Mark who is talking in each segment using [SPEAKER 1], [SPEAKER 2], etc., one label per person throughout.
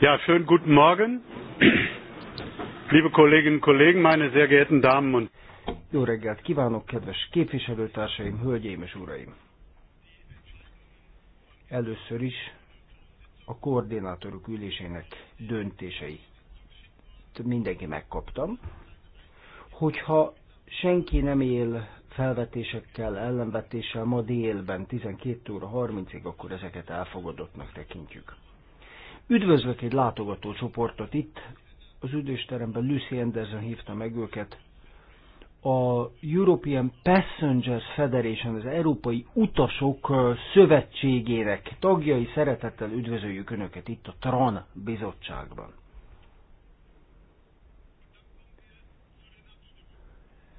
[SPEAKER 1] Ja, schönen guten Morgen, liebe Kolleginnen und Kollegen, meine sehr geehrten Damen und
[SPEAKER 2] Jó reggelt kívánok, kedves képviselőtársaim, hölgyeim és uraim! Először is a koordinátorok ülésének döntései. mindenki megkaptam. Hogyha senki nem él felvetésekkel, ellenvetéssel ma délben 12 óra 30-ig, akkor ezeket elfogadottnak tekintjük. Üdvözlök egy csoportot itt, az üdvésteremben Lucy Anderson hívta meg őket. A European Passengers Federation, az Európai Utasok Szövetségének tagjai szeretettel üdvözöljük Önöket itt a TRAN bizottságban.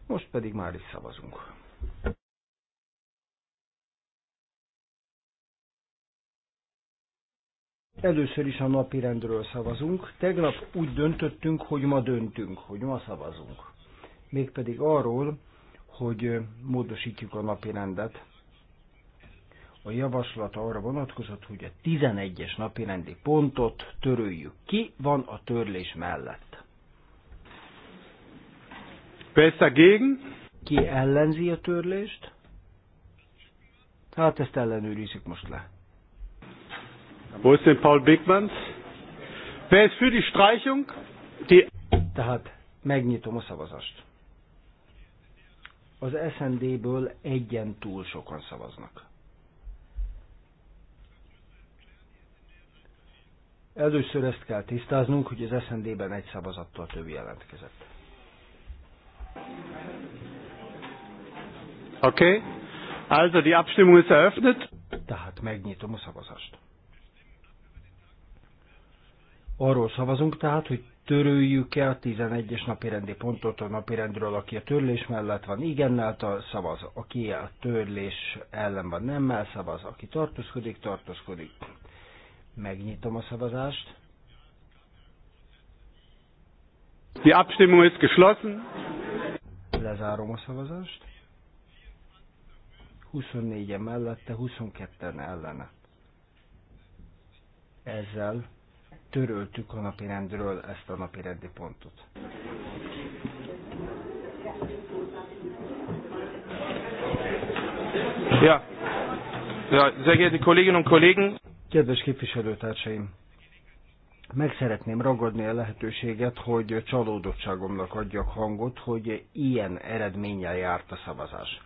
[SPEAKER 2] Most pedig már is szavazunk. Először is a napi rendről szavazunk. Tegnap úgy döntöttünk, hogy ma döntünk, hogy ma szavazunk. Mégpedig arról, hogy módosítjuk a napi rendet. A javaslat arra vonatkozott, hogy a 11-es napi rendi pontot töröljük. Ki van a törlés mellett?
[SPEAKER 1] Persze gegen.
[SPEAKER 2] Ki ellenzi a törlést? Hát ezt ellenőrizzük most le.
[SPEAKER 1] Wo ist denn Paul Bigmans? Wer ist für die Streichung? Die Tehát megnyitom a szavazást. Az
[SPEAKER 2] SND-ből egyen túl sokan szavaznak. Először ezt kell tisztáznunk, hogy az SND-ben egy szavazattal több jelentkezett.
[SPEAKER 1] Oké. Okay. Also die Abstimmung ist eröffnet.
[SPEAKER 2] Tehát megnyitom a szavazást. Arról szavazunk tehát, hogy törőjük el a 11-es napirendi pontot a napirendről, aki a törlés mellett van igennel szavaz, aki a törlés ellen van nemmel szavaz, aki tartózkodik, tartózkodik. Megnyitom a szavazást.
[SPEAKER 1] Die Abstimmung ist geschlossen.
[SPEAKER 2] Lezárom a szavazást. 24 e mellette, 22-en ellene. Ezzel töröltük a napirendről ezt a napirendi pontot.
[SPEAKER 3] Ja.
[SPEAKER 1] ja, sehr geehrte Kolleginnen und
[SPEAKER 3] Kollegen.
[SPEAKER 2] Kedves képviselőtársaim, meg szeretném ragadni a lehetőséget, hogy csalódottságomnak adjak hangot, hogy ilyen eredménnyel járt a szavazás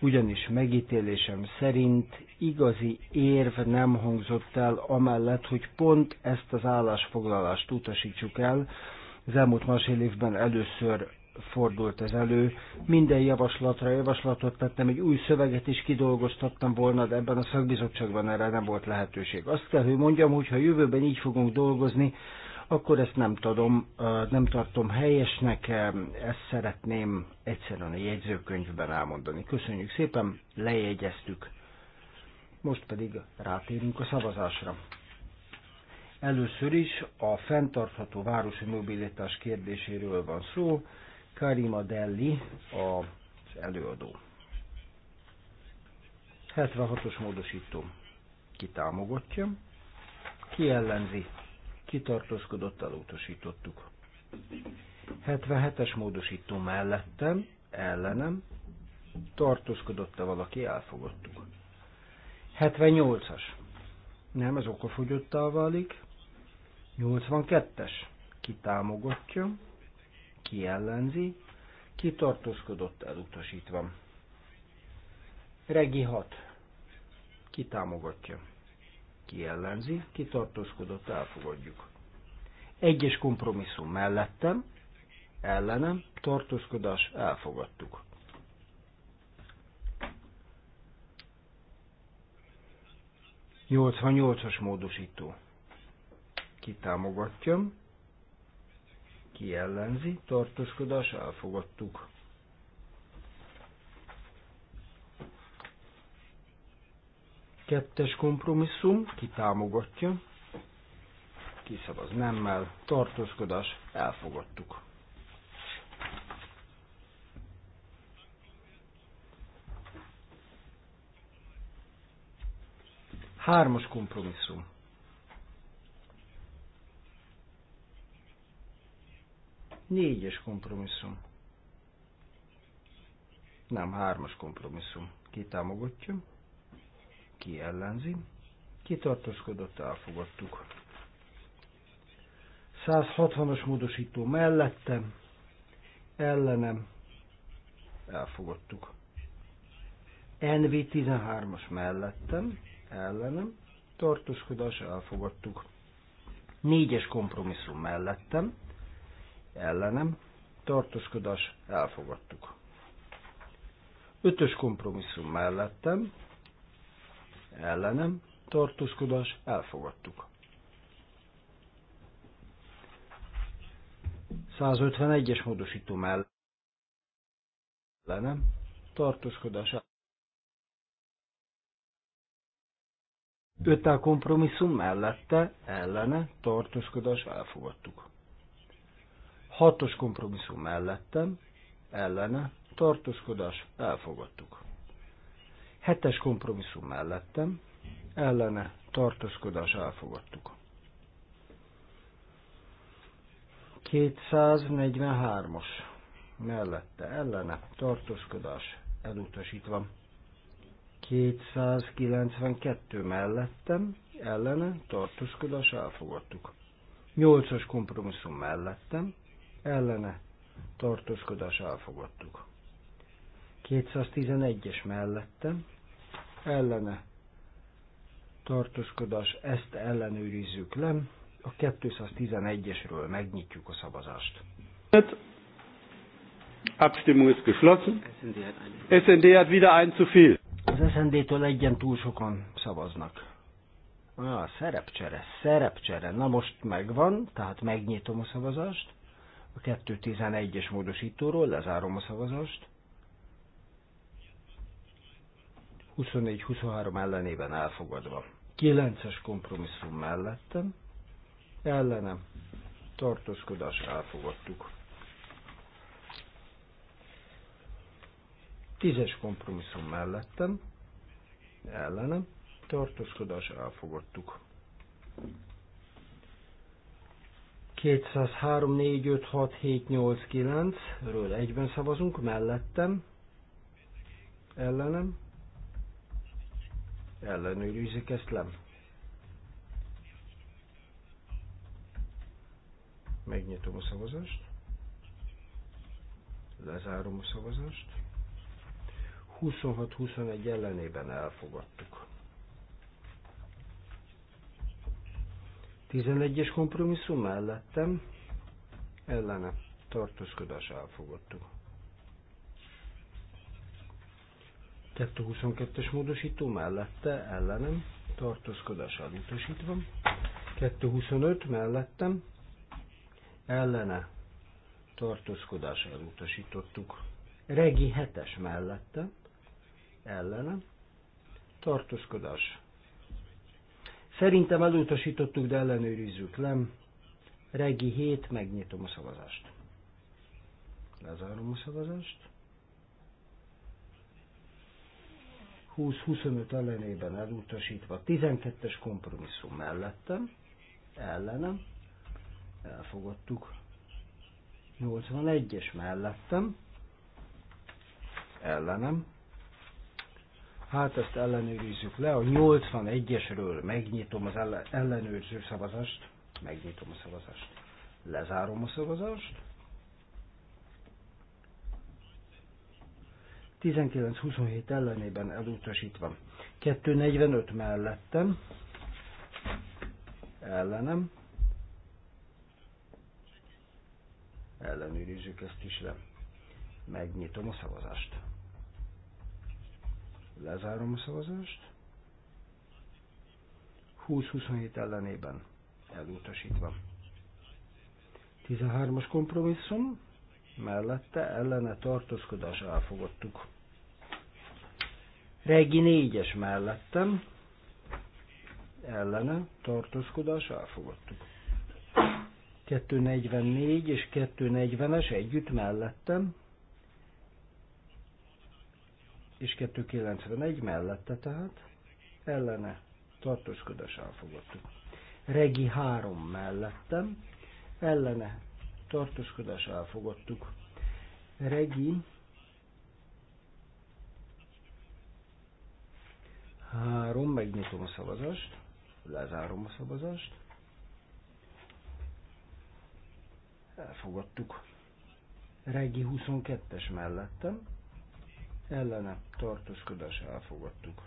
[SPEAKER 2] ugyanis megítélésem szerint igazi érv nem hangzott el amellett, hogy pont ezt az állásfoglalást utasítsuk el. Az elmúlt másfél évben először fordult ez elő. Minden javaslatra javaslatot tettem, egy új szöveget is kidolgoztattam volna, de ebben a szakbizottságban erre nem volt lehetőség. Azt kell, hogy mondjam, hogy ha jövőben így fogunk dolgozni, akkor ezt nem tudom, nem tartom helyesnek, ezt szeretném egyszerűen a jegyzőkönyvben elmondani. Köszönjük szépen, lejegyeztük. Most pedig rátérünk a szavazásra. Először is a fenntartható városi mobilitás kérdéséről van szó. Karima Delli
[SPEAKER 3] az
[SPEAKER 2] előadó. 76-os módosító. kitámogatja, Ki ellenzi? kitartózkodott, elutasítottuk. 77-es módosító mellettem, ellenem, tartózkodott-e valaki, elfogadtuk. 78-as. Nem, ez okafogyottá válik. 82-es. Ki támogatja, ki ellenzi, ki tartózkodott elutasítva. Regi 6. Ki támogatja ki ellenzi, elfogadjuk. Egyes kompromisszum mellettem, ellenem, tartózkodás, elfogadtuk. Nyolcvannyolcas módosító. Ki támogatja, ki ellenzi, tartózkodás, elfogadtuk. Kettes kompromisszum, ki támogatja, ki szavaz nemmel, tartózkodás, elfogadtuk. Hármas kompromisszum. Négyes kompromisszum. Nem, hármas kompromisszum. Ki támogatja? ki ellenzi, Kitartoskodott, elfogadtuk. 160-as módosító mellettem, ellenem, elfogadtuk. NV 13-as mellettem, ellenem, tartoskodás, elfogadtuk. 4-es kompromisszum mellettem, ellenem, tartoskodás, elfogadtuk. 5-ös kompromisszum mellettem, ellenem tartózkodás elfogadtuk. 151-es módosító ellenem tartózkodás 5 kompromisszum mellette ellene tartózkodás elfogadtuk. 6 kompromisszum mellettem ellene tartózkodás elfogadtuk. Hetes kompromisszum mellettem, ellene tartózkodás elfogadtuk. 243-as mellette ellene tartózkodás elutasítva. 292 mellettem ellene tartózkodás elfogadtuk. 8-as kompromisszum mellettem ellene tartózkodás elfogadtuk. 211-es mellettem ellene tartózkodás, ezt ellenőrizzük le. A 211-esről megnyitjuk a
[SPEAKER 1] szavazást. Abstimmung ist geschlossen. SND hat wieder ein zu viel.
[SPEAKER 2] Az SND-től egyen túl sokan
[SPEAKER 1] szavaznak.
[SPEAKER 2] Ah, szerepcsere, szerepcsere. Na most megvan, tehát megnyitom a szavazást. A 211-es módosítóról lezárom a szavazást. 24-23 ellenében elfogadva. 9-es kompromisszum mellettem, ellenem, tartózkodás elfogadtuk. 10-es kompromisszum mellettem, ellenem, tartózkodás elfogadtuk. 203, 4, 5, 6, 7, 8, 9 ről egyben szavazunk, mellettem, ellenem, ellenőrizzük ezt le. Megnyitom a szavazást. Lezárom a szavazást. 26-21 ellenében elfogadtuk. 11-es kompromisszum mellettem ellene tartózkodás elfogadtuk. 222-es módosító mellette, ellenem, tartózkodás elutasítva. 225 mellettem, ellene, tartózkodás elutasítottuk. Regi 7-es mellette, ellene, tartózkodás. Szerintem elutasítottuk, de ellenőrizzük, nem? Regi 7, megnyitom a szavazást. Lezárom a szavazást. 20-25 ellenében elutasítva, 12-es kompromisszum mellettem, ellenem, elfogadtuk. 81-es mellettem, ellenem. Hát ezt ellenőrizzük le, a 81-esről megnyitom az ellenőrző szavazást, megnyitom a szavazást, lezárom a szavazást, 19-27 ellenében elutasítva. 245 mellettem, ellenem, ellenőrizzük ezt is le. Megnyitom a szavazást. Lezárom a szavazást. 20-27 ellenében elutasítva. 13-as kompromisszum, mellette ellene tartózkodás elfogadtuk. Regi négyes mellettem, ellene, tartózkodás, elfogadtuk. 244 és 240-es együtt mellettem, és 291 mellette tehát, ellene, tartózkodás, elfogadtuk. Regi 3 mellettem, ellene, tartózkodás, elfogadtuk. Regi Három, megnyitom a szavazást, lezárom a szavazást. Elfogadtuk. Regi 22-es mellettem, ellene tartózkodás elfogadtuk.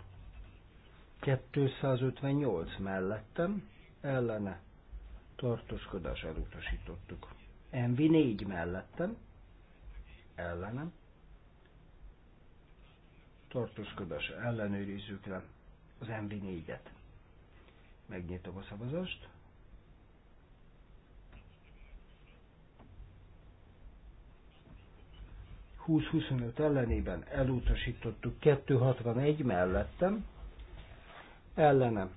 [SPEAKER 2] 258 mellettem, ellene tartózkodás elutasítottuk. Envi 4 mellettem, ellenem, tartózkodás ellenőrizzük le az MV4-et. Megnyitom a szavazást. ...20-25 ellenében elutasítottuk 261 mellettem, ellenem,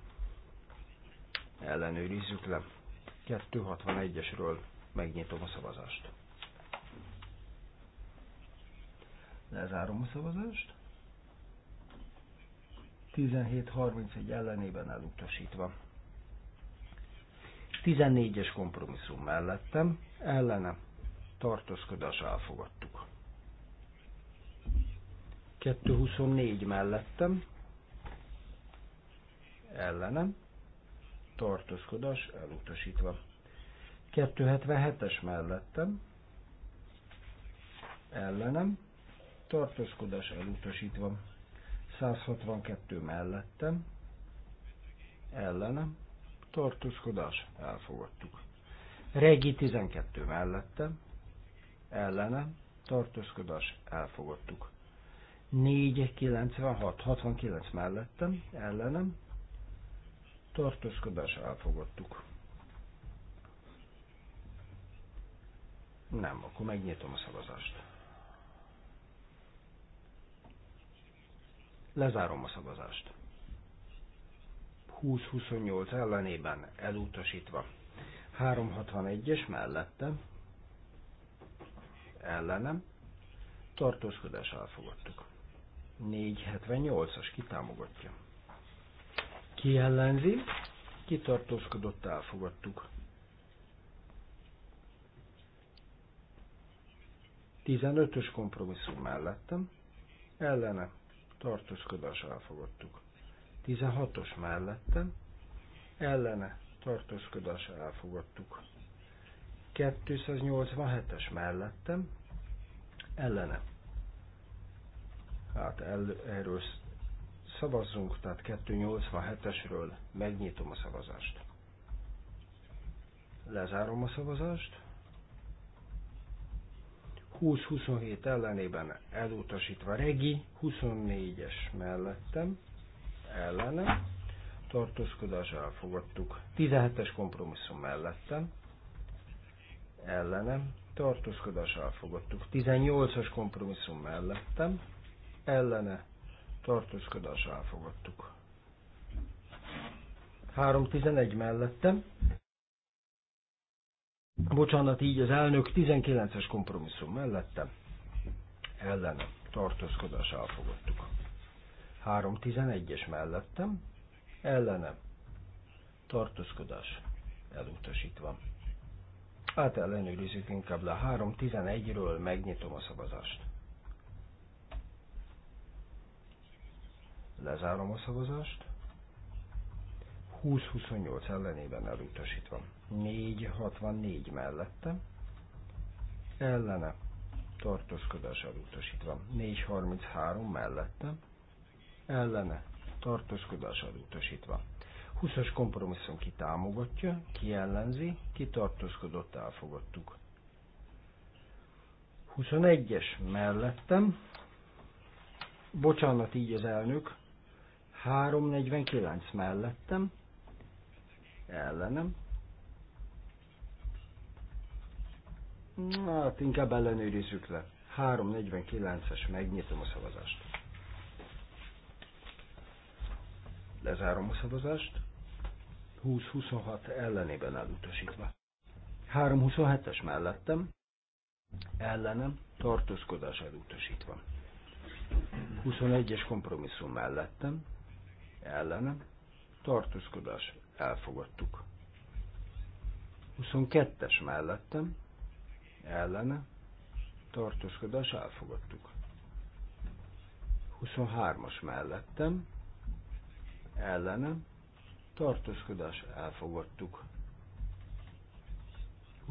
[SPEAKER 2] ellenőrizzük le, 261-esről megnyitom a szavazást. Lezárom a szavazást. 17.31 ellenében elutasítva. 14-es kompromisszum mellettem, ellene tartózkodás elfogadtuk. 224 mellettem, ellenem, tartózkodás elutasítva. 277-es mellettem, ellenem, tartózkodás elutasítva. 162 mellettem, ellenem, tartózkodás, elfogadtuk. Regi 12 mellettem, ellenem, tartózkodás, elfogadtuk. 496, 69 mellettem, ellenem, tartózkodás, elfogadtuk. Nem, akkor megnyitom a szavazást. Lezárom a szavazást. 20-28 ellenében elutasítva. 361-es mellette ellenem tartózkodás elfogadtuk. 478-as kitámogatja. Ki ellenzi? Kitartózkodott elfogadtuk. 15-ös kompromisszum mellettem, ellene tartózkodás elfogadtuk. 16-os mellettem, ellene tartózkodás elfogadtuk. 287-es mellettem, ellene. Hát el, erről szavazzunk, tehát 287-esről megnyitom a szavazást. Lezárom a szavazást. 20-27 ellenében elutasítva. Regi 24-es mellettem ellene. Tartózkodás elfogadtuk. 17-es kompromisszum mellettem ellenem. Tartózkodás elfogadtuk. 18-as kompromisszum mellettem ellene. Tartózkodás elfogadtuk. 311 mellettem Bocsánat, így az elnök 19-es kompromisszum mellette ellen tartózkodás elfogadtuk. 3.11-es mellettem ellene tartózkodás elutasítva. Hát ellenőrizzük inkább le 3.11-ről, megnyitom a szavazást. Lezárom a szavazást. 20-28 ellenében elutasítva. 464 mellette, ellene tartózkodás elutasítva. 433 mellette, ellene tartózkodás elutasítva. 20-as kompromisszum ki támogatja, ki ellenzi, ki tartózkodott, elfogadtuk. 21-es mellettem, bocsánat így az elnök, 349 mellettem, ellenem, Hát inkább ellenőrizzük le. 349-es, megnyitom a szavazást. Lezárom a szavazást. 20-26 ellenében elutasítva. 327-es mellettem, ellenem, tartózkodás elutasítva. 21-es kompromisszum mellettem, ellenem, tartózkodás elfogadtuk. 22-es mellettem, ellene tartózkodás elfogadtuk. 23-as mellettem ellenem tartózkodás elfogadtuk.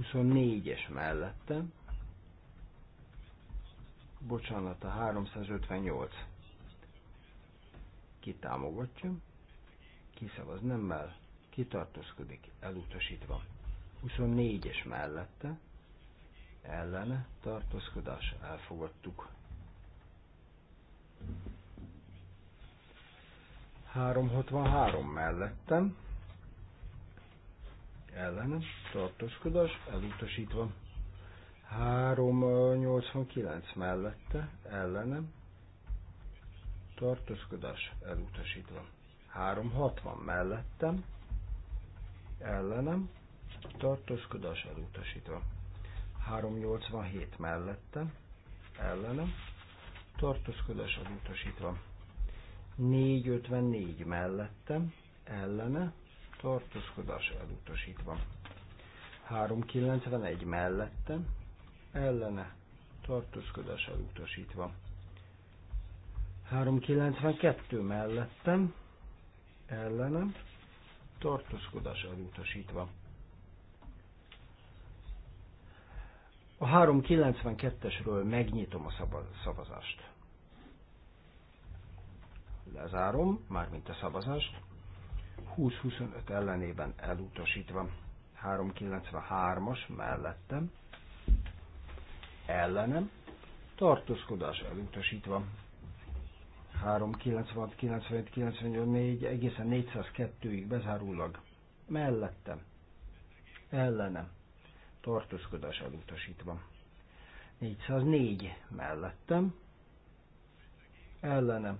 [SPEAKER 2] 24-es mellettem bocsánat, a 358 kitámogatja, kiszavaz nemmel, kitartózkodik, elutasítva. 24-es mellette, ellen tartózkodás elfogadtuk. 363 mellettem ellenem tartózkodás elutasítva. 389 mellette ellenem tartózkodás elutasítva. 360 mellettem ellenem tartózkodás elutasítva. 387 mellette, ellene, tartózkodás utasítva. 454 mellette, ellene, tartózkodás elutasítva. 391 mellette, ellene, tartózkodás elutasítva. 392 mellettem, ellenem, tartózkodás elutasítva. A 392-esről megnyitom a szavazást. Lezárom, mármint a szavazást. 20-25 ellenében elutasítva. 393-as mellettem. Ellenem. Tartózkodás elutasítva. 396, 95 94, egészen 402-ig bezárólag. Mellettem. Ellenem tartózkodás elutasítva. 404 mellettem, ellenem,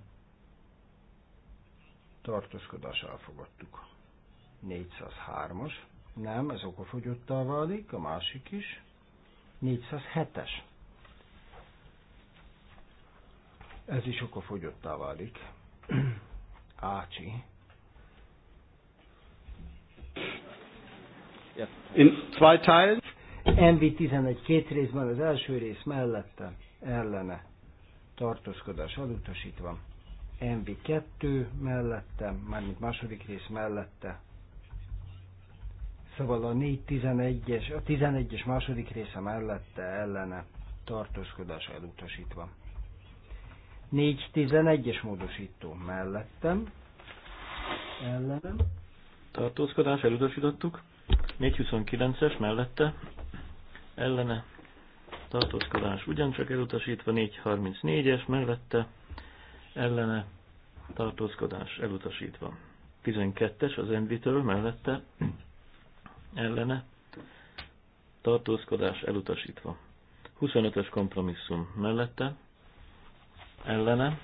[SPEAKER 2] tartózkodás elfogadtuk. 403-as, nem, ez okofogyottá válik, a másik is. 407-es, ez is okofogyottá válik. Ácsi.
[SPEAKER 1] In zwei Teilen.
[SPEAKER 2] NV11 két részben az első rész mellette
[SPEAKER 1] ellene
[SPEAKER 2] tartózkodás elutasítva. NV2 mellette, mármint második rész mellette. Szóval a 4.11-es, a 11-es második része mellette ellene tartózkodás elutasítva.
[SPEAKER 4] 4.11-es
[SPEAKER 2] módosító mellettem, ellenem.
[SPEAKER 4] Tartózkodás elutasítottuk. 429-es mellette ellene tartózkodás ugyancsak elutasítva, 434-es mellette ellene tartózkodás elutasítva. 12-es az Envitől mellette ellene tartózkodás elutasítva. 25-ös kompromisszum mellette ellene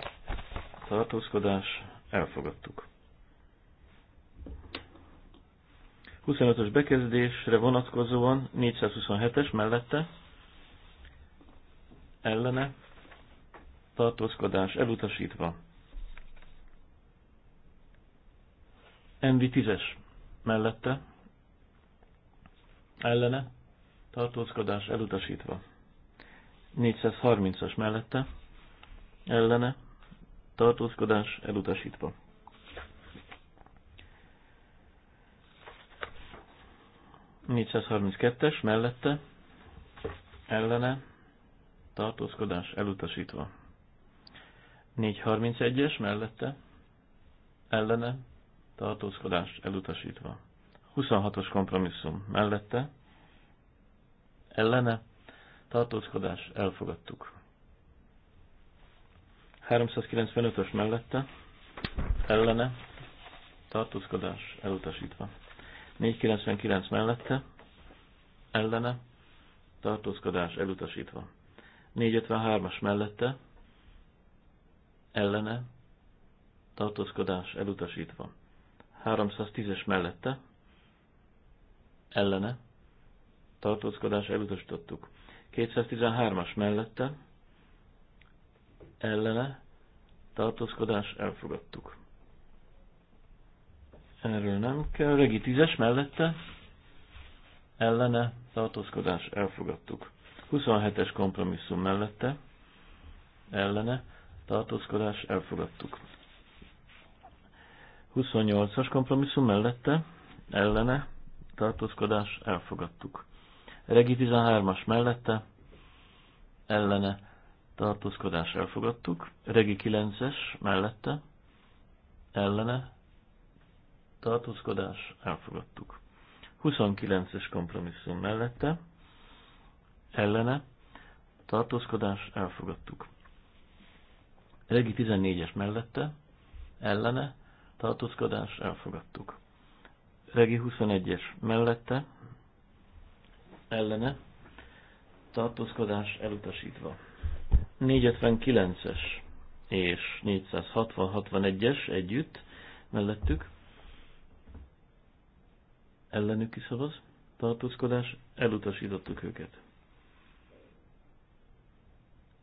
[SPEAKER 4] tartózkodás elfogadtuk. 25-ös bekezdésre vonatkozóan 427-es mellette ellene tartózkodás elutasítva. MV10-es mellette ellene tartózkodás elutasítva. 430-as mellette ellene tartózkodás elutasítva. 432-es mellette ellene tartózkodás elutasítva. 431-es mellette ellene tartózkodás elutasítva. 26-os kompromisszum mellette ellene tartózkodás elfogadtuk. 395-ös mellette ellene tartózkodás elutasítva. 499 mellette, ellene, tartózkodás elutasítva. 453-as mellette, ellene, tartózkodás elutasítva. 310-es mellette, ellene, tartózkodás elutasítottuk. 213-as mellette, ellene, tartózkodás elfogadtuk erről nem kell. Regi tízes mellette ellene tartózkodás elfogadtuk. 27-es kompromisszum mellette ellene tartózkodás elfogadtuk. 28-as kompromisszum mellette ellene tartózkodás elfogadtuk. Regi 13-as mellette ellene tartózkodás elfogadtuk. Regi 9-es mellette ellene tartózkodás, elfogadtuk. 29-es kompromisszum mellette, ellene, tartózkodás, elfogadtuk. Regi 14-es mellette, ellene, tartózkodás, elfogadtuk. Regi 21-es mellette, ellene, tartózkodás elutasítva. 459-es és 460-61-es együtt mellettük, ellenük kiszavaz, tartózkodás, elutasítottuk őket.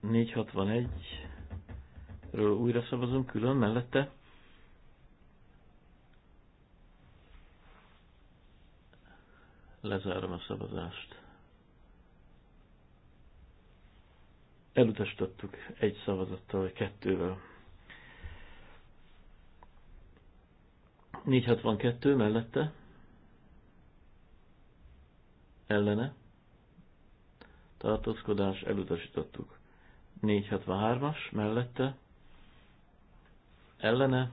[SPEAKER 4] 461-ről újra szavazunk külön mellette. Lezárom a szavazást. Elutasítottuk egy szavazattal, vagy kettővel. 462 mellette ellene tartózkodás elutasítottuk. 473 as mellette ellene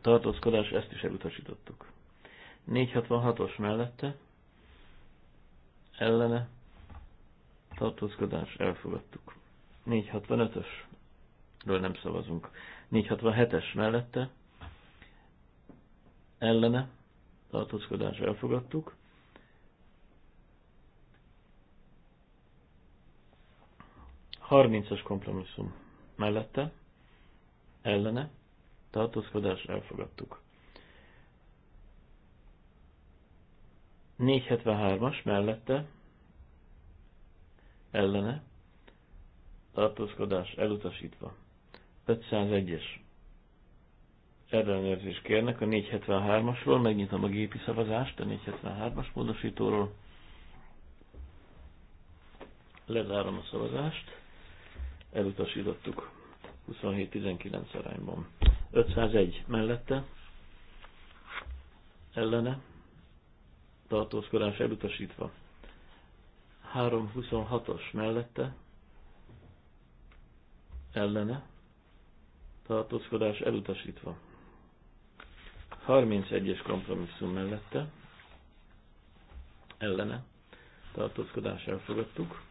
[SPEAKER 4] tartózkodás ezt is elutasítottuk. 466-os mellette ellene tartózkodás elfogadtuk. 465-ösről nem szavazunk. 467-es mellette ellene tartózkodás elfogadtuk. 30-as kompromisszum mellette, ellene, tartózkodás elfogadtuk. 473-as mellette, ellene, tartózkodás elutasítva. 501-es ellenőrzést kérnek a 473-asról, megnyitom a gépi szavazást a 473-as módosítóról, lezárom a szavazást, elutasítottuk 27-19 arányban. 501 mellette ellene tartózkodás elutasítva. 326-os mellette ellene tartózkodás elutasítva. 31-es kompromisszum mellette ellene tartózkodás elfogadtuk.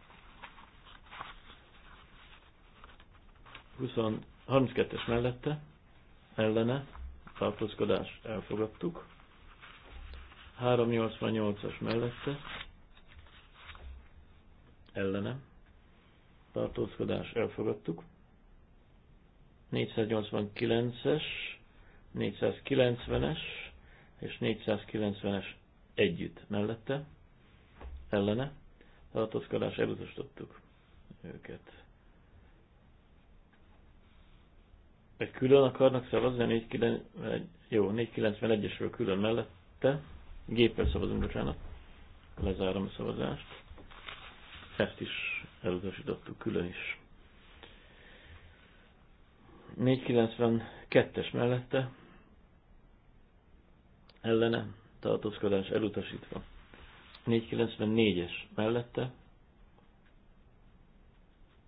[SPEAKER 4] 32-es mellette, ellene, tartózkodás elfogadtuk. 388-as mellette, ellene, tartózkodás elfogadtuk. 489-es, 490-es és 490-es együtt mellette, ellene, tartózkodás elutasítottuk őket. Egy külön akarnak szavazni a 491, jó, 491-esről külön mellette. Géppel szavazunk, bocsánat. Lezárom a szavazást. Ezt is elutasítottuk külön is. 492-es mellette ellene tartózkodás elutasítva. 494-es mellette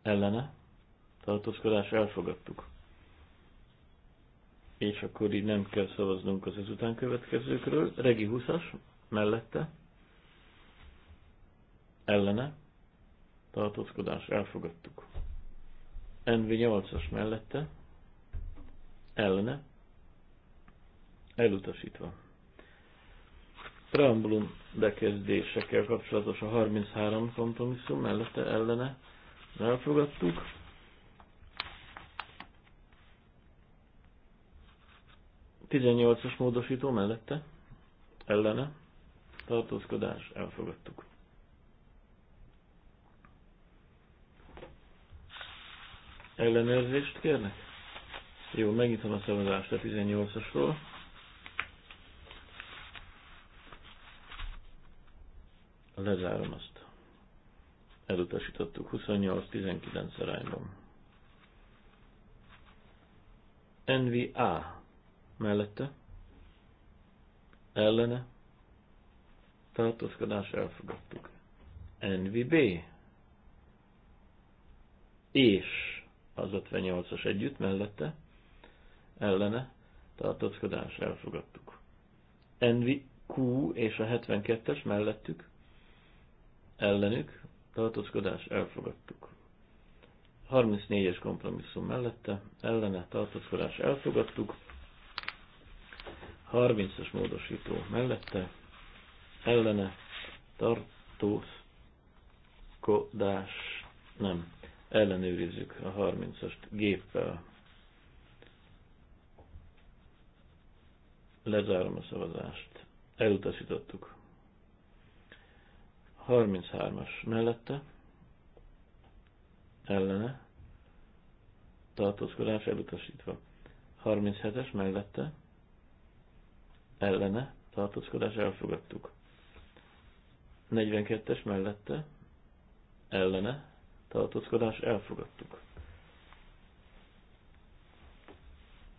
[SPEAKER 4] ellene tartózkodás elfogadtuk és akkor így nem kell szavaznunk az ezután következőkről. Regi 20-as, mellette, ellene, tartózkodás, elfogadtuk. NV 8-as mellette, ellene, elutasítva. Preambulum bekezdésekkel kapcsolatos a 33 kompromisszum mellette, ellene, elfogadtuk. 18-as módosító mellette, ellene, tartózkodás, elfogadtuk. Ellenőrzést kérnek? Jó, megnyitom a szavazást a 18-asról. Lezárom azt. Elutasítottuk 28-19 arányban. NVA mellette, ellene, tartózkodás elfogadtuk. NVB és az 58-as együtt mellette, ellene, tartózkodás elfogadtuk. NVQ és a 72-es mellettük, ellenük, tartózkodás elfogadtuk. 34-es kompromisszum mellette, ellene tartózkodás elfogadtuk, 30-as módosító mellette ellene tartózkodás nem. Ellenőrizzük a 30-ast géppel. Lezárom a szavazást. Elutasítottuk. 33-as mellette ellene tartózkodás elutasítva. 37-es mellette ellene tartózkodás elfogadtuk. 42-es mellette ellene tartózkodás elfogadtuk.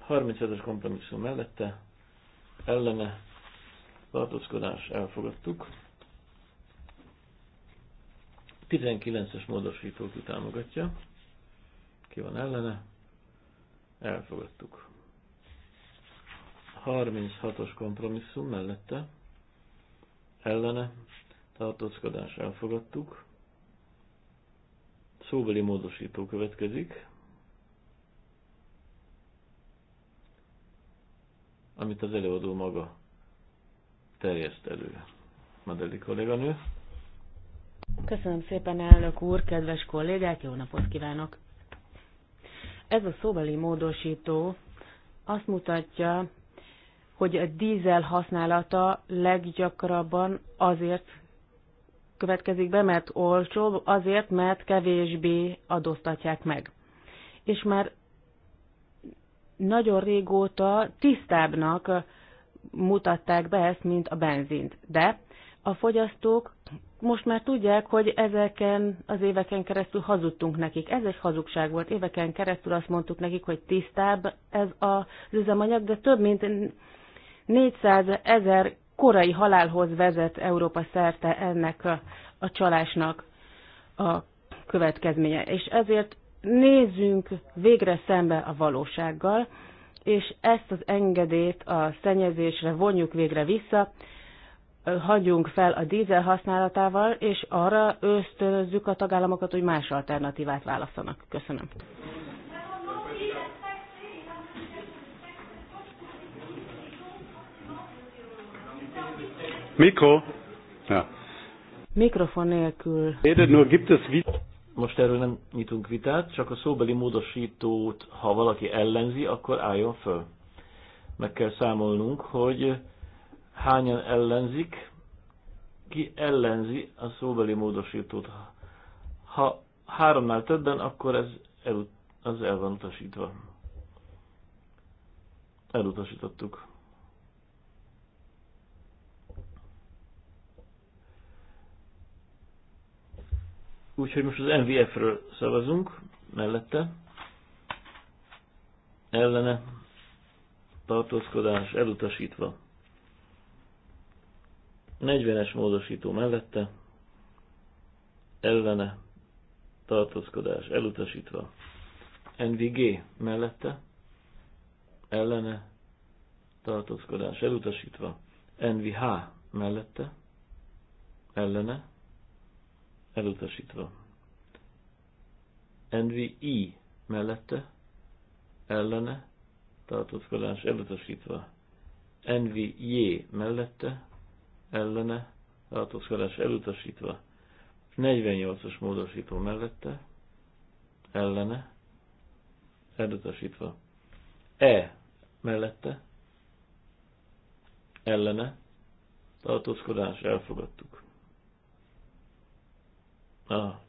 [SPEAKER 4] 37-es kompromisszum mellette ellene tartózkodás elfogadtuk. 19-es módosító támogatja, ki van ellene, elfogadtuk. 36-os kompromisszum mellette ellene tartózkodás elfogadtuk. Szóbeli módosító következik, amit az előadó maga terjeszt elő. Madeli kolléganő.
[SPEAKER 5] Köszönöm szépen, elnök úr, kedves kollégák, jó napot kívánok! Ez a szóbeli módosító azt mutatja, hogy a dízel használata leggyakrabban azért következik be, mert olcsóbb, azért, mert kevésbé adóztatják meg. És már nagyon régóta tisztábbnak mutatták be ezt, mint a benzint. De a fogyasztók most már tudják, hogy ezeken az éveken keresztül hazudtunk nekik. Ez egy hazugság volt. Éveken keresztül azt mondtuk nekik, hogy tisztább ez az üzemanyag, de több mint 400 ezer korai halálhoz vezet Európa szerte ennek a, a csalásnak a következménye. És ezért nézzünk végre szembe a valósággal, és ezt az engedélyt a szennyezésre vonjuk végre vissza, hagyjunk fel a dízel használatával, és arra ösztönözzük a tagállamokat, hogy más alternatívát válasszanak. Köszönöm.
[SPEAKER 1] Mikro? Ja.
[SPEAKER 5] Mikrofon nélkül.
[SPEAKER 4] Most erről nem nyitunk vitát, csak a szóbeli módosítót, ha valaki ellenzi, akkor álljon föl. Meg kell számolnunk, hogy hányan ellenzik, ki ellenzi a szóbeli módosítót. Ha háromnál többen, akkor ez el, az el van utasítva. Elutasítottuk. Úgyhogy most az MVF-ről szavazunk, mellette. Ellene tartózkodás elutasítva. 40-es módosító mellette. Ellene tartózkodás elutasítva. NVG mellette. Ellene tartózkodás elutasítva. NVH mellette. Ellene elutasítva. NVI mellette, ellene, tartózkodás elutasítva. NVJ mellette, ellene, tartózkodás elutasítva. 48-as módosító mellette, ellene, elutasítva. E mellette, ellene, tartózkodás elfogadtuk a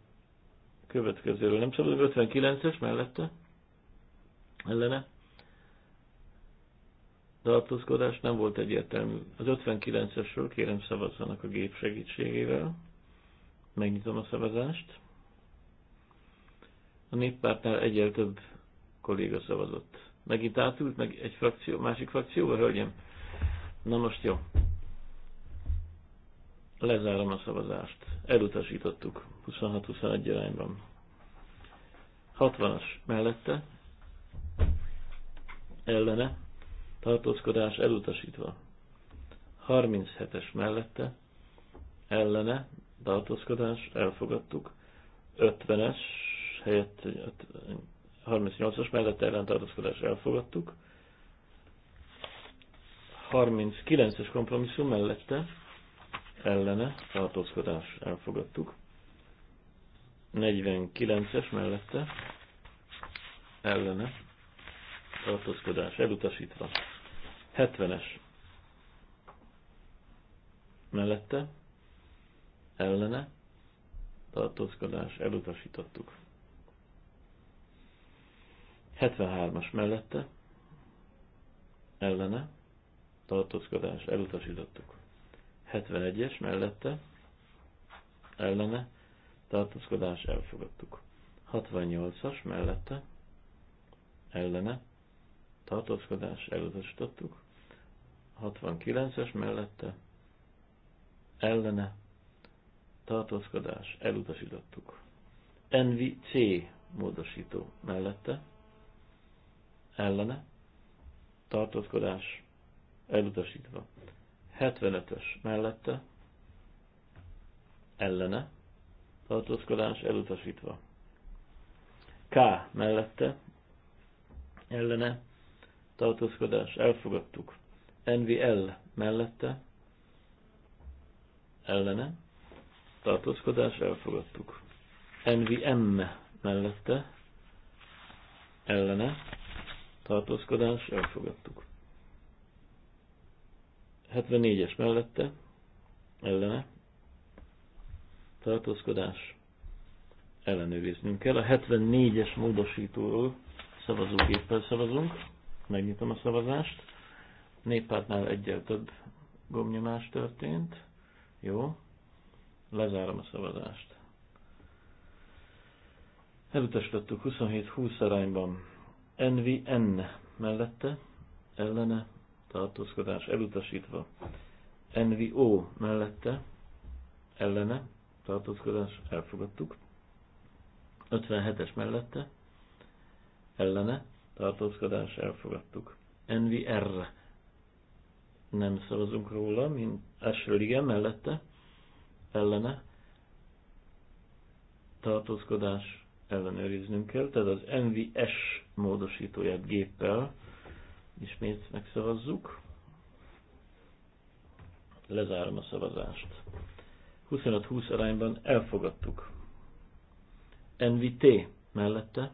[SPEAKER 4] következőről nem szabad, 59-es mellette, ellene. Tartózkodás nem volt egyértelmű. Az 59-esről kérem szavazzanak a gép segítségével. Megnyitom a szavazást. A néppártnál egyel több kolléga szavazott. Megint átült, meg egy frakció, másik frakció, hölgyem? Na most jó. Lezárom a szavazást. Elutasítottuk 26-21 arányban. 60-as mellette, ellene, tartózkodás elutasítva. 37-es mellette, ellene, tartózkodás, elfogadtuk. 50-es helyett 38-as ellen ellentartózkodás elfogadtuk. 39-es kompromisszum mellette ellene tartózkodás elfogadtuk. 49-es mellette ellene tartózkodás elutasítva. 70-es mellette ellene tartózkodás elutasítottuk. 73-as mellette ellene tartózkodás elutasítottuk. 71-es mellette ellene tartózkodás elfogadtuk. 68-as mellette ellene tartózkodás elutasítottuk. 69-es mellette ellene tartózkodás elutasítottuk. NVC módosító mellette ellene tartózkodás elutasítva. 75-ös mellette ellene tartózkodás elutasítva. K mellette ellene tartózkodás elfogadtuk. NVL mellette ellene tartózkodás elfogadtuk. NVM mellette ellene tartózkodás elfogadtuk. 74-es mellette, ellene, tartózkodás, ellenőriznünk kell. A 74-es módosítóról szavazóképpel szavazunk, megnyitom a szavazást. Néppártnál egyel több gomnyomás történt. Jó, lezárom a szavazást. Elutasítottuk 27-20 arányban. Envi mellette, ellene tartózkodás elutasítva. NVO mellette, ellene, tartózkodás elfogadtuk. 57-es mellette, ellene, tartózkodás elfogadtuk. NVR nem szavazunk róla, mint Ashről igen, mellette, ellene, tartózkodás ellenőriznünk kell, tehát az NVS módosítóját géppel Ismét megszavazzuk. Lezárom a szavazást. 25-20 arányban elfogadtuk. NVT mellette,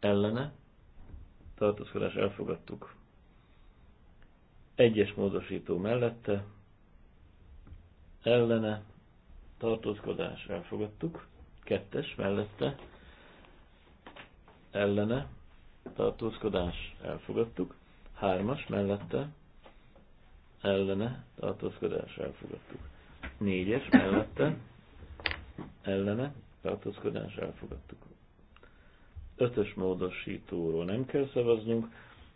[SPEAKER 4] ellene, tartózkodás elfogadtuk. Egyes módosító mellette, ellene, tartózkodás elfogadtuk. Kettes mellette, ellene, tartózkodás elfogadtuk, hármas mellette ellene tartózkodás elfogadtuk, négyes mellette ellene tartózkodás elfogadtuk. Ötös módosítóról nem kell szavaznunk,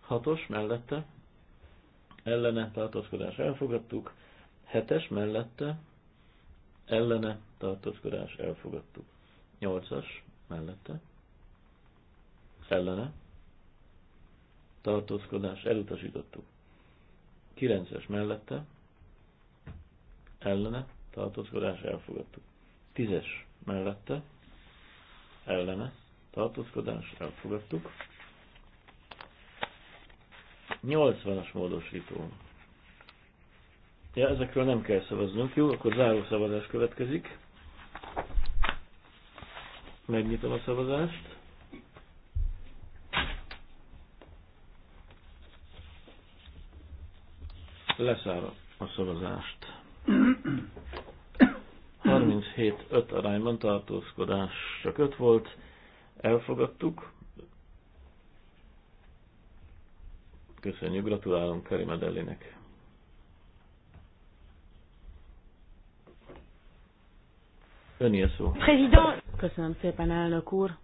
[SPEAKER 4] hatos mellette ellene tartózkodás elfogadtuk, hetes mellette ellene tartózkodás elfogadtuk. Nyolcas mellette ellene tartózkodás elutasítottuk. 9-es mellette ellene tartózkodás elfogadtuk. 10-es mellette ellene tartózkodás elfogadtuk. 80-as módosító. Ja, ezekről nem kell szavaznunk, jó? Akkor záró szavazás következik. Megnyitom a szavazást. Leszárom a szavazást. 37-5 arányban tartózkodás csak 5 volt, elfogadtuk. Köszönjük, gratulálunk Karim Adellinek. Önnyi a szó.
[SPEAKER 5] Köszönöm szépen, elnök úr.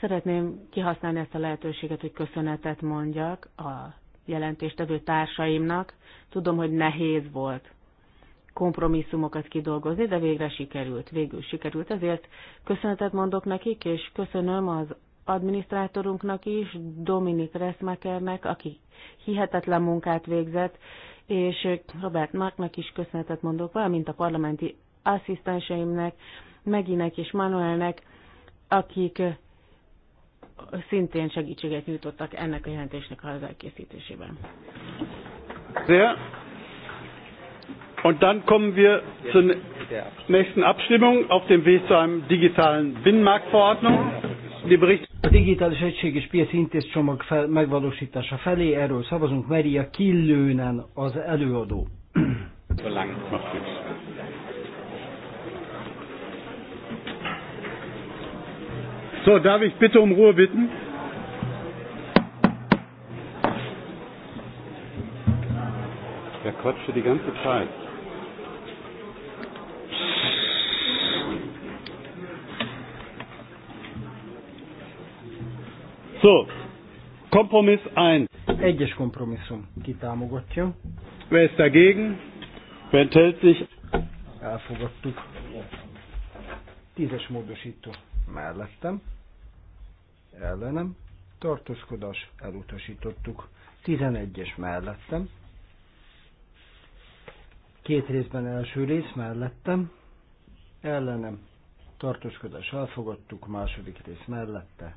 [SPEAKER 5] Szeretném kihasználni ezt a lehetőséget, hogy köszönetet mondjak a jelentéstevő társaimnak. Tudom, hogy nehéz volt kompromisszumokat kidolgozni, de végre sikerült. Végül sikerült. Ezért köszönetet mondok nekik, és köszönöm az adminisztrátorunknak is, Dominik Reszmekernek, aki hihetetlen munkát végzett, és Robert Marknak is köszönetet mondok, valamint a parlamenti asszisztenseimnek, Meginek és Manuelnek, akik szintén segítséget nyújtottak ennek a jelentésnek az elkészítésében.
[SPEAKER 1] Sehr. Und dann kommen wir zur nächsten Abstimmung auf dem Weg zu einem digitalen Binnenmarktverordnung. Die Bericht
[SPEAKER 2] a digitális egység és piaci intézcsomag fel, megvalósítása felé, erről szavazunk, Meria Killőnen az előadó.
[SPEAKER 3] So
[SPEAKER 1] So, darf ich bitte um Ruhe bitten? Der quatscht die ganze Zeit. So, Kompromiss 1. Egyes kompromisszum kitámogatja. Wer ist dagegen? Wer enthält sich? Elfogadtuk.
[SPEAKER 2] Tízes módosító mellettem ellenem, tartózkodás, elutasítottuk. 11-es mellettem, két részben első rész mellettem, ellenem, tartózkodás elfogadtuk, második rész mellette,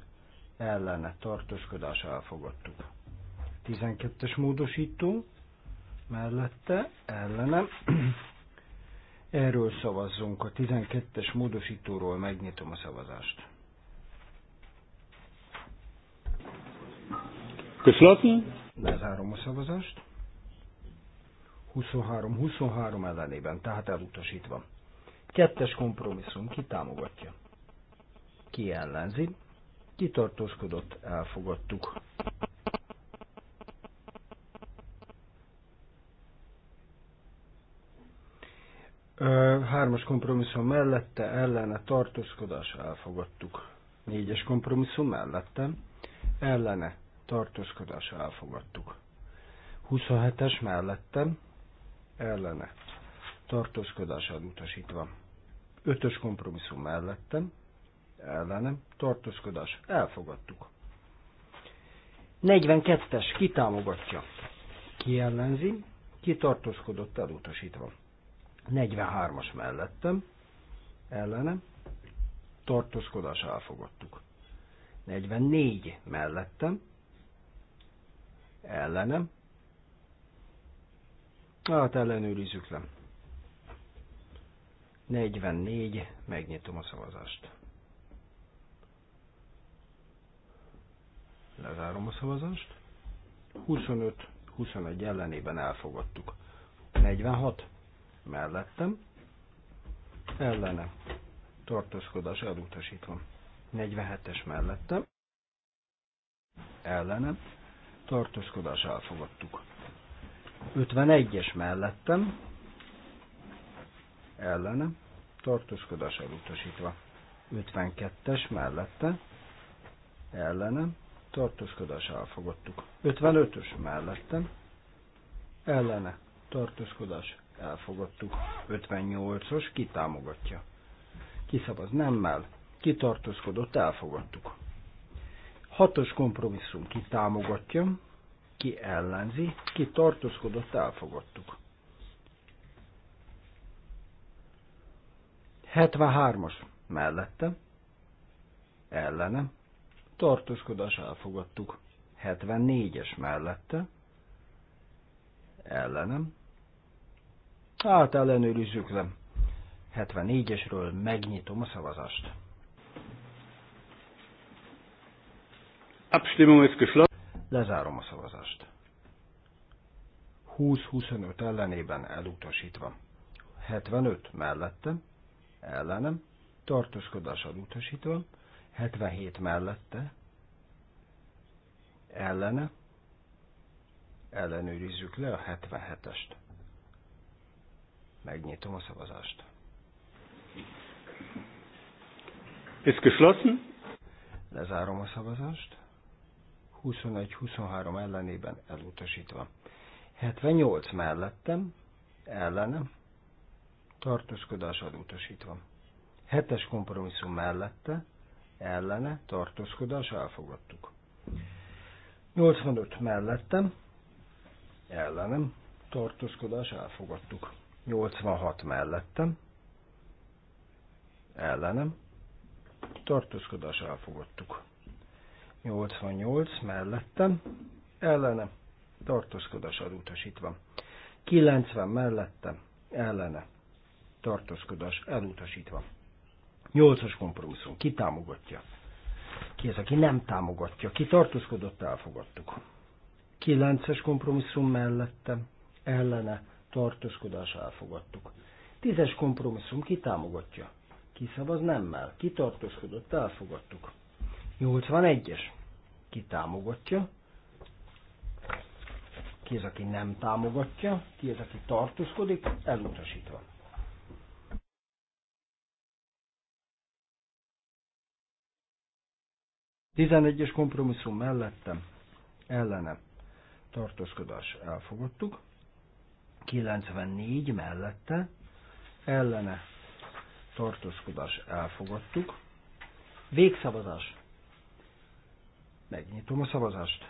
[SPEAKER 2] ellene, tartózkodás elfogadtuk. 12-es módosító, mellette, ellenem, Erről szavazzunk. A 12-es módosítóról megnyitom a szavazást.
[SPEAKER 1] Köszönöm.
[SPEAKER 2] Lezárom a szavazást. 23-23 ellenében, tehát elutasítva. Kettes kompromisszum, ki támogatja? Ki ellenzi? Ki tartózkodott, elfogadtuk. Hármas kompromisszum mellette, ellene tartózkodás, elfogadtuk. Négyes kompromisszum mellette, ellene tartózkodás elfogadtuk. 27-es mellettem, ellene, tartózkodás elutasítva. 5-ös kompromisszum mellettem, ellenem, tartózkodás, elfogadtuk. 42-es, kitámogatja, kiellenzi, Ki ellenzi? Ki tartózkodott elutasítva? 43-as mellettem, ellenem, tartózkodás elfogadtuk. 44 mellettem, ellenem. Hát ellenőrizzük le. 44, megnyitom a szavazást. Lezárom a szavazást. 25, 21 ellenében elfogadtuk. 46, mellettem, ellene, tartózkodás elutasítva. 47-es mellettem, ellenem, tartózkodás elfogadtuk. 51-es mellettem, ellenem, tartózkodás elutasítva. 52-es mellette, ellenem, tartózkodás elfogadtuk. 55-ös mellettem, ellene, tartózkodás elfogadtuk. 58-os kitámogatja. Kiszavaz nemmel, kitartózkodott, elfogadtuk. Hatos kompromisszum ki támogatja, ki ellenzi, ki tartózkodott, elfogadtuk. 73-as mellette, ellene, tartózkodás elfogadtuk. 74-es mellette, ellenem. Hát ellenőrizzük le. 74-esről megnyitom a szavazást. Abstimmung ist geschlossen. Lezárom a szavazást. 20-25 ellenében elutasítva. 75 mellettem, ellenem, tartózkodás elutasítva. 77 mellette, ellene, ellenőrizzük le a 77-est. Megnyitom a szavazást.
[SPEAKER 1] Ist geschlossen? Lezárom a
[SPEAKER 2] szavazást. 21-23 ellenében elutasítva. 78 mellettem, ellenem, tartózkodás elutasítva. 7-es kompromisszum mellette, ellene, tartózkodás elfogadtuk. 85 mellettem, ellenem, tartózkodás elfogadtuk. 86 mellettem, ellenem, tartózkodás elfogadtuk. 88 mellettem, ellene, tartózkodás elutasítva. 90 mellettem, ellene, tartózkodás elutasítva. 8-as kompromisszum, ki támogatja? Ki az, aki nem támogatja? Ki tartózkodott, elfogadtuk. 9-es kompromisszum mellettem, ellene, tartózkodás elfogadtuk. 10-es kompromisszum, ki támogatja? Ki szavaz nemmel, ki tartózkodott, elfogadtuk. 81-es. Ki támogatja? Ki az, aki nem támogatja? Ki az, aki tartózkodik? Elutasítva. Tizenegyes kompromisszum mellettem, ellene tartózkodás elfogadtuk. 94 mellette, ellene tartózkodás elfogadtuk. Végszavazás Megnyitom a szavazást.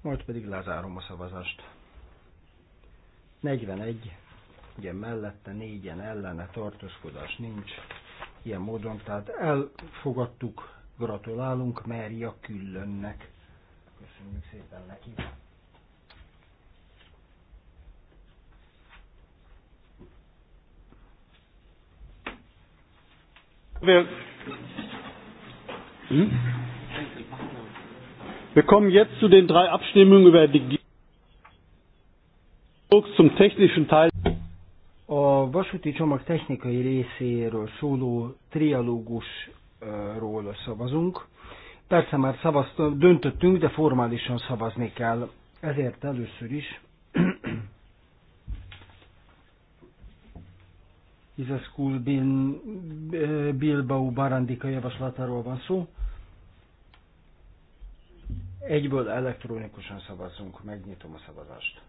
[SPEAKER 2] Majd pedig lezárom a szavazást. 41, ugye mellette négyen ellene tartózkodás nincs. Ilyen módon, tehát elfogadtuk, gratulálunk Mária Küllönnek. Köszönjük szépen neki.
[SPEAKER 1] Wir, hm? Wir kommen jetzt zu den drei Abstimmungen über die G zum technischen Teil.
[SPEAKER 2] A vasúti csomag technikai részéről szóló trialógusról szavazunk. Persze már szavaztunk, döntöttünk, de formálisan szavazni kell. Ezért először is is a School Bin, eh, Bilbao Barandika javaslatáról van szó. Egyből elektronikusan szavazzunk, megnyitom a szavazást.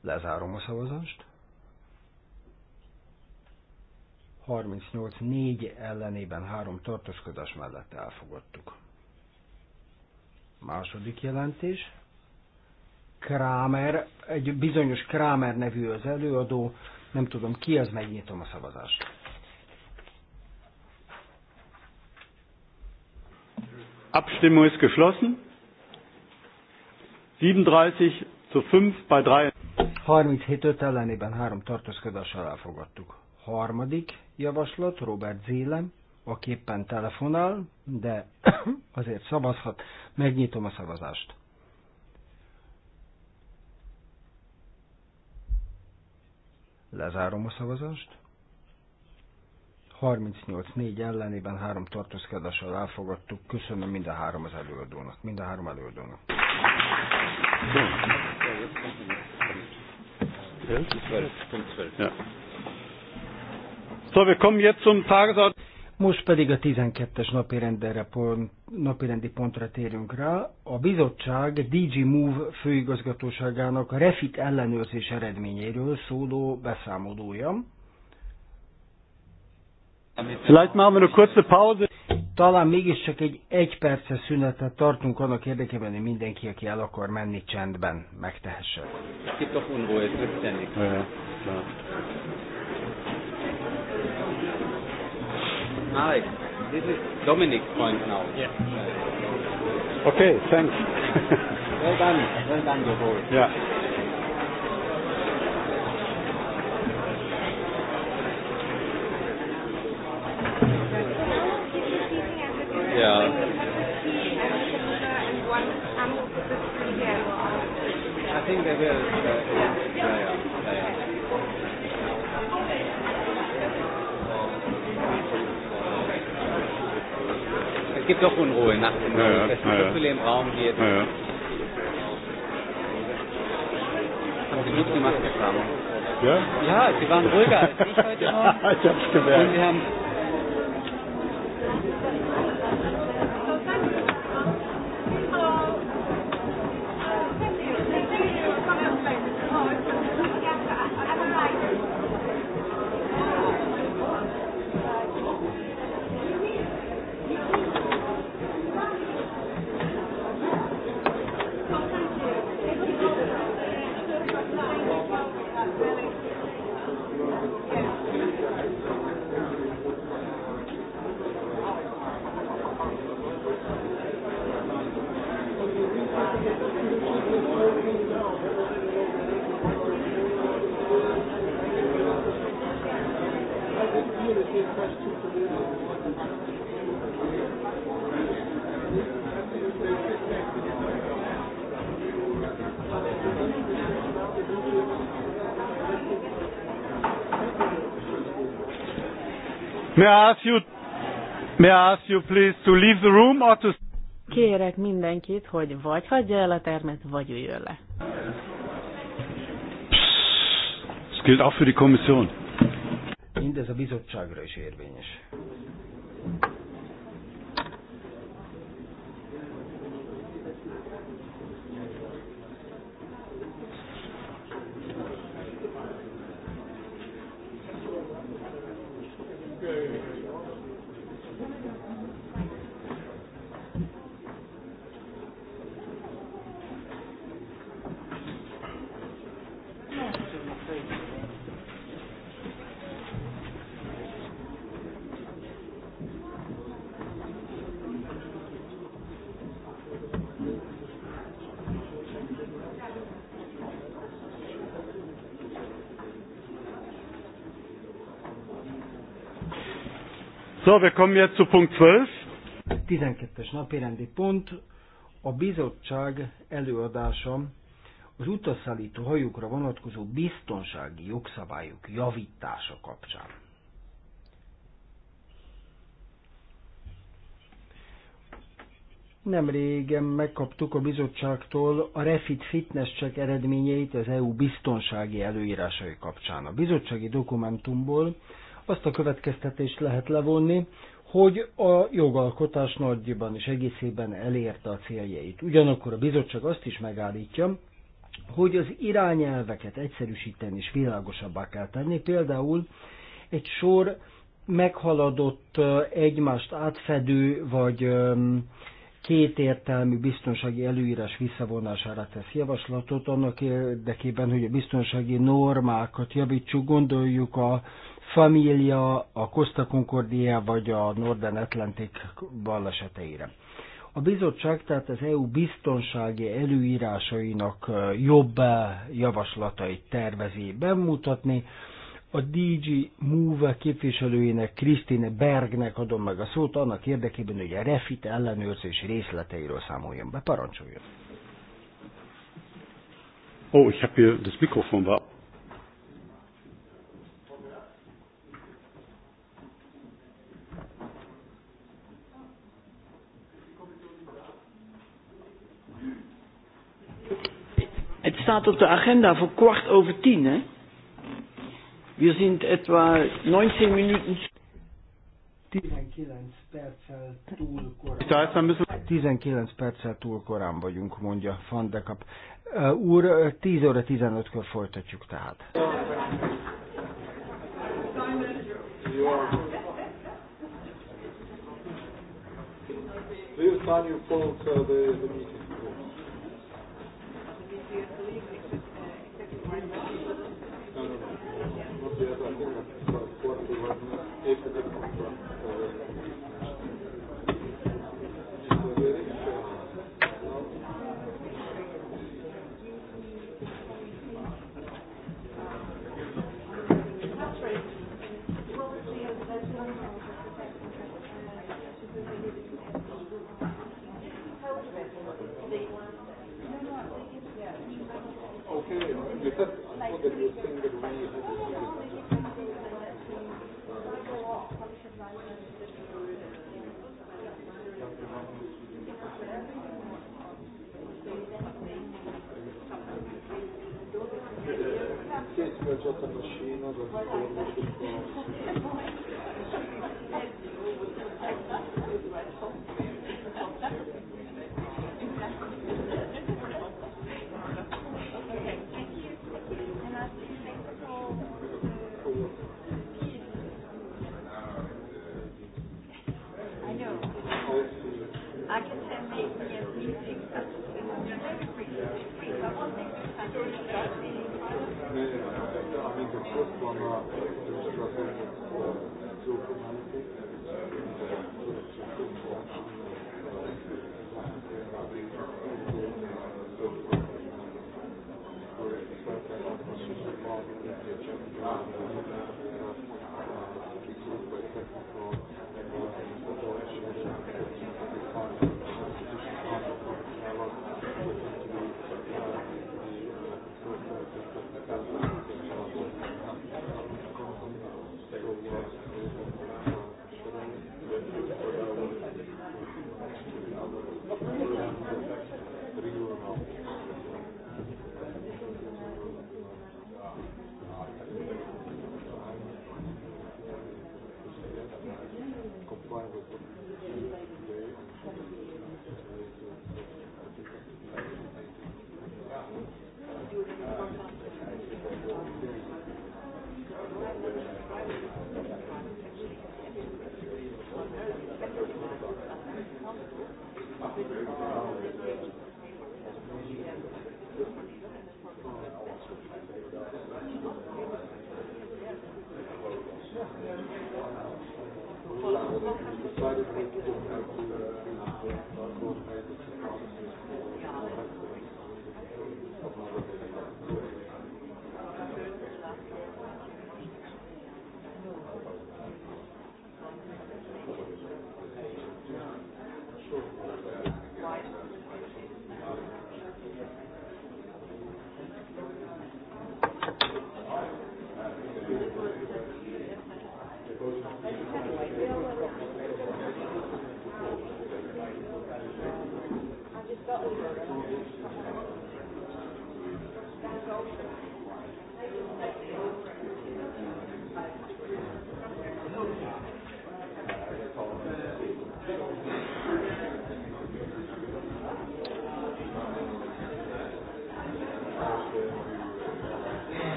[SPEAKER 2] Lezárom a szavazást. 38 4 ellenében három tartózkodás mellett elfogadtuk. Második jelentés. Kramer, egy bizonyos Kramer nevű az előadó, nem tudom ki, az megnyitom a
[SPEAKER 1] szavazást. Abstimmung ist geschlossen. 37 zu 5 bei 3.
[SPEAKER 2] 37 5 ellenében három tartózkodással elfogadtuk. Harmadik javaslat Robert Zélem, aki éppen telefonál, de azért szavazhat. Megnyitom a szavazást. Lezárom a szavazást. 38-4 ellenében három tartózkodással elfogadtuk. Köszönöm mind a három az előadónak. Mind a három előadónak.
[SPEAKER 1] Ja. So, wir kommen jetzt zum Tagesordnungspunkt.
[SPEAKER 2] Most pedig a 12-es napirendi, pont, rendi pontra térünk rá. A bizottság DG Move főigazgatóságának refit ellenőrzés eredményéről szóló beszámolója. Talán mégiscsak egy perce szünetet tartunk annak érdekében, hogy mindenki, aki el akar menni, csendben megtehesse.
[SPEAKER 3] Itt a funvó, ez Alex, this is Dominic's point now. Yeah. Uh, okay,
[SPEAKER 1] thanks. well
[SPEAKER 3] done. Well done, your boy. Yeah.
[SPEAKER 2] gibt doch Unruhe nach dem ja, Raum. Es gibt ja. so viele im Raum, hier. Ja, ja.
[SPEAKER 3] Haben Sie gut gemacht, Herr Kramer. Ja? Ja, Sie waren ruhiger als ich heute Morgen. ich hab's gemerkt. Und Sie haben
[SPEAKER 1] May I ask you, may I ask you please to leave the room or to...
[SPEAKER 5] Kérek mindenkit, hogy vagy hagyja el a termet, vagy üljön le.
[SPEAKER 1] Ez gilt auch für die Kommission.
[SPEAKER 2] Mindez a bizottságra is érvényes.
[SPEAKER 1] So, wir kommen jetzt zu Punkt 12. 12-es
[SPEAKER 2] napirendi pont, a bizottság előadása az utasszállító hajókra vonatkozó biztonsági jogszabályok javítása kapcsán. Nem régen megkaptuk a bizottságtól a Refit Fitness Check eredményeit az EU biztonsági előírásai kapcsán. A bizottsági dokumentumból azt a következtetést lehet levonni, hogy a jogalkotás nagyjában és egészében elérte a céljait. Ugyanakkor a bizottság azt is megállítja, hogy az irányelveket egyszerűsíteni és világosabbá kell tenni. Például egy sor meghaladott, egymást átfedő vagy kétértelmű biztonsági előírás visszavonására tesz javaslatot annak érdekében, hogy a biztonsági normákat javítsuk, gondoljuk a Família, a Costa Concordia vagy a Northern Atlantic baleseteire. A bizottság tehát az EU biztonsági előírásainak jobb javaslatait tervezi bemutatni. A DG Move képviselőjének, Krisztine Bergnek adom meg a szót annak érdekében, hogy a refit ellenőrzés részleteiről számoljon be. Parancsoljon! Oh,
[SPEAKER 1] ich habe hier das Mikrofon war.
[SPEAKER 4] staat op de agenda voor kwart over tien, hè? Wir sind etwa 19 Minuten.
[SPEAKER 2] 19 perccel túl korán. perccel túl korán vagyunk, mondja Van de Kap. Úr, 10 óra 15-kor folytatjuk tehát.
[SPEAKER 3] Do you sign your phone to the, the meeting? Thank you.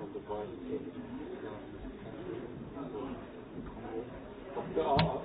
[SPEAKER 3] Of a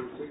[SPEAKER 3] Thank you.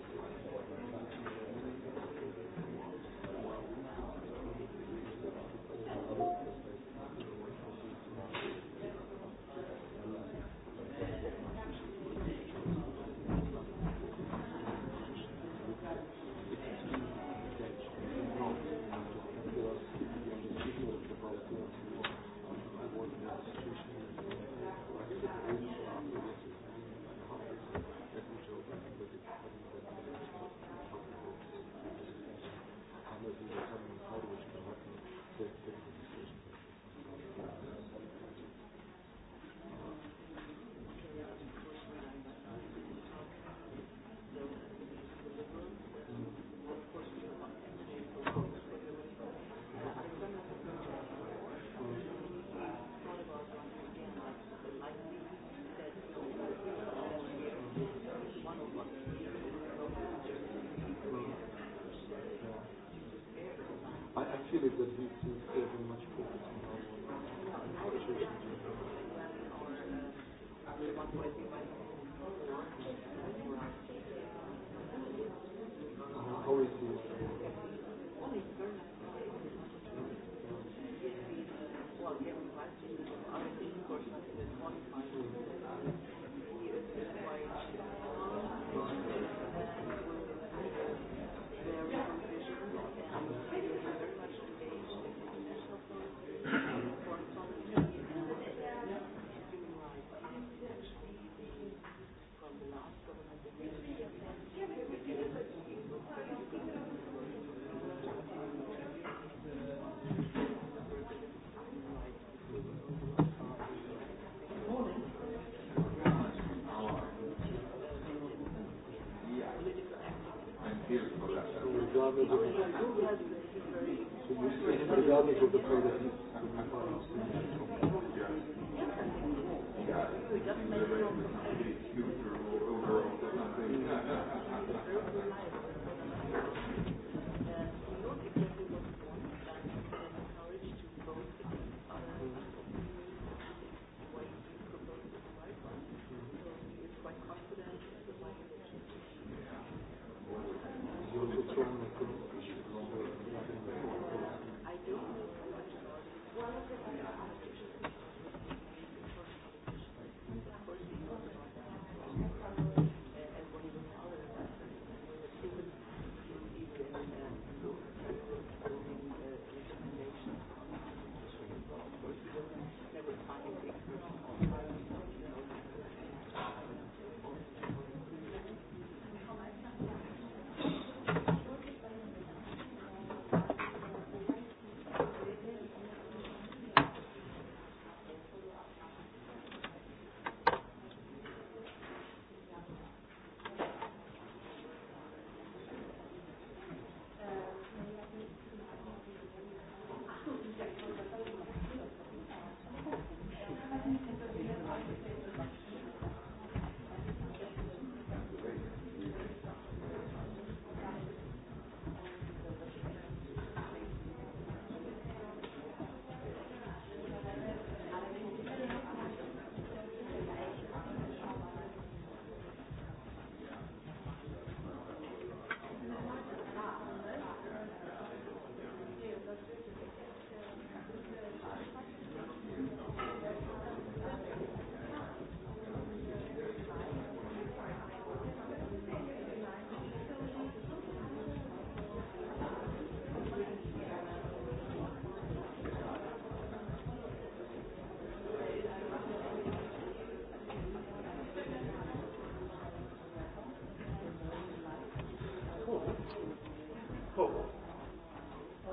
[SPEAKER 3] feel it that he's too very much focused on our work.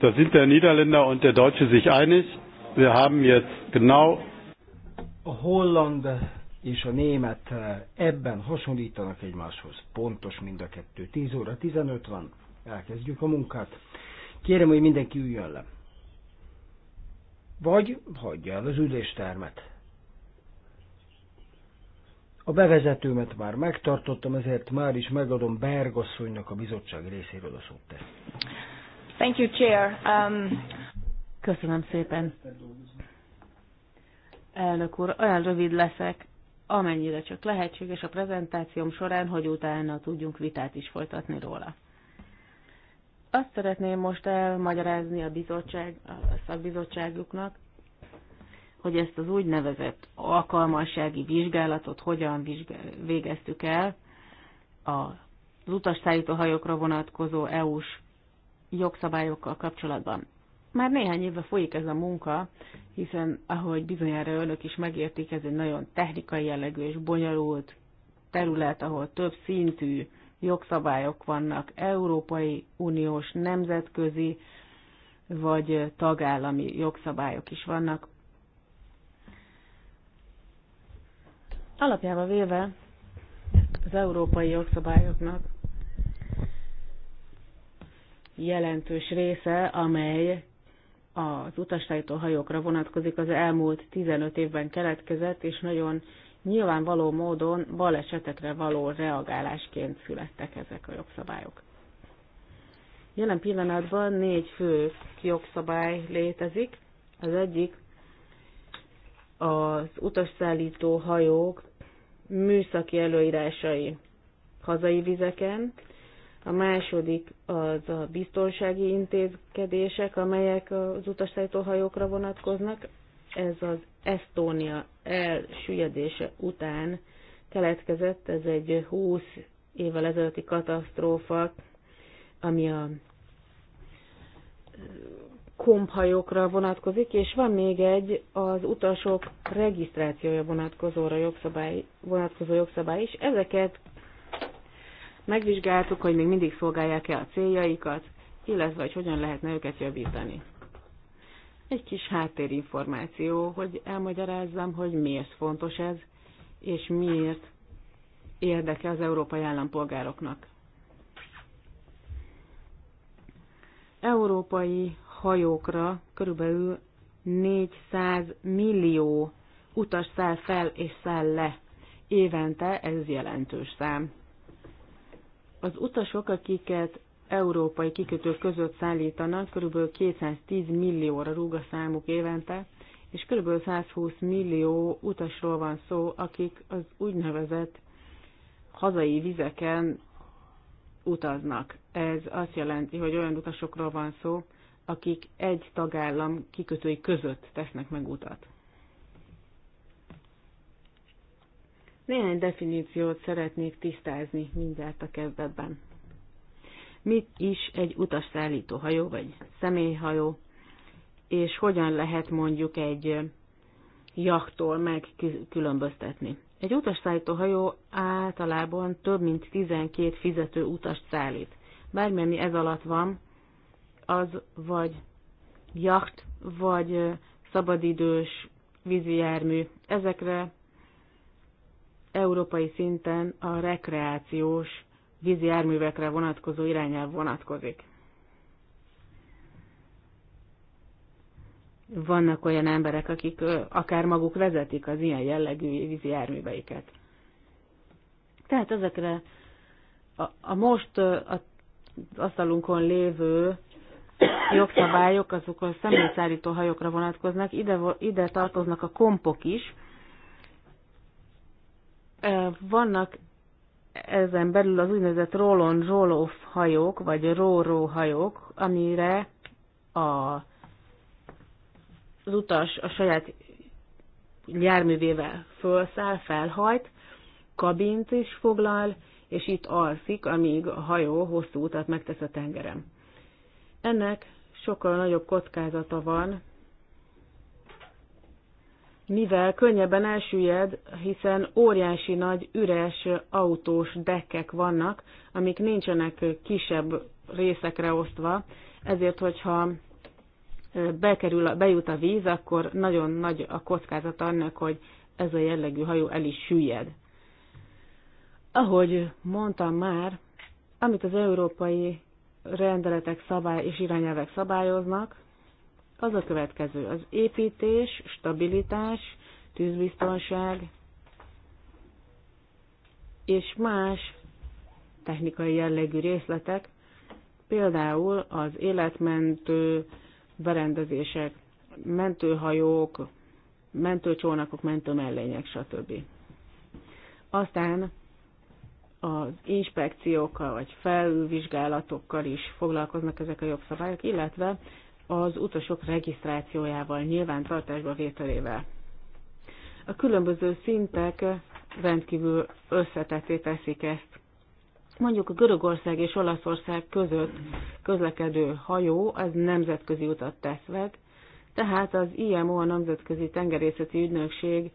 [SPEAKER 1] Da sind der Niederländer und der Deutsche sich einig. Wir haben jetzt genau.
[SPEAKER 2] Holland és a német eh, ebben hasonlítanak egymáshoz. Pontos mind a kettő. 10 óra 15 van. Elkezdjük a munkát. Kérem, hogy mindenki üljön le. Vagy hagyja el az üléstermet. A bevezetőmet már megtartottam, ezért már is megadom Bergasszonynak a bizottság részéről a szót. tesz.
[SPEAKER 5] Thank you, Chair. Um... Köszönöm szépen. Elnök úr, olyan rövid leszek, amennyire csak lehetséges a prezentációm során, hogy utána tudjunk vitát is folytatni róla. Azt szeretném most elmagyarázni a bizottság, a szakbizottságuknak, hogy ezt az úgynevezett alkalmassági vizsgálatot hogyan vizsgál, végeztük el az utasszállító hajókra vonatkozó EU-s jogszabályokkal kapcsolatban. Már néhány éve folyik ez a munka, hiszen ahogy bizonyára önök is megértik, ez egy nagyon technikai jellegű és bonyolult terület, ahol több szintű jogszabályok vannak, Európai Uniós, nemzetközi vagy tagállami jogszabályok is vannak. Alapjában véve az európai jogszabályoknak jelentős része, amely az utastájtó hajókra vonatkozik, az elmúlt 15 évben keletkezett, és nagyon nyilvánvaló módon balesetekre való reagálásként születtek ezek a jogszabályok. Jelen pillanatban négy fő jogszabály létezik. Az egyik az utasszállító hajók műszaki előírásai hazai vizeken, a második az a biztonsági intézkedések, amelyek az utasszállító hajókra vonatkoznak. Ez az Estónia elsüllyedése után keletkezett, ez egy 20 évvel ezelőtti katasztrófa, ami a komphajókra vonatkozik, és van még egy az utasok regisztrációja vonatkozóra jogszabály, vonatkozó jogszabály is. Ezeket Megvizsgáltuk, hogy még mindig szolgálják-e a céljaikat, illetve hogy hogyan lehetne őket javítani. Egy kis háttérinformáció, hogy elmagyarázzam, hogy miért fontos ez, és miért érdeke az európai állampolgároknak. Európai hajókra körülbelül 400 millió utas száll fel és száll le. Évente ez jelentős szám. Az utasok, akiket európai kikötők között szállítanak, kb. 210 millióra rúg a számuk évente, és kb. 120 millió utasról van szó, akik az úgynevezett hazai vizeken utaznak. Ez azt jelenti, hogy olyan utasokról van szó, akik egy tagállam kikötői között tesznek meg utat. Néhány definíciót szeretnék tisztázni mindjárt a kezdetben. Mit is egy utasszállító hajó vagy személyhajó, és hogyan lehet mondjuk egy jachtól megkülönböztetni. Egy utasszállító hajó általában több mint 12 fizető utast szállít. Bármi, ez alatt van, az vagy jacht, vagy szabadidős vízi jármű. Ezekre európai szinten a rekreációs vízi járművekre vonatkozó irányelv vonatkozik. Vannak olyan emberek, akik akár maguk vezetik az ilyen jellegű vízi járműveiket. Tehát ezekre a, a most az asztalunkon lévő jogszabályok, azok a személyszállító hajókra vonatkoznak, ide, ide tartoznak a kompok is, vannak ezen belül az úgynevezett roll-on, off hajók, vagy róró hajók, amire a, az utas a saját járművével felszáll, felhajt, kabint is foglal, és itt alszik, amíg a hajó hosszú utat megtesz a tengeren. Ennek sokkal nagyobb kockázata van, mivel könnyebben elsüllyed, hiszen óriási nagy üres autós dekkek vannak, amik nincsenek kisebb részekre osztva, ezért, hogyha bekerül, bejut a víz, akkor nagyon nagy a kockázat annak, hogy ez a jellegű hajó el is süllyed. Ahogy mondtam már, amit az európai rendeletek szabály és irányelvek szabályoznak, az a következő. Az építés, stabilitás, tűzbiztonság és más technikai jellegű részletek, például az életmentő berendezések, mentőhajók, mentőcsónakok, mentőmellények, stb. Aztán az inspekciókkal vagy felülvizsgálatokkal is foglalkoznak ezek a jogszabályok, illetve az utasok regisztrációjával, nyilvántartásba vételével. A különböző szintek rendkívül összetetté teszik ezt. Mondjuk a Görögország és Olaszország között közlekedő hajó az nemzetközi utat tesz meg, tehát az IMO, a Nemzetközi Tengerészeti Ügynökség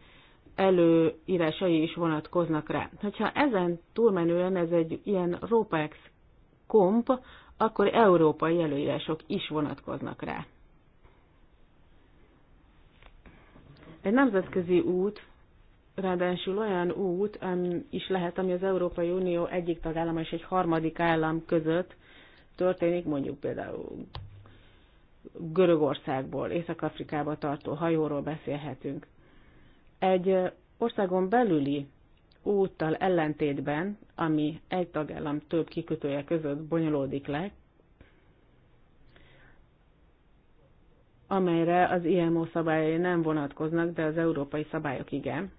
[SPEAKER 5] előírásai is vonatkoznak rá. Hogyha ezen túlmenően ez egy ilyen ROPEX komp, akkor európai előírások is vonatkoznak rá. Egy nemzetközi út, ráadásul olyan út ami is lehet, ami az Európai Unió egyik tagállama és egy harmadik állam között történik, mondjuk például Görögországból, Észak-Afrikába tartó hajóról beszélhetünk. Egy országon belüli úttal ellentétben, ami egy tagállam több kikötője között bonyolódik le, amelyre az IMO szabályai nem vonatkoznak, de az európai szabályok igen.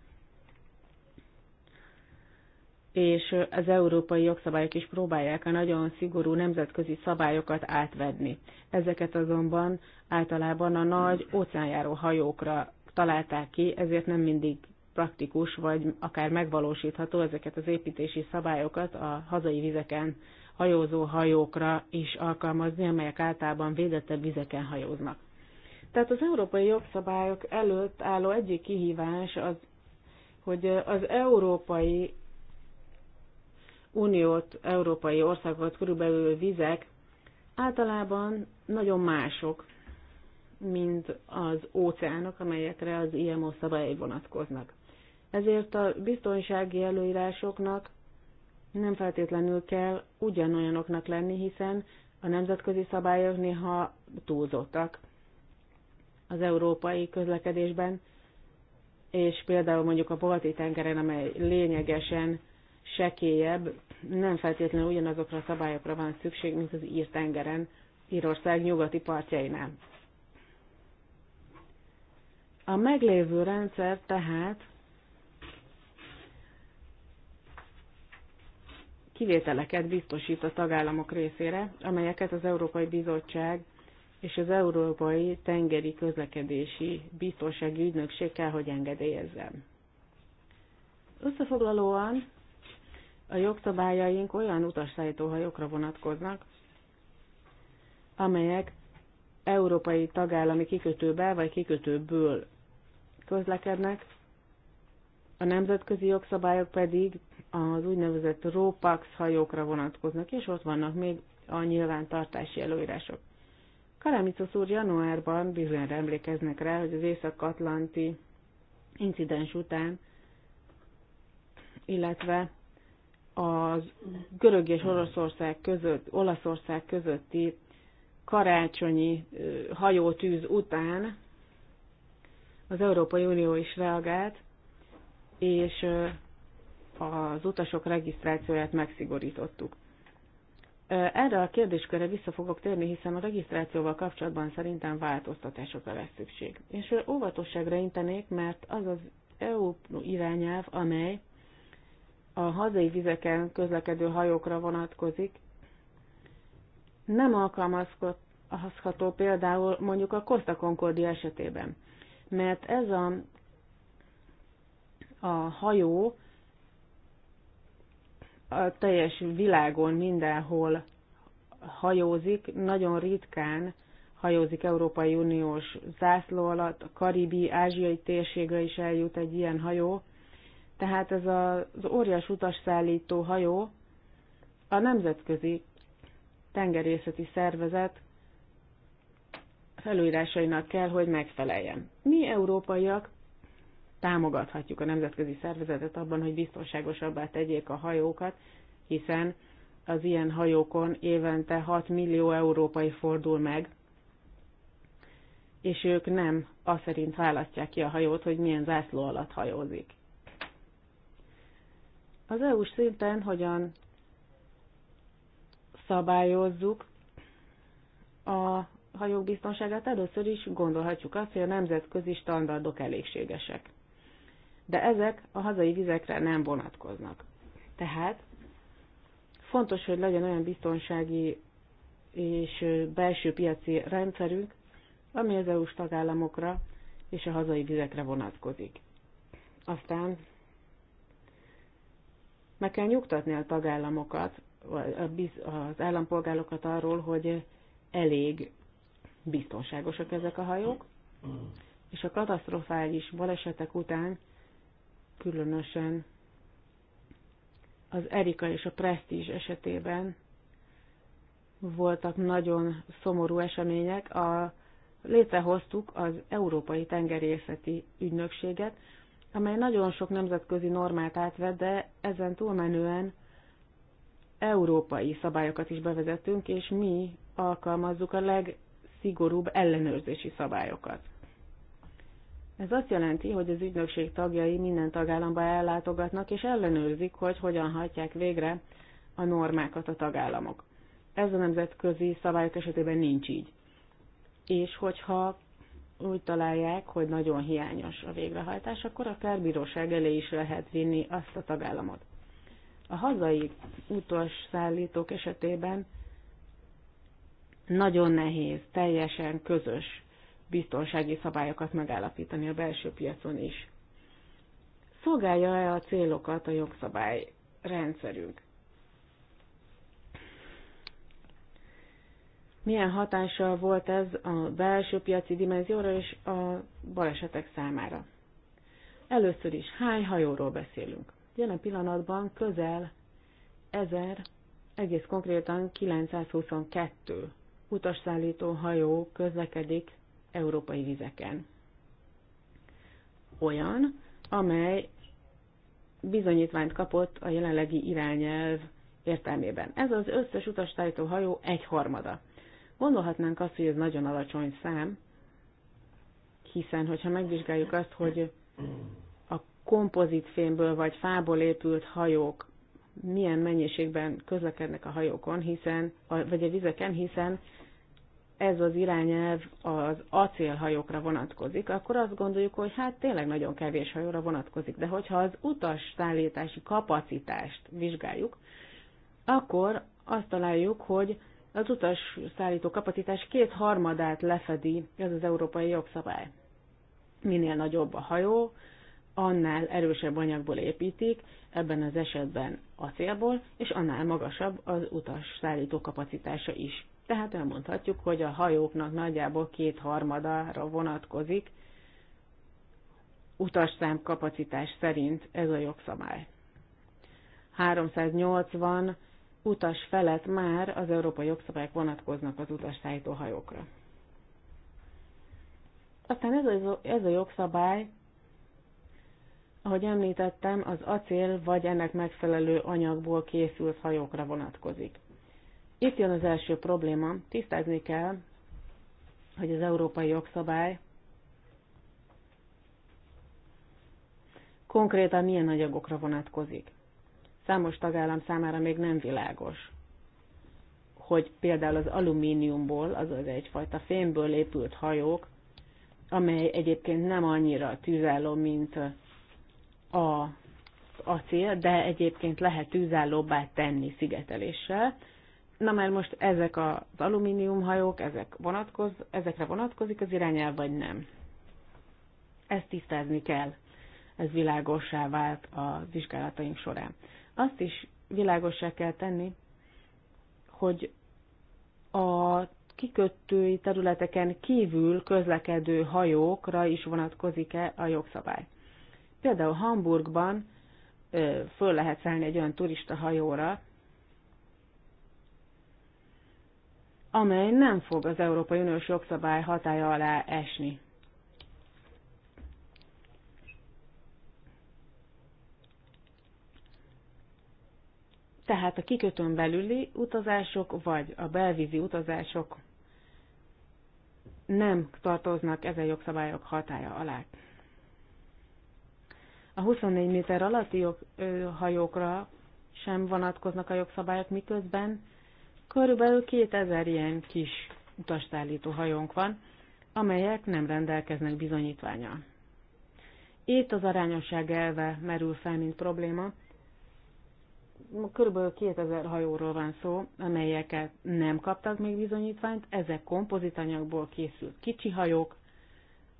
[SPEAKER 5] És az európai jogszabályok is próbálják a nagyon szigorú nemzetközi szabályokat átvedni. Ezeket azonban általában a nagy óceánjáró hajókra találták ki, ezért nem mindig praktikus, vagy akár megvalósítható ezeket az építési szabályokat a hazai vizeken hajózó hajókra is alkalmazni, amelyek általában védettebb vizeken hajóznak. Tehát az európai jogszabályok előtt álló egyik kihívás az, hogy az európai uniót, európai országokat körülbelül vizek általában nagyon mások, mint az óceánok, amelyekre az IMO szabályai vonatkoznak. Ezért a biztonsági előírásoknak nem feltétlenül kell ugyanolyanoknak lenni, hiszen a nemzetközi szabályok néha túlzottak az európai közlekedésben, és például mondjuk a balti tengeren, amely lényegesen sekélyebb, nem feltétlenül ugyanazokra a szabályokra van szükség, mint az ír tengeren, Írország nyugati partjainál. A meglévő rendszer tehát kivételeket biztosít a tagállamok részére, amelyeket az Európai Bizottság és az Európai Tengeri Közlekedési Biztonsági Ügynökség kell, hogy engedélyezzen. Összefoglalóan a jogszabályaink olyan utasszállító hajókra vonatkoznak, amelyek európai tagállami kikötőbe vagy kikötőből közlekednek, a nemzetközi jogszabályok pedig az úgynevezett ropax hajókra vonatkoznak, és ott vannak még a nyilvántartási előírások. Karamicos úr januárban bizony emlékeznek rá, hogy az Észak-Atlanti incidens után, illetve az Görög és Oroszország között, Olaszország közötti karácsonyi hajótűz után az Európai Unió is reagált, és az utasok regisztrációját megszigorítottuk. Erre a kérdéskörre vissza fogok térni, hiszen a regisztrációval kapcsolatban szerintem változtatásokra lesz szükség. És óvatosságra intenék, mert az az EU irányelv, amely a hazai vizeken közlekedő hajókra vonatkozik, nem alkalmazható például mondjuk a Costa Concordia esetében, mert ez a, a hajó a teljes világon mindenhol hajózik, nagyon ritkán hajózik Európai Uniós zászló alatt, a karibi, ázsiai térségre is eljut egy ilyen hajó. Tehát ez az óriás utasszállító hajó a Nemzetközi Tengerészeti Szervezet felújírásainak kell, hogy megfeleljen. Mi európaiak támogathatjuk a nemzetközi szervezetet abban, hogy biztonságosabbá tegyék a hajókat, hiszen az ilyen hajókon évente 6 millió európai fordul meg, és ők nem azt szerint választják ki a hajót, hogy milyen zászló alatt hajózik. Az EU-s szinten hogyan szabályozzuk a hajók biztonságát, először is gondolhatjuk azt, hogy a nemzetközi standardok elégségesek de ezek a hazai vizekre nem vonatkoznak. Tehát fontos, hogy legyen olyan biztonsági és belső piaci rendszerünk, ami az EU-s tagállamokra és a hazai vizekre vonatkozik. Aztán meg kell nyugtatni a tagállamokat, az állampolgárokat arról, hogy elég biztonságosak ezek a hajók, és a katasztrofális balesetek után különösen az Erika és a Prestige esetében voltak nagyon szomorú események. A, létrehoztuk az Európai Tengerészeti Ügynökséget, amely nagyon sok nemzetközi normát átvett, de ezen túlmenően európai szabályokat is bevezettünk, és mi alkalmazzuk a legszigorúbb ellenőrzési szabályokat. Ez azt jelenti, hogy az ügynökség tagjai minden tagállamba ellátogatnak, és ellenőrzik, hogy hogyan hajtják végre a normákat a tagállamok. Ez a nemzetközi szabályok esetében nincs így. És hogyha úgy találják, hogy nagyon hiányos a végrehajtás, akkor akár bíróság elé is lehet vinni azt a tagállamot. A hazai utas szállítók esetében nagyon nehéz, teljesen közös biztonsági szabályokat megállapítani a belső piacon is. Szolgálja-e a célokat a jogszabály rendszerünk? Milyen hatással volt ez a belső piaci dimenzióra és a balesetek számára? Először is hány hajóról beszélünk? Jelen pillanatban közel 1000, egész konkrétan 922 utasszállító hajó közlekedik európai vizeken. Olyan, amely bizonyítványt kapott a jelenlegi irányelv értelmében. Ez az összes utastájtó hajó egyharmada. Gondolhatnánk azt, hogy ez nagyon alacsony szám, hiszen hogyha megvizsgáljuk azt, hogy a kompozit fémből vagy fából épült hajók milyen mennyiségben közlekednek a hajókon, hiszen, vagy a vizeken, hiszen ez az irányelv az acélhajókra vonatkozik, akkor azt gondoljuk, hogy hát tényleg nagyon kevés hajóra vonatkozik. De hogyha az utas szállítási kapacitást vizsgáljuk, akkor azt találjuk, hogy az utas szállító kapacitás kétharmadát lefedi ez az európai jogszabály. Minél nagyobb a hajó, annál erősebb anyagból építik, ebben az esetben acélból, és annál magasabb az utas szállító kapacitása is. Tehát elmondhatjuk, hogy a hajóknak nagyjából kétharmadára vonatkozik utasszám kapacitás szerint ez a jogszabály. 380 utas felett már az európai jogszabályok vonatkoznak az utasszállító hajókra. Aztán ez a, ez a jogszabály, ahogy említettem, az acél vagy ennek megfelelő anyagból készült hajókra vonatkozik. Itt jön az első probléma. Tisztázni kell, hogy az európai jogszabály konkrétan milyen anyagokra vonatkozik. Számos tagállam számára még nem világos, hogy például az alumíniumból, azaz egyfajta fémből épült hajók, amely egyébként nem annyira tűzálló, mint a acél, de egyébként lehet tűzállóbbá tenni szigeteléssel, Na már most ezek az alumíniumhajók, ezek vonatkoz, ezekre vonatkozik az irányelv, vagy nem? Ezt tisztázni kell. Ez világossá vált a vizsgálataink során. Azt is világossá kell tenni, hogy a kikötői területeken kívül közlekedő hajókra is vonatkozik-e a jogszabály. Például Hamburgban föl lehet szállni egy olyan turista hajóra, amely nem fog az Európai Uniós jogszabály hatája alá esni. Tehát a kikötőn belüli utazások vagy a belvízi utazások nem tartoznak ezen jogszabályok hatája alá. A 24 méter alatti jog, ö, hajókra sem vonatkoznak a jogszabályok, miközben Körülbelül 2000 ilyen kis utastállító hajónk van, amelyek nem rendelkeznek bizonyítványa. Itt az arányosság elve merül fel, mint probléma. Körülbelül 2000 hajóról van szó, amelyeket nem kaptak még bizonyítványt, ezek kompozitanyagból készült kicsi hajók,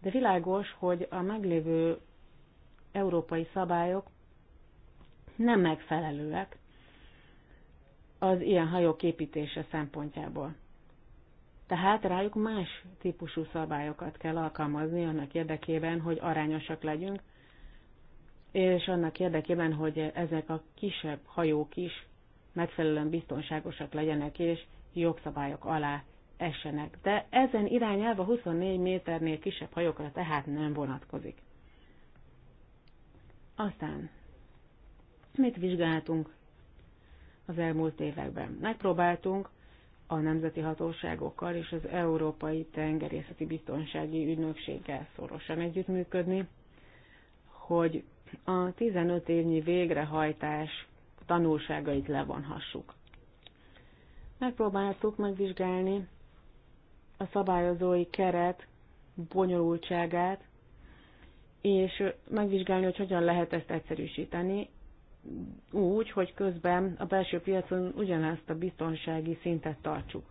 [SPEAKER 5] de világos, hogy a meglévő európai szabályok nem megfelelőek az ilyen hajók építése szempontjából. Tehát rájuk más típusú szabályokat kell alkalmazni annak érdekében, hogy arányosak legyünk, és annak érdekében, hogy ezek a kisebb hajók is megfelelően biztonságosak legyenek, és jogszabályok alá essenek. De ezen irányelv a 24 méternél kisebb hajókra tehát nem vonatkozik. Aztán mit vizsgáltunk az elmúlt években. Megpróbáltunk a nemzeti hatóságokkal és az Európai Tengerészeti Biztonsági Ügynökséggel szorosan együttműködni, hogy a 15 évnyi végrehajtás tanulságait levonhassuk. Megpróbáltuk megvizsgálni a szabályozói keret bonyolultságát, és megvizsgálni, hogy hogyan lehet ezt egyszerűsíteni, úgy, hogy közben a belső piacon ugyanezt a biztonsági szintet tartsuk.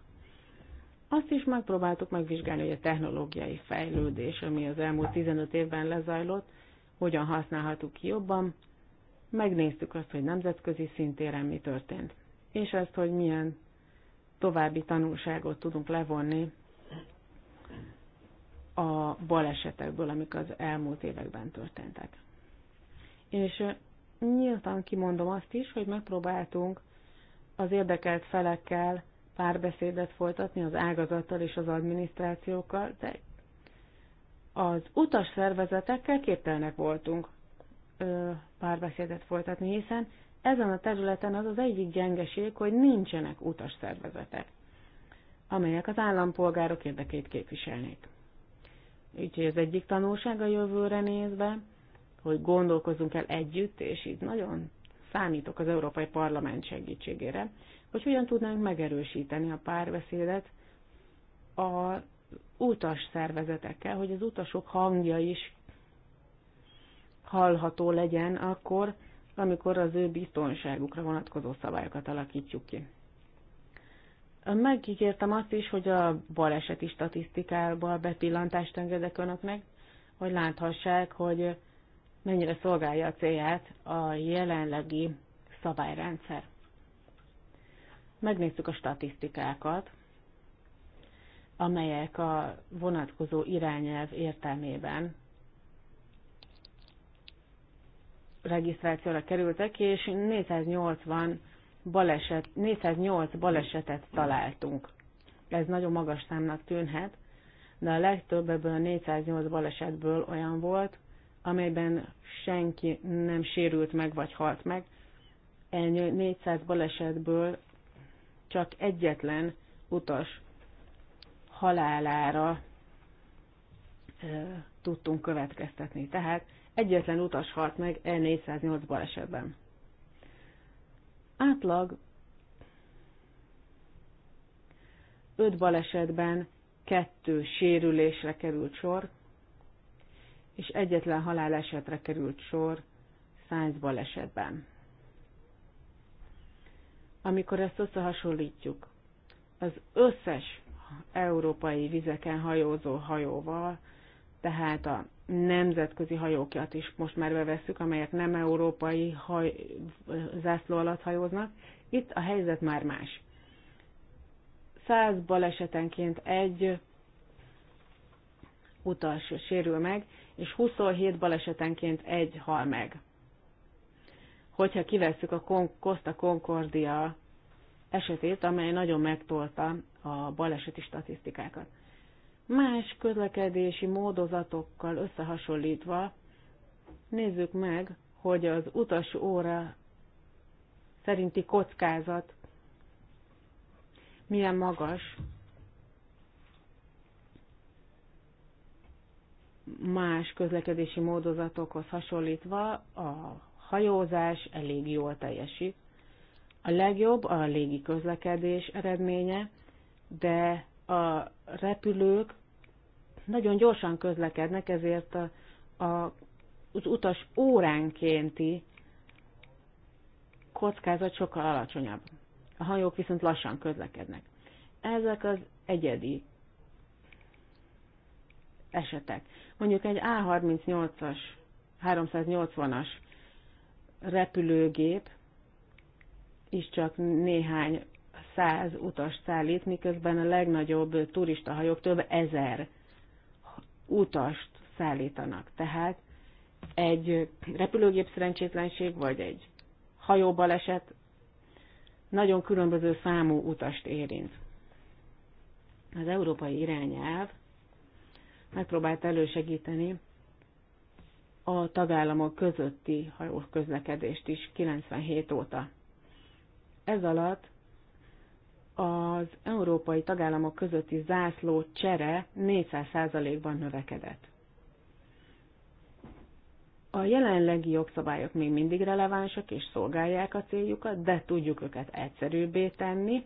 [SPEAKER 5] Azt is megpróbáltuk megvizsgálni, hogy a technológiai fejlődés, ami az elmúlt 15 évben lezajlott, hogyan használhatjuk ki jobban, megnéztük azt, hogy nemzetközi szintéren mi történt, és azt, hogy milyen további tanulságot tudunk levonni a balesetekből, amik az elmúlt években történtek. És nyíltan kimondom azt is, hogy megpróbáltunk az érdekelt felekkel párbeszédet folytatni az ágazattal és az adminisztrációkkal, de az utas szervezetekkel képtelnek voltunk ö, párbeszédet folytatni, hiszen ezen a területen az az egyik gyengeség, hogy nincsenek utas szervezetek, amelyek az állampolgárok érdekét képviselnék. Úgyhogy az egyik tanulság a jövőre nézve, hogy gondolkozunk el együtt, és így nagyon számítok az Európai Parlament segítségére, hogy hogyan tudnánk megerősíteni a párbeszédet a utas szervezetekkel, hogy az utasok hangja is hallható legyen akkor, amikor az ő biztonságukra vonatkozó szabályokat alakítjuk ki. Megígértem azt is, hogy a baleseti statisztikába bepillantást engedek önöknek, hogy láthassák, hogy mennyire szolgálja a célját a jelenlegi szabályrendszer. Megnéztük a statisztikákat, amelyek a vonatkozó irányelv értelmében regisztrációra kerültek, és 480 baleset, 408 balesetet találtunk. Ez nagyon magas számnak tűnhet, de a legtöbb ebből a 408 balesetből olyan volt, amelyben senki nem sérült meg vagy halt meg. Ennyi 400 balesetből csak egyetlen utas halálára e, tudtunk következtetni. Tehát egyetlen utas halt meg E408 balesetben. Átlag 5 balesetben kettő sérülésre került sor, és egyetlen halálesetre került sor 100 balesetben. Amikor ezt összehasonlítjuk az összes európai vizeken hajózó hajóval, tehát a nemzetközi hajókat is most már bevesszük, amelyek nem európai haj, zászló alatt hajóznak, itt a helyzet már más. 100 balesetenként egy utas sérül meg, és 27 balesetenként egy hal meg. Hogyha kivesszük a Costa Concordia esetét, amely nagyon megtolta a baleseti statisztikákat. Más közlekedési módozatokkal összehasonlítva nézzük meg, hogy az utas óra szerinti kockázat milyen magas más közlekedési módozatokhoz hasonlítva a hajózás elég jól teljesít. A legjobb a légi közlekedés eredménye, de a repülők nagyon gyorsan közlekednek, ezért a, a, az utas óránkénti kockázat sokkal alacsonyabb. A hajók viszont lassan közlekednek. Ezek az egyedi esetek. Mondjuk egy A38-as, 380-as repülőgép is csak néhány száz utas szállít, miközben a legnagyobb turistahajók több ezer utast szállítanak. Tehát egy repülőgép szerencsétlenség, vagy egy hajóbaleset nagyon különböző számú utast érint. Az európai irányelv megpróbált elősegíteni a tagállamok közötti hajós közlekedést is 97 óta. Ez alatt az európai tagállamok közötti zászló csere 400%-ban növekedett. A jelenlegi jogszabályok még mindig relevánsak és szolgálják a céljukat, de tudjuk őket egyszerűbbé tenni.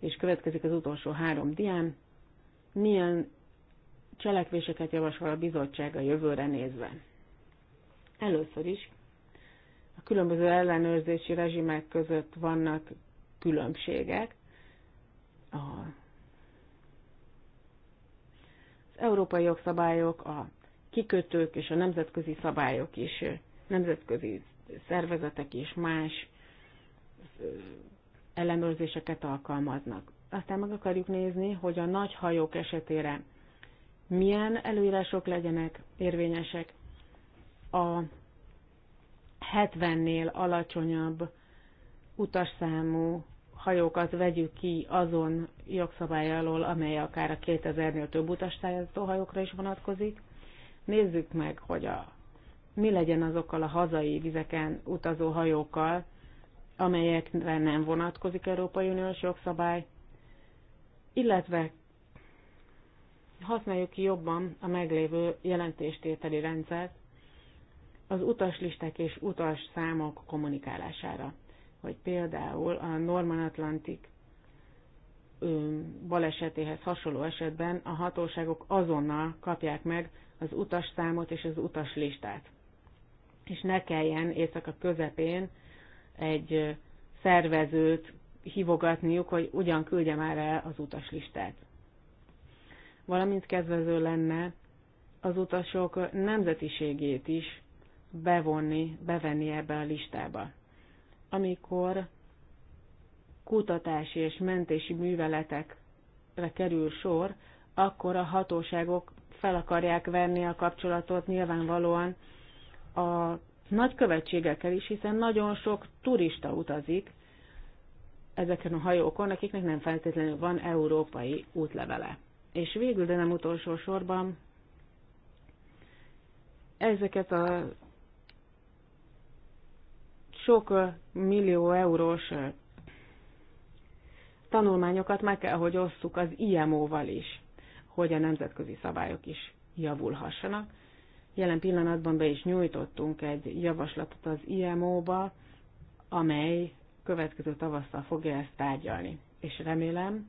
[SPEAKER 5] És következik az utolsó három dián, milyen cselekvéseket javasol a bizottság a jövőre nézve. Először is a különböző ellenőrzési rezsimek között vannak különbségek. az európai jogszabályok, a kikötők és a nemzetközi szabályok is, nemzetközi szervezetek is más ellenőrzéseket alkalmaznak. Aztán meg akarjuk nézni, hogy a nagy hajók esetére milyen előírások legyenek érvényesek. A 70-nél alacsonyabb utasszámú hajókat vegyük ki azon jogszabály alól, amely akár a 2000-nél több utasszállító hajókra is vonatkozik. Nézzük meg, hogy a, mi legyen azokkal a hazai vizeken utazó hajókkal, amelyekre nem vonatkozik Európai Uniós jogszabály, illetve használjuk ki jobban a meglévő jelentéstételi rendszert az utaslisták és utas számok kommunikálására, hogy például a Norman Atlantic balesetéhez hasonló esetben a hatóságok azonnal kapják meg az utasszámot és az utaslistát. És ne kelljen éjszaka közepén egy szervezőt hívogatniuk, hogy ugyan küldje már el az utaslistát valamint kedvező lenne az utasok nemzetiségét is bevonni, bevenni ebbe a listába. Amikor kutatási és mentési műveletekre kerül sor, akkor a hatóságok fel akarják venni a kapcsolatot nyilvánvalóan a nagykövetségekkel is, hiszen nagyon sok turista utazik ezeken a hajókon, akiknek nem feltétlenül van európai útlevele. És végül, de nem utolsó sorban, ezeket a sok millió eurós tanulmányokat meg kell, hogy osszuk az IMO-val is, hogy a nemzetközi szabályok is javulhassanak. Jelen pillanatban be is nyújtottunk egy javaslatot az IMO-ba, amely következő tavasszal fogja ezt tárgyalni. És remélem,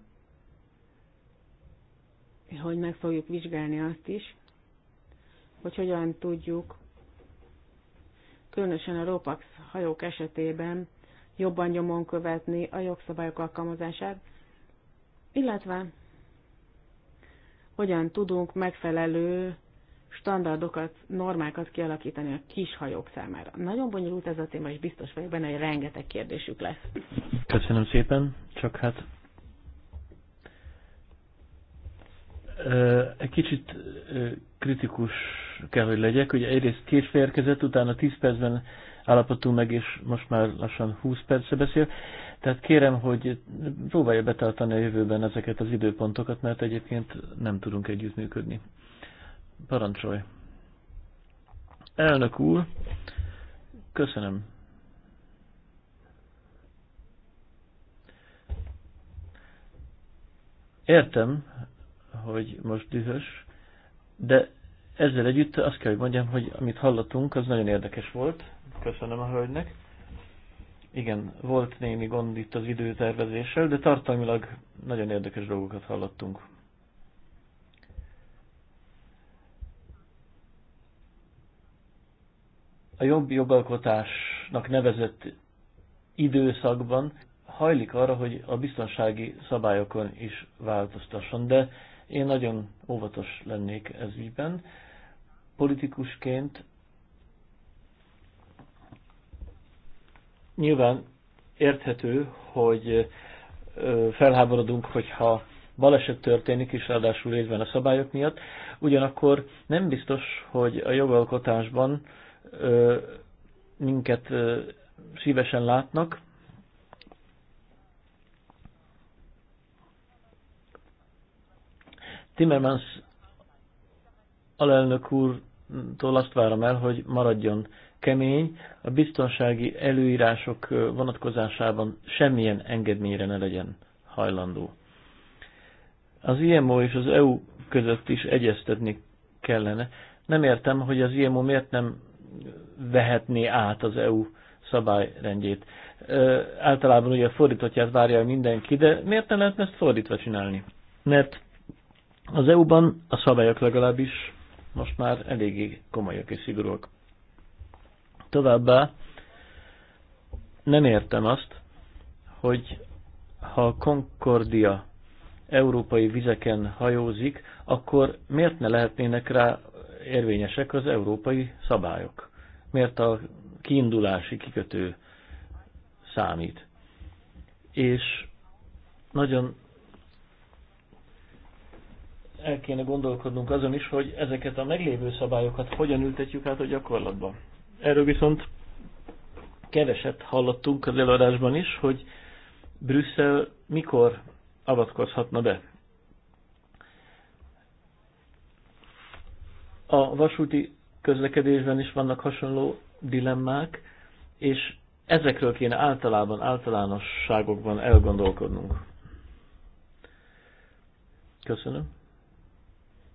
[SPEAKER 5] hogy meg fogjuk vizsgálni azt is, hogy hogyan tudjuk, különösen a Ropax hajók esetében jobban nyomon követni a jogszabályok alkalmazását, illetve hogyan tudunk megfelelő standardokat, normákat kialakítani a kis hajók számára. Nagyon bonyolult ez a téma, és biztos vagyok benne, hogy rengeteg kérdésük lesz.
[SPEAKER 4] Köszönöm szépen, csak hát Egy kicsit kritikus kell, hogy legyek. Ugye egyrészt két férkezett, utána 10 percben állapotunk meg, és most már lassan 20 percre beszél. Tehát kérem, hogy próbálja betartani a jövőben ezeket az időpontokat, mert egyébként nem tudunk együttműködni. Parancsolj! Elnök úr, köszönöm. Értem, hogy most dühös, de ezzel együtt azt kell, hogy mondjam, hogy amit hallottunk, az nagyon érdekes volt. Köszönöm a hölgynek. Igen, volt némi gond itt az időtervezéssel, de tartalmilag nagyon érdekes dolgokat hallottunk. A jobb jogalkotásnak nevezett időszakban hajlik arra, hogy a biztonsági szabályokon is változtasson, de én nagyon óvatos lennék ez ügyben. Politikusként nyilván érthető, hogy felháborodunk, hogyha baleset történik, és ráadásul részben a szabályok miatt, ugyanakkor nem biztos, hogy a jogalkotásban minket szívesen látnak, Timmermans alelnök úrtól azt várom el, hogy maradjon kemény, a biztonsági előírások vonatkozásában semmilyen engedményre ne legyen hajlandó. Az IMO és az EU között is egyeztetni kellene. Nem értem, hogy az IMO miért nem vehetné át az EU szabályrendjét. Ö, általában ugye fordítottját várja mindenki, de miért nem lehetne ezt fordítva csinálni? Mert az EU-ban a szabályok legalábbis most már eléggé komolyak és szigorúak. Továbbá nem értem azt, hogy ha a Concordia európai vizeken hajózik, akkor miért ne lehetnének rá érvényesek az európai szabályok? Miért a kiindulási kikötő számít? És nagyon el kéne gondolkodnunk azon is, hogy ezeket a meglévő szabályokat hogyan ültetjük át a gyakorlatban. Erről viszont keveset hallottunk az előadásban is, hogy Brüsszel mikor avatkozhatna be. A vasúti közlekedésben is vannak hasonló dilemmák, és ezekről kéne általában, általánosságokban elgondolkodnunk. Köszönöm.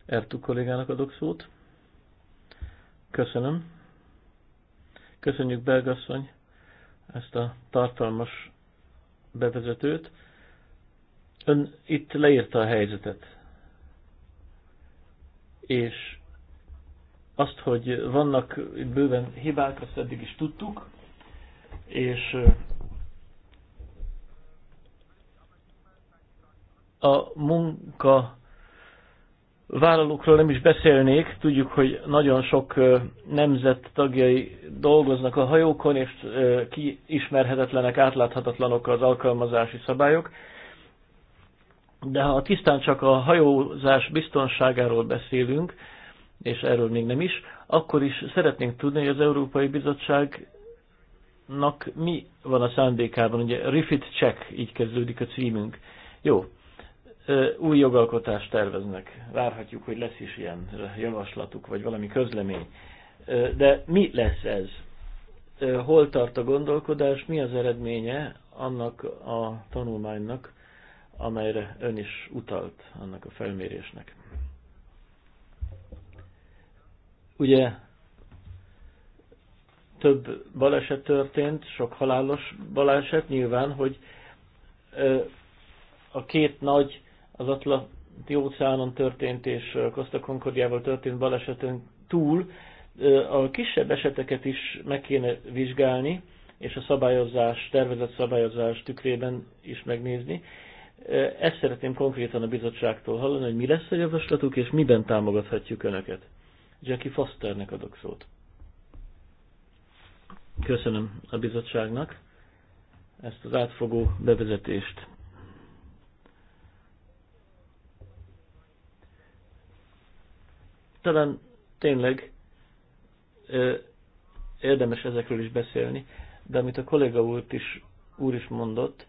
[SPEAKER 4] Ertug kollégának adok szót. Köszönöm. Köszönjük, Belgasszony, ezt a tartalmas bevezetőt. Ön itt leírta a helyzetet. És azt, hogy vannak bőven hibák, azt eddig is tudtuk, és a munka vállalókról nem is beszélnék, tudjuk, hogy nagyon sok nemzet tagjai dolgoznak a hajókon, és kiismerhetetlenek, átláthatatlanok az alkalmazási szabályok. De ha tisztán csak a hajózás biztonságáról beszélünk, és erről még nem is, akkor is szeretnénk tudni, hogy az Európai Bizottságnak mi van a szándékában. Ugye Refit Check, így kezdődik a címünk. Jó, új jogalkotást terveznek. Várhatjuk, hogy lesz is ilyen javaslatuk, vagy valami közlemény. De mi lesz ez? Hol tart a gondolkodás? Mi az eredménye annak a tanulmánynak, amelyre ön is utalt, annak a felmérésnek? Ugye több baleset történt, sok halálos baleset, nyilván, hogy a két nagy az Atlanti óceánon történt és Costa Concordiával történt balesetön túl a kisebb eseteket is meg kéne vizsgálni, és a szabályozás, tervezett szabályozás tükrében is megnézni. Ezt szeretném konkrétan a bizottságtól hallani, hogy mi lesz a javaslatuk, és miben támogathatjuk Önöket. Jackie Fosternek adok szót. Köszönöm a bizottságnak ezt az átfogó bevezetést. talán tényleg ö, érdemes ezekről is beszélni, de amit a kolléga úr is, úr is mondott,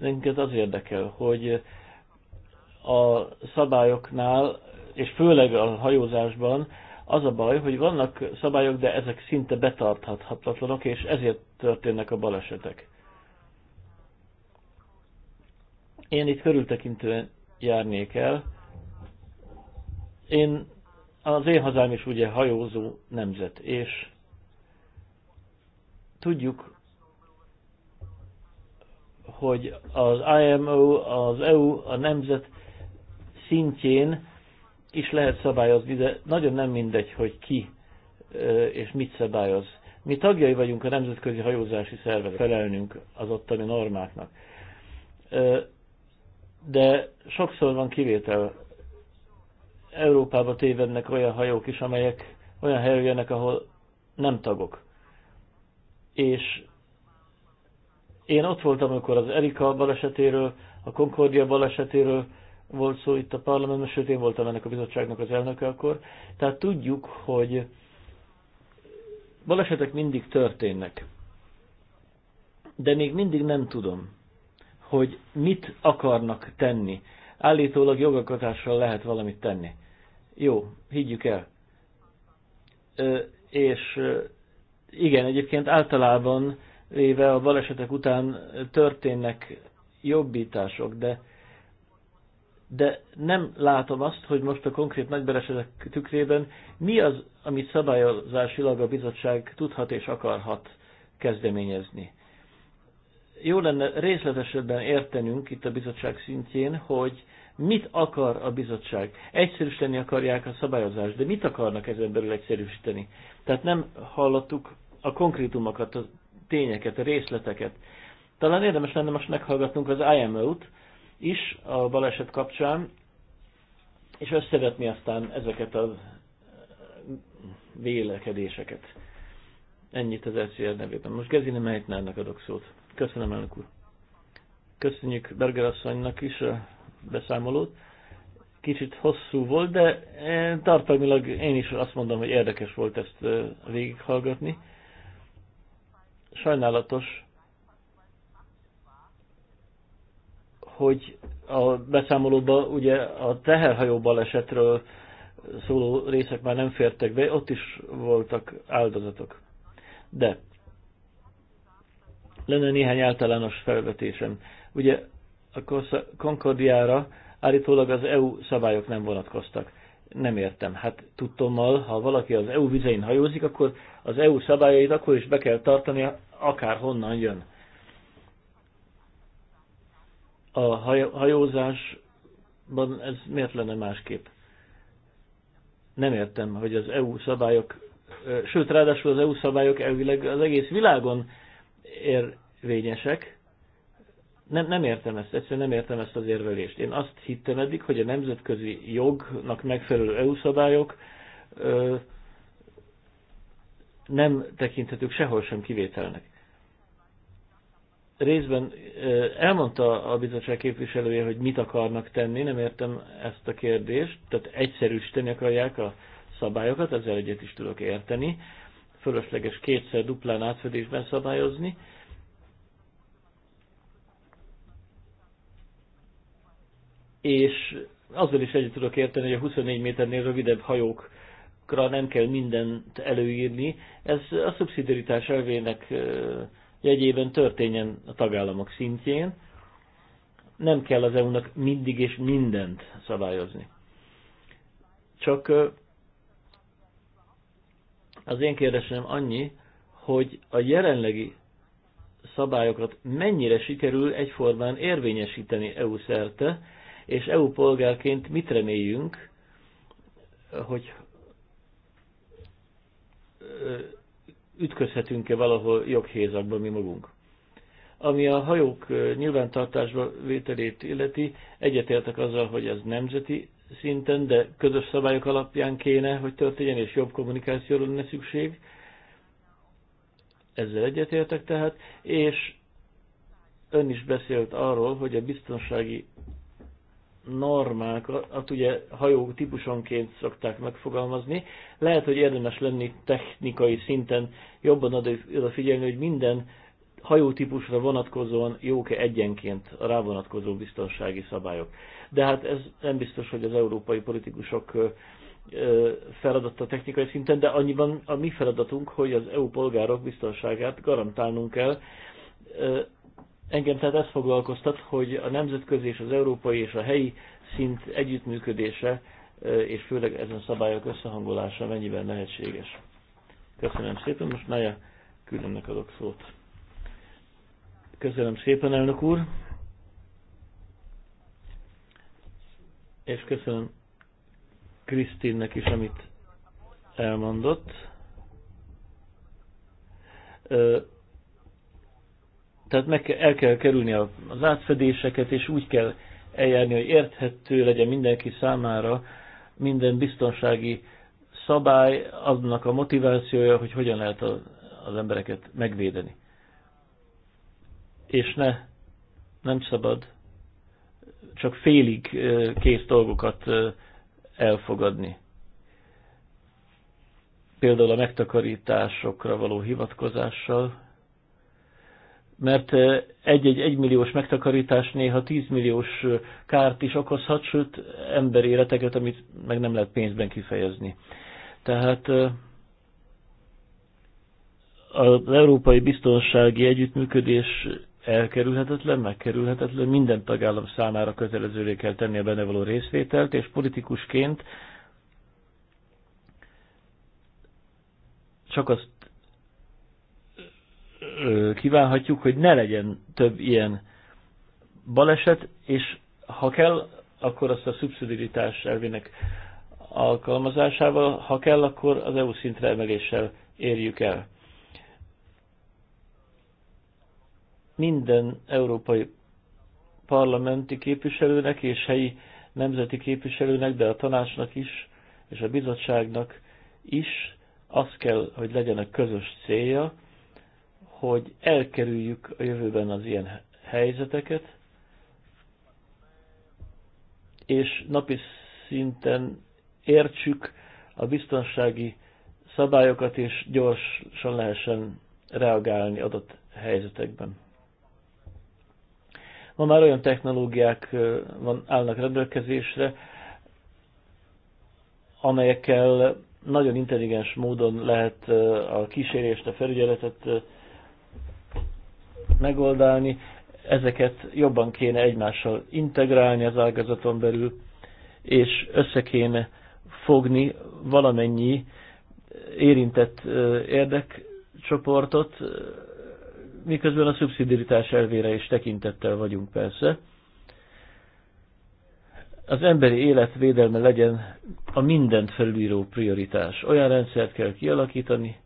[SPEAKER 4] minket az érdekel, hogy a szabályoknál, és főleg a hajózásban az a baj, hogy vannak szabályok, de ezek szinte betarthatatlanok, és ezért történnek a balesetek. Én itt körültekintően járnék el. Én az én hazám is ugye hajózó nemzet, és tudjuk, hogy az IMO, az EU, a nemzet szintjén is lehet szabályozni, de nagyon nem mindegy, hogy ki és mit szabályoz. Mi tagjai vagyunk a nemzetközi hajózási szervezet, felelnünk az ottani normáknak. De sokszor van kivétel Európába tévednek olyan hajók is, amelyek olyan helyre jönnek, ahol nem tagok. És én ott voltam, amikor az Erika balesetéről, a Concordia balesetéről volt szó itt a parlamentben, sőt én voltam ennek a bizottságnak az elnöke akkor. Tehát tudjuk, hogy balesetek mindig történnek. De még mindig nem tudom, hogy mit akarnak tenni. Állítólag jogalkotással lehet valamit tenni. Jó, higgyük el. Ö, és igen, egyébként általában véve a balesetek után történnek jobbítások, de, de nem látom azt, hogy most a konkrét nagy tükrében mi az, amit szabályozásilag a bizottság tudhat és akarhat kezdeményezni jó lenne részletesebben értenünk itt a bizottság szintjén, hogy mit akar a bizottság. Egyszerűsíteni akarják a szabályozást, de mit akarnak ezen belül egyszerűsíteni? Tehát nem hallottuk a konkrétumokat, a tényeket, a részleteket. Talán érdemes lenne most meghallgatnunk az IMO-t is a baleset kapcsán, és összevetni aztán ezeket a vélekedéseket. Ennyit az LCR nevében. Most Gezine Meitnernek adok szót. Köszönöm, elnök úr. Köszönjük Berger asszonynak is a beszámolót. Kicsit hosszú volt, de e, tartalmilag én is azt mondom, hogy érdekes volt ezt e, végighallgatni. Sajnálatos, hogy a beszámolóban ugye a teherhajó balesetről szóló részek már nem fértek be, ott is voltak áldozatok. De lenne néhány általános felvetésem. Ugye a Concordiára állítólag az EU szabályok nem vonatkoztak. Nem értem. Hát tudtommal, ha valaki az EU vizein hajózik, akkor az EU szabályait akkor is be kell tartani, akár honnan jön. A hajózásban ez miért lenne másképp? Nem értem, hogy az EU szabályok, sőt, ráadásul az EU szabályok elvileg az egész világon érvényesek. Nem, nem értem ezt, egyszerűen nem értem ezt az érvelést. Én azt hittem eddig, hogy a nemzetközi jognak megfelelő EU szabályok ö, nem tekinthetők sehol sem kivételnek. Részben elmondta a bizottság képviselője, hogy mit akarnak tenni, nem értem ezt a kérdést, tehát egyszerűsíteni akarják a szabályokat, ezzel egyet is tudok érteni, fölösleges kétszer duplán átfedésben szabályozni. És azzal is egyet tudok érteni, hogy a 24 méternél rövidebb hajókra nem kell mindent előírni. Ez a szubszidiaritás elvének jegyében történjen a tagállamok szintjén. Nem kell az EU-nak mindig és mindent szabályozni. Csak az én kérdésem annyi, hogy a jelenlegi szabályokat mennyire sikerül egyformán érvényesíteni EU szerte, és EU polgárként mit reméljünk, hogy ütközhetünk-e valahol joghézakban mi magunk. Ami a hajók nyilvántartásba vételét illeti, egyetértek azzal, hogy ez nemzeti szinten, de közös szabályok alapján kéne, hogy történjen, és jobb kommunikációra lenne szükség. Ezzel egyetértek tehát, és ön is beszélt arról, hogy a biztonsági normákat hát ugye hajó típusonként szokták megfogalmazni. Lehet, hogy érdemes lenni technikai szinten jobban odafigyelni, hogy minden hajótípusra vonatkozóan jók-e egyenként rá vonatkozó biztonsági szabályok. De hát ez nem biztos, hogy az európai politikusok feladata technikai szinten, de annyiban a mi feladatunk, hogy az EU polgárok biztonságát garantálnunk kell. Engem tehát ez foglalkoztat, hogy a nemzetközi és az európai és a helyi szint együttműködése, és főleg ezen szabályok összehangolása mennyiben lehetséges. Köszönöm szépen, most Naja különnek adok szót. Köszönöm szépen, elnök úr. És köszönöm Krisztinnek is, amit elmondott. Tehát meg kell, el kell kerülni az átfedéseket, és úgy kell eljárni, hogy érthető legyen mindenki számára minden biztonsági szabály, aznak a motivációja, hogy hogyan lehet az embereket megvédeni és ne, nem szabad csak félig kész dolgokat elfogadni. Például a megtakarításokra való hivatkozással, mert egy-egy egymilliós megtakarítás néha tízmilliós kárt is okozhat, sőt emberi életeket, amit meg nem lehet pénzben kifejezni. Tehát az európai biztonsági együttműködés elkerülhetetlen, megkerülhetetlen, minden tagállam számára kötelezővé kell tenni a benne való részvételt, és politikusként csak azt kívánhatjuk, hogy ne legyen több ilyen baleset, és ha kell, akkor azt a szubszidiritás elvének alkalmazásával, ha kell, akkor az EU szintre emeléssel érjük el. minden európai parlamenti képviselőnek és helyi nemzeti képviselőnek, de a tanácsnak is, és a bizottságnak is az kell, hogy legyen a közös célja, hogy elkerüljük a jövőben az ilyen helyzeteket, és napi szinten értsük a biztonsági szabályokat, és gyorsan lehessen reagálni adott helyzetekben. Ma már olyan technológiák van, állnak rendelkezésre, amelyekkel nagyon intelligens módon lehet a kísérést, a felügyeletet megoldani. Ezeket jobban kéne egymással integrálni az ágazaton belül, és össze kéne fogni valamennyi érintett érdekcsoportot, miközben a szubszidiritás elvére is tekintettel vagyunk persze. Az emberi élet védelme legyen a mindent felülíró prioritás. Olyan rendszert kell kialakítani,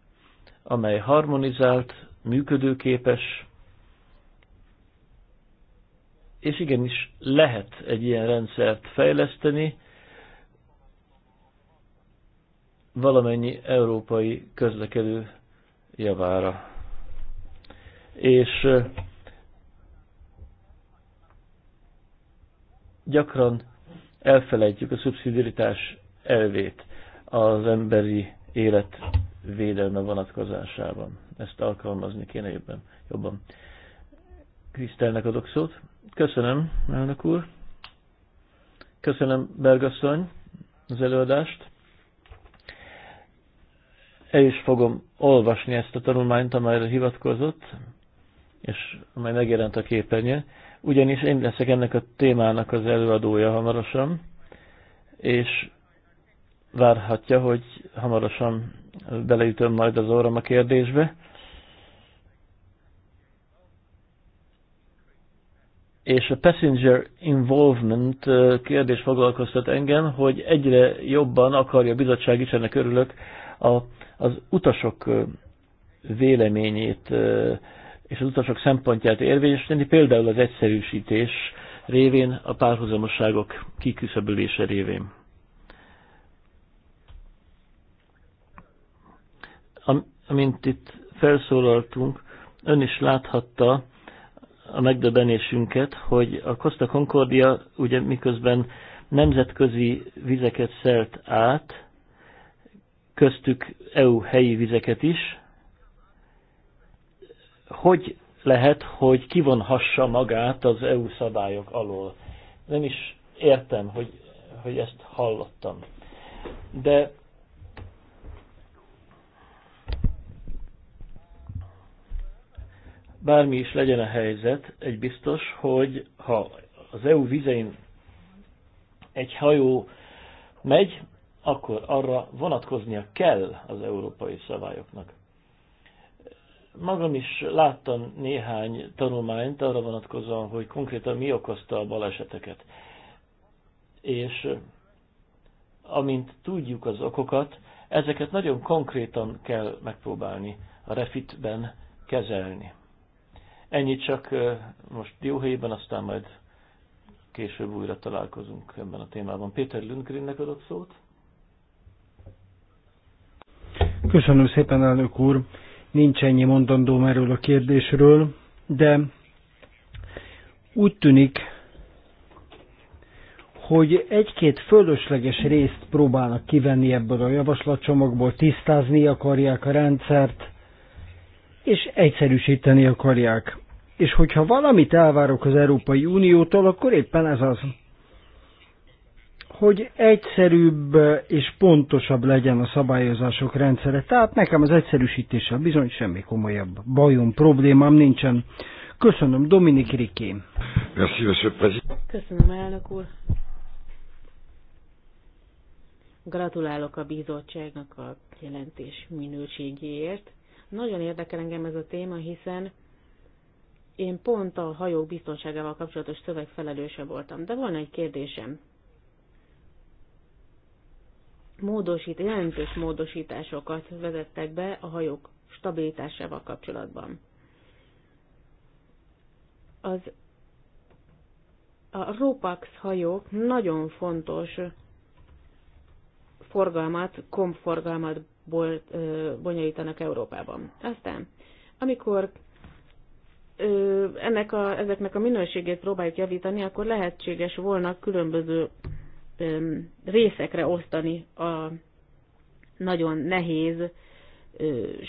[SPEAKER 4] amely harmonizált, működőképes, és igenis lehet egy ilyen rendszert fejleszteni, valamennyi európai közlekedő javára és gyakran elfelejtjük a szubszidiaritás elvét az emberi élet védelme vonatkozásában. Ezt alkalmazni kéne jobban. jobban. Krisztelnek adok szót. Köszönöm, elnök úr. Köszönöm, Bergasszony, az előadást. El is fogom olvasni ezt a tanulmányt, amelyre hivatkozott, és amely megjelent a képernyő. Ugyanis én leszek ennek a témának az előadója hamarosan, és várhatja, hogy hamarosan beleütöm majd az orrom a kérdésbe. és a passenger involvement kérdés foglalkoztat engem, hogy egyre jobban akarja a bizottság is, ennek örülök, a, az utasok véleményét és az utasok szempontját érvényesíteni, például az egyszerűsítés révén, a párhuzamosságok kiküszöbölése révén. Amint itt felszólaltunk, ön is láthatta a megdöbbenésünket, hogy a Costa Concordia ugye miközben nemzetközi vizeket szelt át, köztük EU helyi vizeket is, hogy lehet, hogy kivonhassa magát az EU szabályok alól. Nem is értem, hogy, hogy ezt hallottam. De bármi is legyen a helyzet, egy biztos, hogy ha az EU vizein egy hajó megy, akkor arra vonatkoznia kell az európai szabályoknak magam is láttam néhány tanulmányt arra vonatkozóan, hogy konkrétan mi okozta a baleseteket. És amint tudjuk az okokat, ezeket nagyon konkrétan kell megpróbálni a refitben kezelni. Ennyi csak most jó helyben, aztán majd később újra találkozunk ebben a témában. Péter Lundgrennek adott szót.
[SPEAKER 2] Köszönöm szépen, elnök úr! Nincs ennyi mondandóm erről a kérdésről, de úgy tűnik, hogy egy-két fölösleges részt próbálnak kivenni ebből a javaslatcsomagból, tisztázni akarják a rendszert, és egyszerűsíteni akarják. És hogyha valamit elvárok az Európai Uniótól, akkor éppen ez az hogy egyszerűbb és pontosabb legyen a szabályozások rendszere. Tehát nekem az egyszerűsítéssel bizony semmi komolyabb bajom, problémám nincsen. Köszönöm, Dominik Rikém.
[SPEAKER 5] Köszönöm, elnök úr. Gratulálok a bizottságnak a jelentés minőségéért. Nagyon érdekel engem ez a téma, hiszen én pont a hajók biztonságával kapcsolatos szöveg voltam, de volna egy kérdésem módosít, jelentős módosításokat vezettek be a hajók stabilitásával kapcsolatban. Az a Ropax hajók nagyon fontos forgalmat, komforgalmat bonyolítanak Európában. Aztán, amikor ennek a, ezeknek a minőségét próbáljuk javítani, akkor lehetséges volna különböző részekre osztani a nagyon nehéz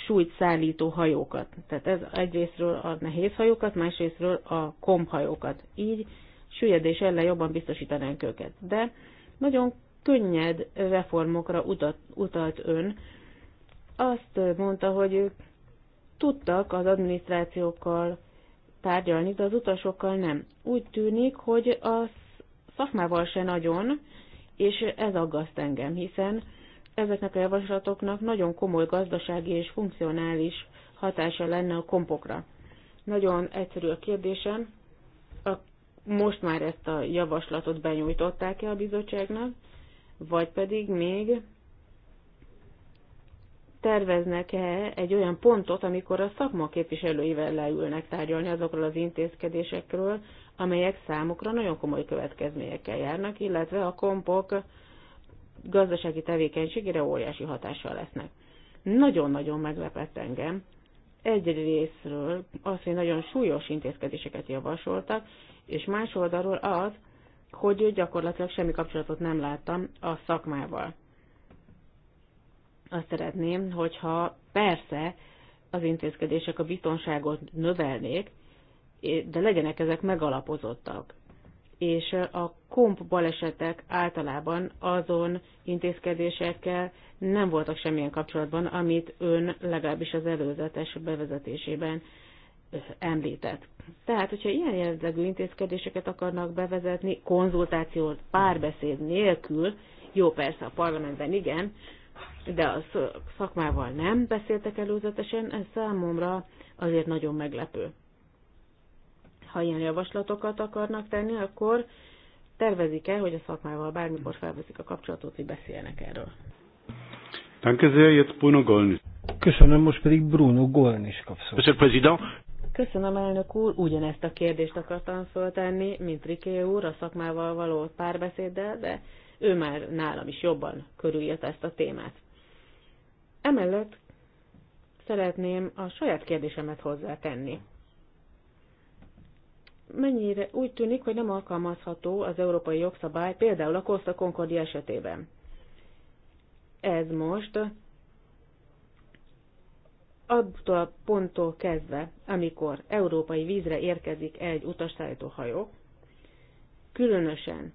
[SPEAKER 5] súlyt szállító hajókat. Tehát ez egyrésztről a nehéz hajókat, másrésztről a komhajókat. Így süllyedés ellen jobban biztosítanánk őket. De nagyon könnyed reformokra utat, utalt ön. Azt mondta, hogy ők tudtak az adminisztrációkkal tárgyalni, de az utasokkal nem. Úgy tűnik, hogy a szakmával se nagyon, és ez aggaszt engem, hiszen ezeknek a javaslatoknak nagyon komoly gazdasági és funkcionális hatása lenne a kompokra. Nagyon egyszerű a kérdésem, a, most már ezt a javaslatot benyújtották-e a bizottságnak, vagy pedig még terveznek-e egy olyan pontot, amikor a szakma képviselőivel leülnek tárgyalni azokról az intézkedésekről, amelyek számukra nagyon komoly következményekkel járnak, illetve a kompok gazdasági tevékenységére óriási hatással lesznek. Nagyon-nagyon meglepett engem egy részről az, hogy nagyon súlyos intézkedéseket javasoltak, és más oldalról az, hogy gyakorlatilag semmi kapcsolatot nem láttam a szakmával. Azt szeretném, hogyha persze az intézkedések a biztonságot növelnék, de legyenek ezek megalapozottak. És a komp balesetek általában azon intézkedésekkel nem voltak semmilyen kapcsolatban, amit ön legalábbis az előzetes bevezetésében említett. Tehát, hogyha ilyen jellegű intézkedéseket akarnak bevezetni, konzultációt, párbeszéd nélkül, jó persze a parlamentben igen, de a szakmával nem beszéltek előzetesen, ez számomra azért nagyon meglepő. Ha ilyen javaslatokat akarnak tenni, akkor tervezik el, hogy a szakmával bármikor felveszik a kapcsolatot, hogy beszéljenek erről.
[SPEAKER 2] Köszönöm, most pedig Bruno Golni is szót.
[SPEAKER 5] Köszönöm, elnök úr. Ugyanezt a kérdést akartam föltenni, mint Riké úr, a szakmával való párbeszéddel, de ő már nálam is jobban körüljött ezt a témát. Emellett szeretném a saját kérdésemet hozzátenni mennyire úgy tűnik, hogy nem alkalmazható az európai jogszabály, például a Costa Concordia esetében. Ez most attól a ponttól kezdve, amikor európai vízre érkezik egy utasszállító hajó, különösen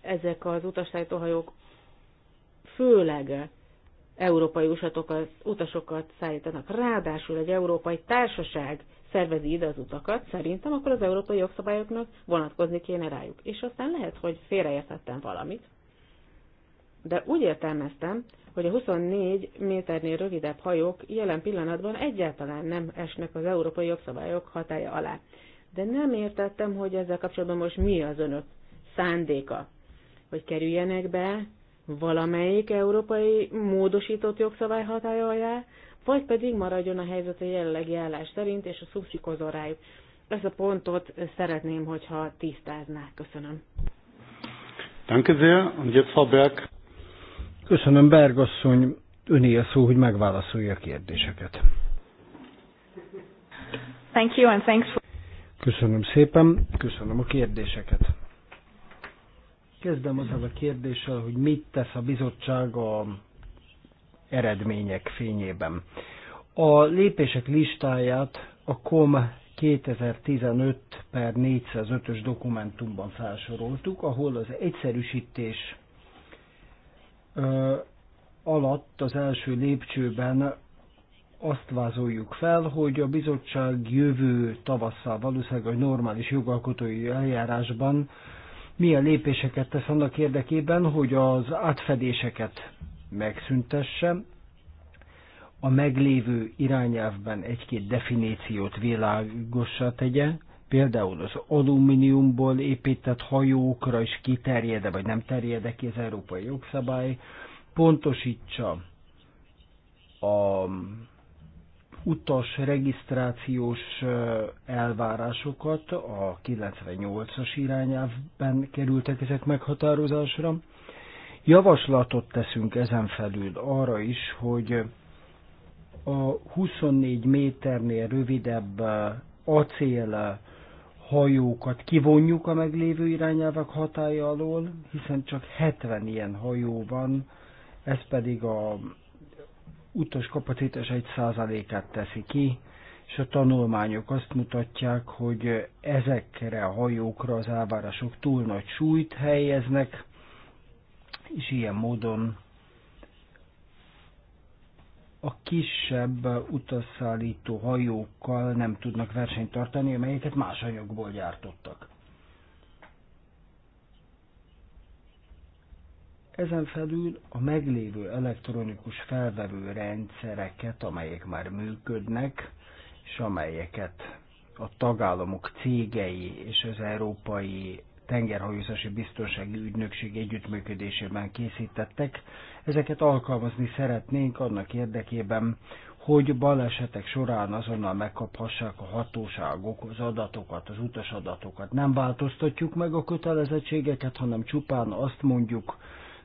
[SPEAKER 5] ezek az utasszállító hajók főleg európai utasokat szállítanak. Ráadásul egy európai társaság szervezi ide az utakat, szerintem akkor az európai jogszabályoknak vonatkozni kéne rájuk. És aztán lehet, hogy félreértettem valamit, de úgy értelmeztem, hogy a 24 méternél rövidebb hajók jelen pillanatban egyáltalán nem esnek az európai jogszabályok hatája alá. De nem értettem, hogy ezzel kapcsolatban most mi az önök szándéka, hogy kerüljenek be valamelyik európai módosított jogszabály hatája alá, vagy pedig maradjon a helyzet a jelenlegi állás szerint, és a szubszikozó rájuk. Ezt a pontot szeretném, hogyha tisztáznák. Köszönöm.
[SPEAKER 1] Danke sehr. Und jetzt Frau Berg.
[SPEAKER 2] Köszönöm, Bergasszony. Öné a szó, hogy megválaszolja a kérdéseket.
[SPEAKER 3] Thank you and thanks for...
[SPEAKER 2] Köszönöm szépen, köszönöm a kérdéseket. Kezdem azzal a kérdéssel, hogy mit tesz a bizottság a eredmények fényében. A lépések listáját a KOM 2015 per 405-ös dokumentumban felsoroltuk, ahol az egyszerűsítés ö, alatt az első lépcsőben azt vázoljuk fel, hogy a bizottság jövő tavasszal valószínűleg a normális jogalkotói eljárásban milyen lépéseket tesz annak érdekében, hogy az átfedéseket megszüntesse. A meglévő irányelvben egy-két definíciót világosra tegye, például az alumíniumból épített hajókra is kiterjede vagy nem terjede ki az európai jogszabály, pontosítsa a utas regisztrációs elvárásokat, a 98-as irányelvben kerültek ezek meghatározásra, Javaslatot teszünk ezen felül arra is, hogy a 24 méternél rövidebb eh, acél eh, hajókat kivonjuk a meglévő irányelvek hatája alól, hiszen csak 70 ilyen hajó van, ez pedig a utas kapacitás 1%-át teszi ki, és a tanulmányok azt mutatják, hogy ezekre a hajókra az elvárások túl nagy súlyt helyeznek, és ilyen módon a kisebb utasszállító hajókkal nem tudnak versenyt tartani, amelyeket más anyagból gyártottak. Ezen felül a meglévő elektronikus felvevő rendszereket, amelyek már működnek, és amelyeket a tagállamok cégei és az európai tengerhajózási biztonsági ügynökség együttműködésében készítettek. Ezeket alkalmazni szeretnénk annak érdekében, hogy balesetek során azonnal megkaphassák a hatóságok az adatokat, az utasadatokat. Nem változtatjuk meg a kötelezettségeket, hanem csupán azt mondjuk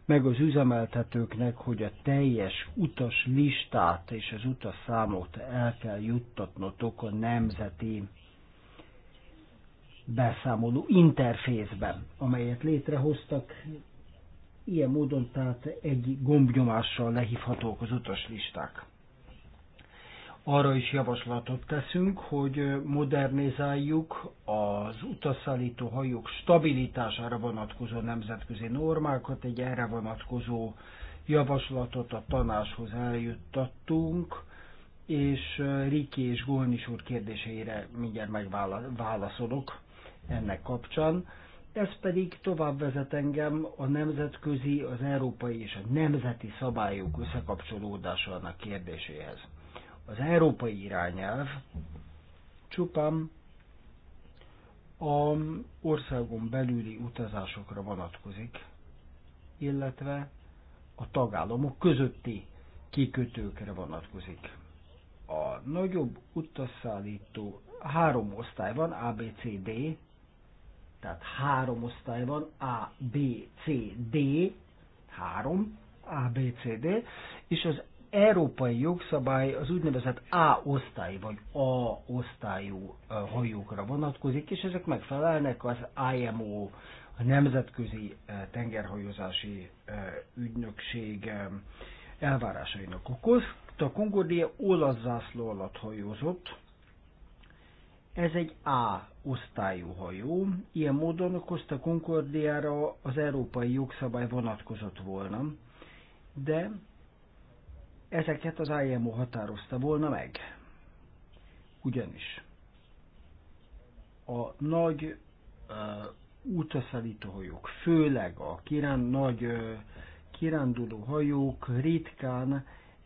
[SPEAKER 2] meg az üzemeltetőknek, hogy a teljes utas listát és az számot el kell juttatnotok a nemzeti beszámoló interfészben, amelyet létrehoztak, ilyen módon tehát egy gombnyomással lehívhatók az utaslisták. Arra is javaslatot teszünk, hogy modernizáljuk az utasszállító hajók stabilitására vonatkozó nemzetközi normákat, egy erre vonatkozó javaslatot a tanáshoz eljuttattunk, és Riki és Gólnis úr kérdéseire mindjárt megválaszolok ennek kapcsán. Ez pedig tovább vezet engem a nemzetközi, az európai és a nemzeti szabályok összekapcsolódásának kérdéséhez. Az európai irányelv csupán a országon belüli utazásokra vonatkozik, illetve a tagállamok közötti kikötőkre vonatkozik. A nagyobb utasszállító három osztály van, ABCD, tehát három osztály van, A, B, C, D, három, A, B, C, D, és az európai jogszabály az úgynevezett A osztály, vagy A osztályú hajókra vonatkozik, és ezek megfelelnek az IMO, a Nemzetközi Tengerhajózási Ügynökség elvárásainak. A Costa Concordia olasz zászló alatt hajózott, ez egy A osztályú hajó. Ilyen módon a Costa Concordiára az európai jogszabály vonatkozott volna, de ezeket az IMO határozta volna meg. Ugyanis a nagy uh, utaszállító hajók, főleg a kirán, nagy uh, kiránduló hajók ritkán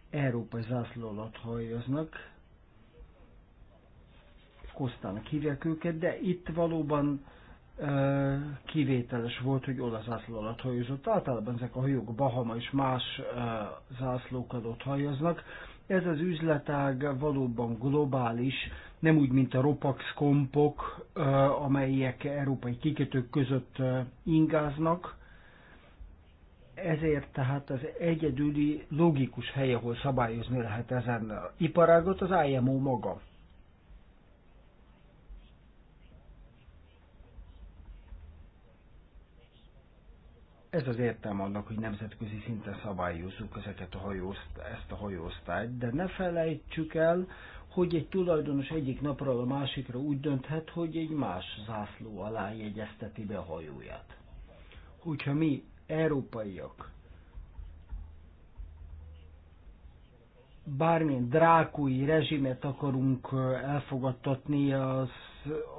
[SPEAKER 2] európai zászló alatt hajoznak, kosztának hívják őket, de itt valóban ö, kivételes volt, hogy olasz zászló alatt hajózott. Általában ezek a hajók Bahama és más ö, zászlók alatt hajoznak. Ez az üzletág valóban globális, nem úgy, mint a ropax kompok, ö, amelyek európai kikötők között ö, ingáznak, ezért tehát az egyedüli logikus hely, ahol szabályozni lehet ezen iparágot, az IMO maga. Ez az értelme annak, hogy nemzetközi szinten szabályozzuk ezeket a hajószt, ezt a hajóosztályt, de ne felejtsük el, hogy egy tulajdonos egyik napról a másikra úgy dönthet, hogy egy más zászló alá jegyezteti be a hajóját. Hogyha mi, európaiak, bármilyen drákói rezsimet akarunk elfogadtatni az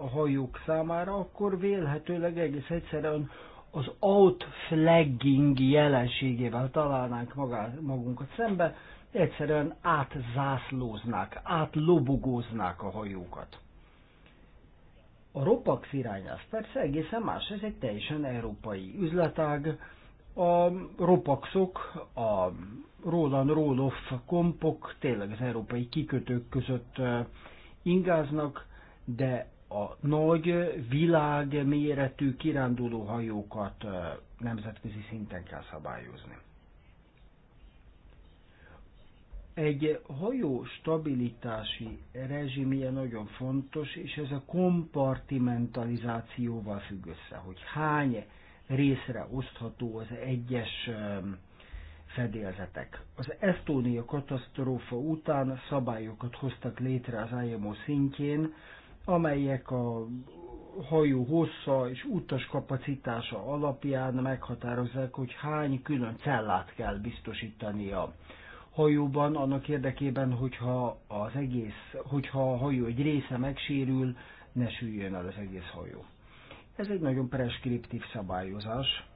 [SPEAKER 2] a hajók számára, akkor vélhetőleg egész egyszerűen az outflagging jelenségével találnánk magá, magunkat szembe, egyszerűen átzászlóznák, átlobogóznák a hajókat. A ropax irányelv persze egészen más, ez egy teljesen európai üzletág. A ropaxok, a Roland Roloff kompok tényleg az európai kikötők között eh, ingáznak, de a nagy világméretű kiránduló hajókat nemzetközi szinten kell szabályozni. Egy hajó stabilitási rezsimje nagyon fontos, és ez a kompartimentalizációval függ össze, hogy hány részre osztható az egyes fedélzetek. Az Estónia katasztrófa után szabályokat hoztak létre az IMO szintjén, amelyek a hajó hossza és utas kapacitása alapján meghatározzák, hogy hány külön cellát kell biztosítani a hajóban, annak érdekében, hogyha az egész, hogyha a hajó egy része megsérül, ne süljön el az egész hajó. Ez egy nagyon preskriptív szabályozás,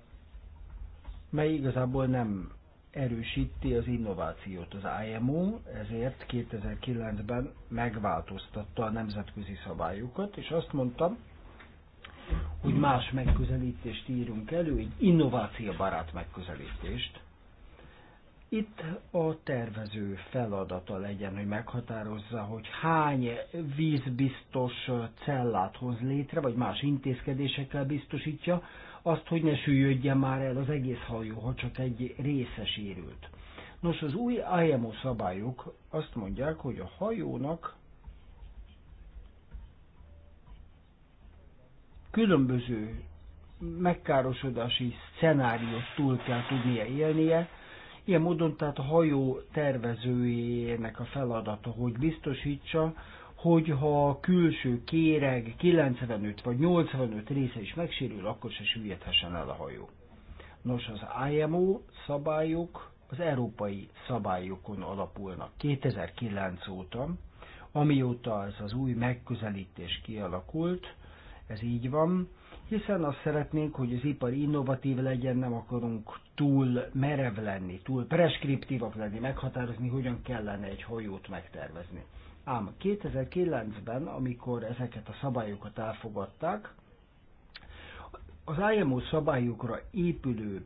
[SPEAKER 2] mely igazából nem erősíti az innovációt. Az IMO ezért 2009-ben megváltoztatta a nemzetközi szabályokat, és azt mondtam, hogy más megközelítést írunk elő, egy innovációbarát megközelítést. Itt a tervező feladata legyen, hogy meghatározza, hogy hány vízbiztos cellát hoz létre, vagy más intézkedésekkel biztosítja, azt, hogy ne süllyedjen már el az egész hajó, ha csak egy része sérült. Nos, az új IMO szabályok azt mondják, hogy a hajónak különböző megkárosodási szenáriót túl kell tudnia élnie, Ilyen módon tehát a hajó tervezőjének a feladata, hogy biztosítsa, hogyha a külső kéreg 95 vagy 85 része is megsérül, akkor se süllyedhessen el a hajó. Nos, az IMO szabályok az európai szabályokon alapulnak 2009 óta, amióta ez az új megközelítés kialakult, ez így van, hiszen azt szeretnénk, hogy az ipar innovatív legyen, nem akarunk túl merev lenni, túl preskriptívak lenni, meghatározni, hogyan kellene egy hajót megtervezni. Ám 2009-ben, amikor ezeket a szabályokat elfogadták, az IMO szabályokra épülő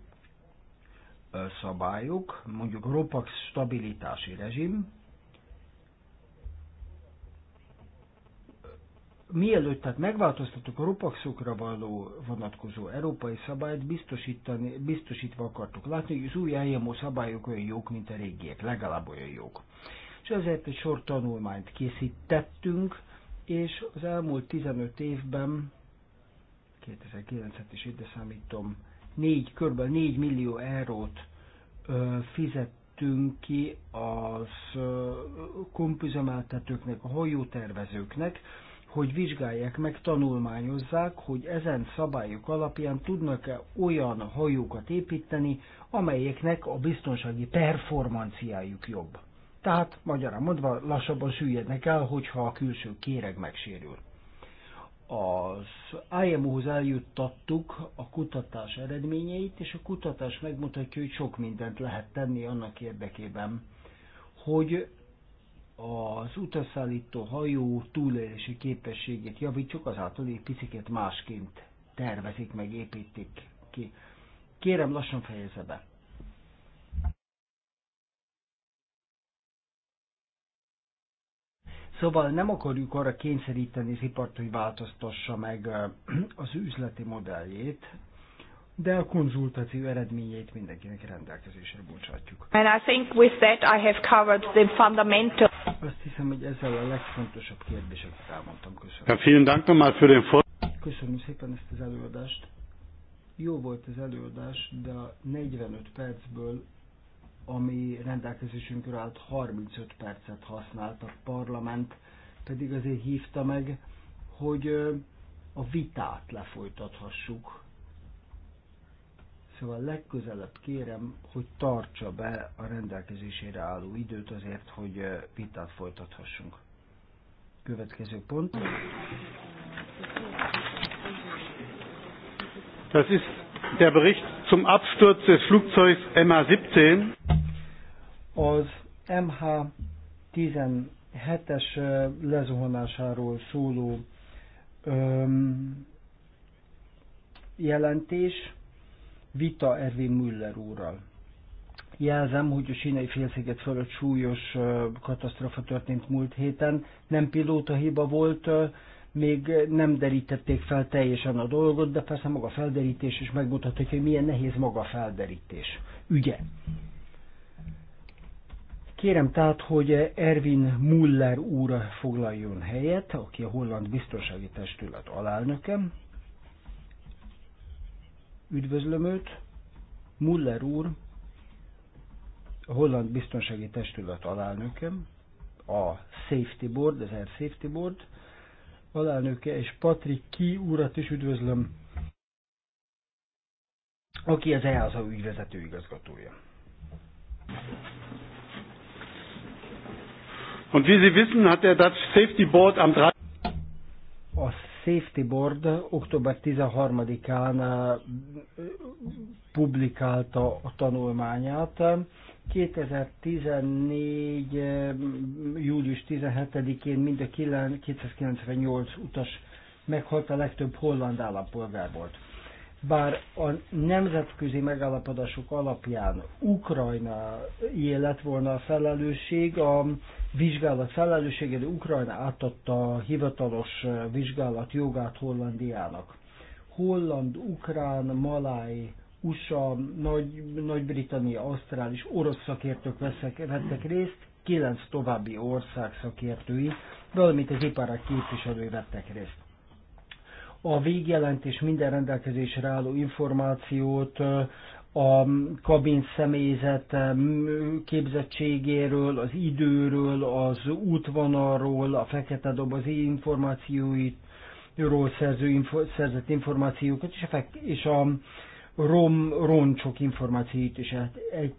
[SPEAKER 2] szabályok, mondjuk ROPAX stabilitási rezsim, mielőtt tehát megváltoztattuk a ropaxokra való vonatkozó európai szabályt, biztosítani, biztosítva akartuk látni, hogy az új IMO szabályok olyan jók, mint a régiek, legalább olyan jók és ezért egy sor tanulmányt készítettünk, és az elmúlt 15 évben, 2009-et is ide számítom, négy, kb. 4 millió eurót ö, fizettünk ki az kompüzemeltetőknek, a hajótervezőknek, hogy vizsgálják meg, tanulmányozzák, hogy ezen szabályok alapján tudnak-e olyan hajókat építeni, amelyeknek a biztonsági performanciájuk jobb. Tehát, magyarán mondva, lassabban süllyednek el, hogyha a külső kéreg megsérül. Az IMO-hoz eljuttattuk a kutatás eredményeit, és a kutatás megmutatja, hogy sok mindent lehet tenni annak érdekében, hogy az utaszállító hajó túlélési képességét javítsuk, azáltal, hogy picit másként tervezik meg, építik ki. Kérem, lassan fejezze be. Szóval nem akarjuk arra kényszeríteni az ipart, hogy változtassa meg az üzleti modelljét, de a konzultáció eredményeit mindenkinek rendelkezésre bocsátjuk. And I think with that I have covered the fundamental. Azt hiszem, hogy ezzel a legfontosabb kérdéseket elmondtam. Köszönöm.
[SPEAKER 4] vielen Dank nochmal für den
[SPEAKER 2] Köszönöm szépen ezt az előadást. Jó volt az előadás, de a 45 percből ami rendelkezésünkre állt 35 percet használt a parlament, pedig azért hívta meg, hogy a vitát lefolytathassuk. Szóval legközelebb kérem, hogy tartsa be a rendelkezésére álló időt azért, hogy vitát folytathassunk. Következő pont.
[SPEAKER 1] Das ist der Bericht zum Absturz des Flugzeugs ma 17 az
[SPEAKER 2] MH17-es lezuhanásáról szóló öm, jelentés vita Ervin Müller úrral. Jelzem, hogy a sínai félsziget fölött súlyos katasztrofa történt múlt héten. Nem pilóta hiba volt, még nem derítették fel teljesen a dolgot, de persze maga a felderítés is megmutatja, hogy milyen nehéz maga a felderítés. Ügye. Kérem tehát, hogy Ervin Muller úr foglaljon helyet, aki a Holland Biztonsági Testület alelnöke. Üdvözlöm őt. Muller úr, a Holland Biztonsági Testület alelnöke, a Safety Board, az Air Safety Board alelnöke, és Patrik Ki úrat is üdvözlöm, aki az EASA ügyvezető igazgatója.
[SPEAKER 1] Und wie Sie wissen, hat der Dutch Safety Board am 3. A Safety
[SPEAKER 2] Board október 13-án eh, publikálta a tanulmányát. 2014. Eh, július 17-én mind a 298 utas meghalt, a legtöbb holland állampolgár volt bár a nemzetközi megállapodások alapján Ukrajna élet volna a felelősség, a vizsgálat felelősségére Ukrajna átadta a hivatalos vizsgálat jogát Hollandiának. Holland, Ukrán, Maláj, USA, Nagy, Nagy-Britannia, Ausztrál és orosz szakértők veszek, vettek részt, kilenc további ország szakértői, valamint az iparák képviselői vettek részt a végjelentés minden rendelkezésre álló információt a kabin személyzet képzettségéről, az időről, az útvonalról, a fekete doboz információit, ról szerző info, szerzett információkat, és a, és a rom, roncsok információit is egy, egy,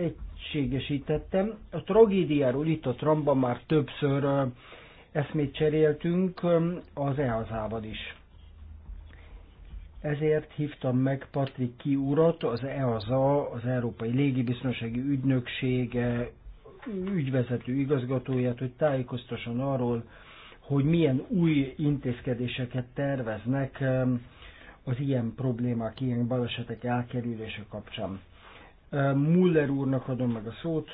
[SPEAKER 2] egységesítettem. A tragédiáról itt a Tramban már többször eszmét cseréltünk az EASA-val is. Ezért hívtam meg Patrik Ki urat, az EASA, az Európai Légibiztonsági Ügynöksége ügyvezető igazgatóját, hogy tájékoztasson arról, hogy milyen új intézkedéseket terveznek az ilyen problémák, ilyen balesetek elkerülése kapcsán. Muller úrnak adom meg a szót,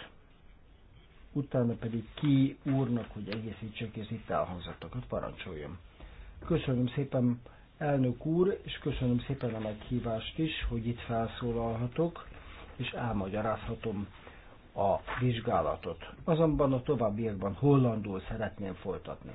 [SPEAKER 2] utána pedig ki úrnak, hogy egészítsék az itt elhangzottakat, parancsoljon. Köszönöm szépen, elnök úr, és köszönöm szépen a meghívást is, hogy itt felszólalhatok, és elmagyarázhatom a vizsgálatot. Azonban a továbbiakban hollandul szeretném folytatni.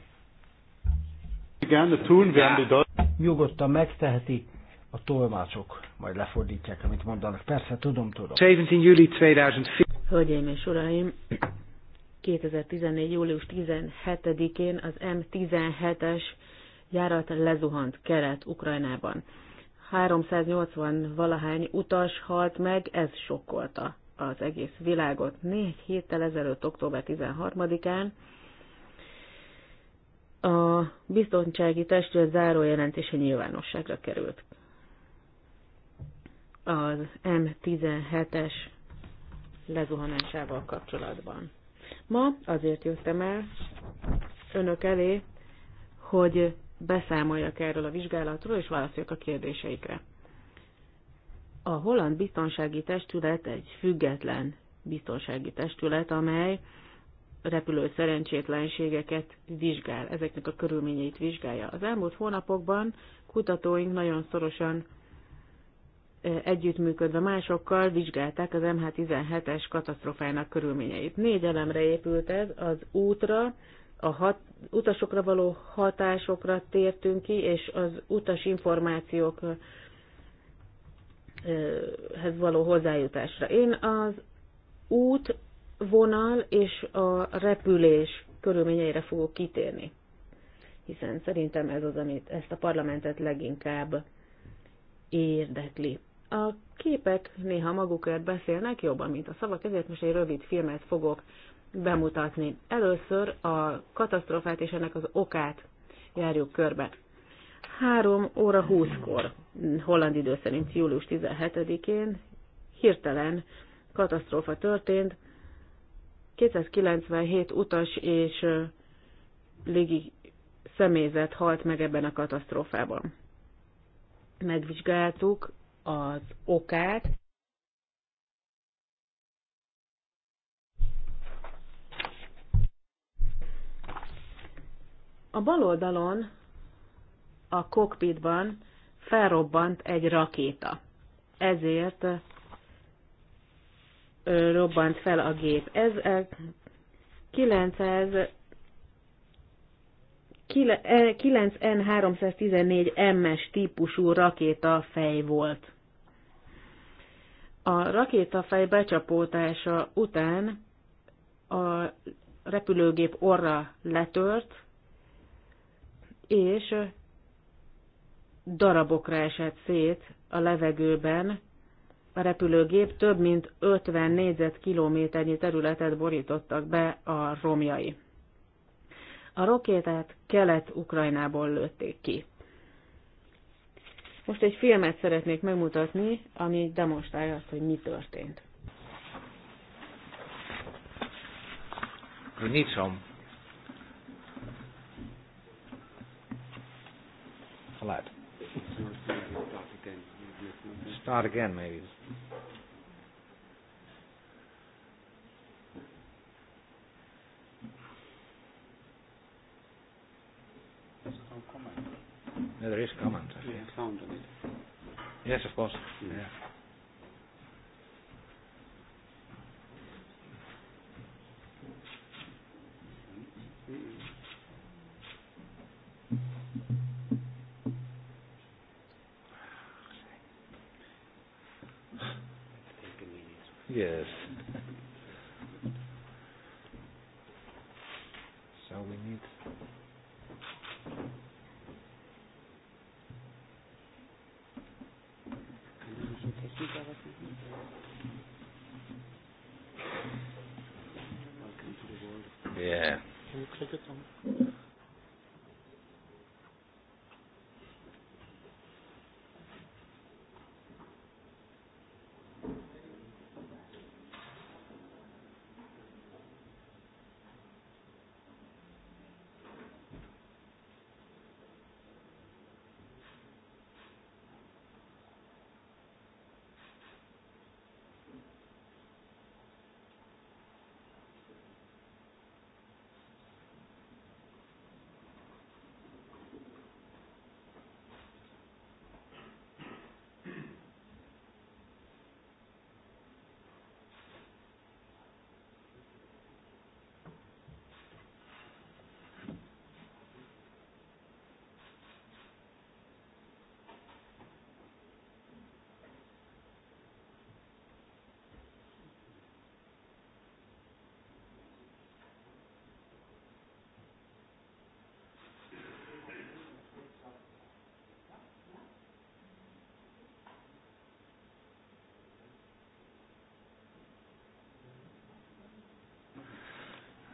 [SPEAKER 2] Nyugodtan megteheti, a tolmácsok majd lefordítják, amit mondanak. Persze, tudom, tudom. 17. júli 2004.
[SPEAKER 5] Hölgyeim és uraim, 2014. július 17-én az M17-es járat lezuhant Kelet-Ukrajnában. 380 valahány utas halt meg, ez sokkolta az egész világot. Négy héttel ezelőtt, október 13-án a biztonsági testület jelentése nyilvánosságra került. Az M17-es lezuhanásával kapcsolatban. Ma azért jöttem el önök elé, hogy beszámoljak erről a vizsgálatról, és válaszoljak a kérdéseikre. A Holland Biztonsági Testület egy független biztonsági testület, amely repülő szerencsétlenségeket vizsgál, ezeknek a körülményeit vizsgálja. Az elmúlt hónapokban kutatóink nagyon szorosan együttműködve másokkal vizsgálták az MH17-es katasztrofának körülményeit. Négy elemre épült ez, az útra, a hat, utasokra való hatásokra tértünk ki, és az utas információkhez való hozzájutásra. Én az út, vonal és a repülés körülményeire fogok kitérni, hiszen szerintem ez az, amit ezt a parlamentet leginkább érdekli. A képek néha magukért beszélnek jobban, mint a szavak, ezért most egy rövid filmet fogok bemutatni. Először a katasztrófát és ennek az okát járjuk körbe. 3 óra 20-kor, holland idő szerint július 17-én hirtelen katasztrófa történt. 297 utas és légi személyzet halt meg ebben a katasztrófában. Megvizsgáltuk az okát. A bal oldalon, a kokpitban felrobbant egy rakéta. Ezért robbant fel a gép. Ez 900 9N314MS eh, típusú rakéta fej volt. A rakétafej becsapódása után a repülőgép orra letört, és darabokra esett szét a levegőben. A repülőgép több mint 50 négyzetkilométernyi területet borítottak be a romjai. A rakétát kelet-ukrajnából lőtték ki. Most egy filmet szeretnék megmutatni, ami demonstrálja azt, hogy mi történt.
[SPEAKER 2] Nyitom. Start again, maybe. response.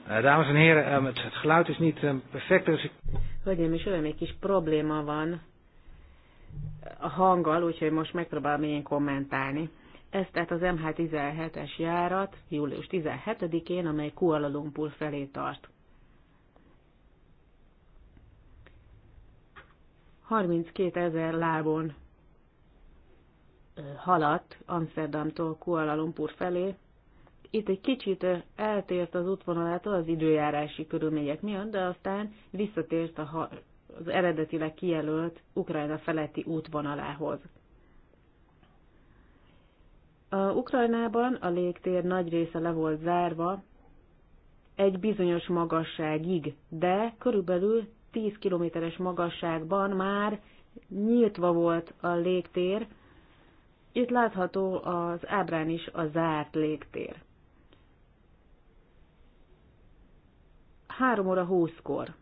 [SPEAKER 2] Eh, dames en heren, ehm, het, het geluid is niet ehm, perfect, dus ik...
[SPEAKER 5] Hölgyeim és uraim, egy kis probléma van a hanggal, úgyhogy most megpróbálom én kommentálni. Ez tehát az MH17-es járat július 17-én, amely Kuala Lumpur felé tart. 32 ezer lábon haladt Amsterdamtól Kuala Lumpur felé, itt egy kicsit eltért az útvonalától az időjárási körülmények miatt, de aztán visszatért a, az eredetileg kijelölt Ukrajna feletti útvonalához. A Ukrajnában a légtér nagy része le volt zárva egy bizonyos magasságig, de körülbelül 10 kilométeres magasságban már nyitva volt a légtér, itt látható az ábrán is a zárt légtér. 3 óra 20-kor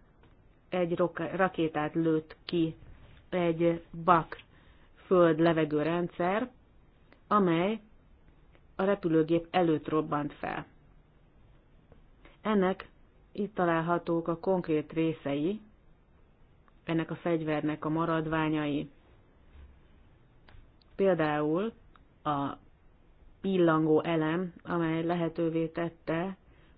[SPEAKER 5] egy rakétát lőtt ki egy bak föld rendszer, amely a repülőgép előtt robbant fel. Ennek itt találhatók a konkrét részei, ennek a fegyvernek a maradványai. Például a pillangó elem, amely lehetővé tette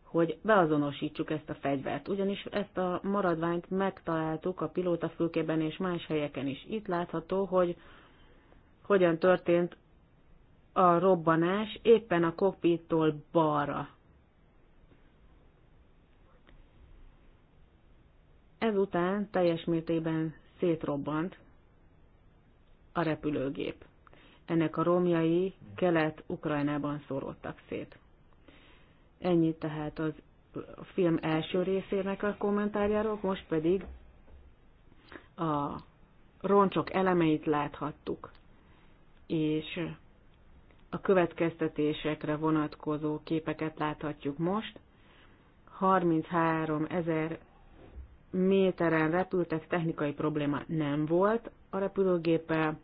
[SPEAKER 5] hogy beazonosítsuk ezt a fegyvert. Ugyanis ezt a maradványt megtaláltuk a pilótafülkében és más helyeken is. Itt látható, hogy hogyan történt a robbanás éppen a kokpittól balra. Ezután teljes mértékben szétrobbant a repülőgép. Ennek a romjai kelet-ukrajnában szóródtak szét. Ennyi tehát az a film első részének a kommentárjáról, most pedig a roncsok elemeit láthattuk, és a következtetésekre vonatkozó képeket láthatjuk most. 33 ezer méteren repültek, technikai probléma nem volt a repülőgéppel,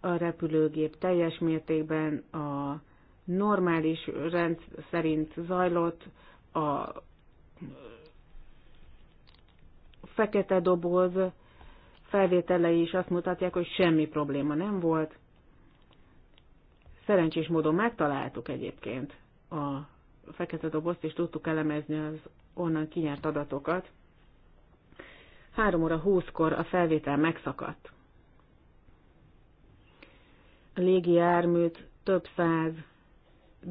[SPEAKER 5] a repülőgép teljes mértékben a normális rend szerint zajlott, a fekete doboz felvételei is azt mutatják, hogy semmi probléma nem volt. Szerencsés módon megtaláltuk egyébként a fekete dobozt, és tudtuk elemezni az onnan kinyert adatokat. 3 óra 20-kor a felvétel megszakadt. A légi járműt több száz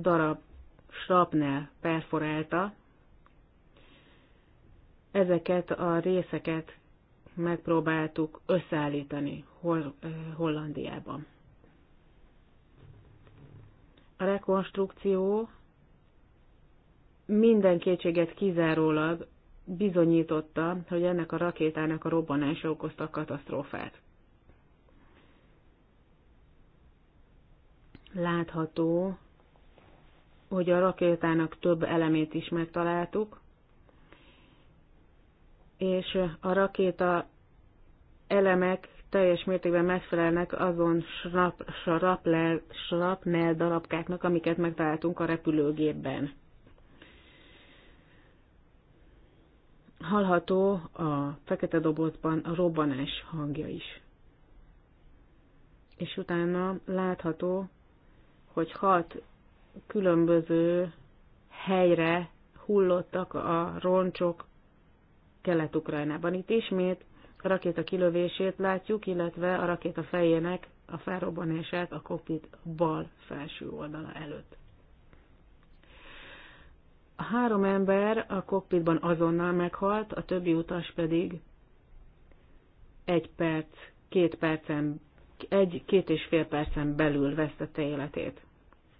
[SPEAKER 5] darab strapnel perforálta. Ezeket a részeket megpróbáltuk összeállítani Hol- eh, Hollandiában. A rekonstrukció minden kétséget kizárólag bizonyította, hogy ennek a rakétának a robbanása okozta a katasztrófát. Látható, hogy a rakétának több elemét is megtaláltuk, és a rakéta elemek teljes mértékben megfelelnek azon srap, sraplel, srapnel darabkáknak, amiket megtaláltunk a repülőgépben. Hallható a fekete dobozban a robbanás hangja is. És utána látható, hogy hat különböző helyre hullottak a roncsok Kelet-Ukrajnában. Itt ismét a rakéta kilövését látjuk, illetve a rakéta fejének a felrobbanását a kokpit bal felső oldala előtt. A három ember a kokpitban azonnal meghalt, a többi utas pedig egy perc, két percen, egy-két és fél percen belül vesztette életét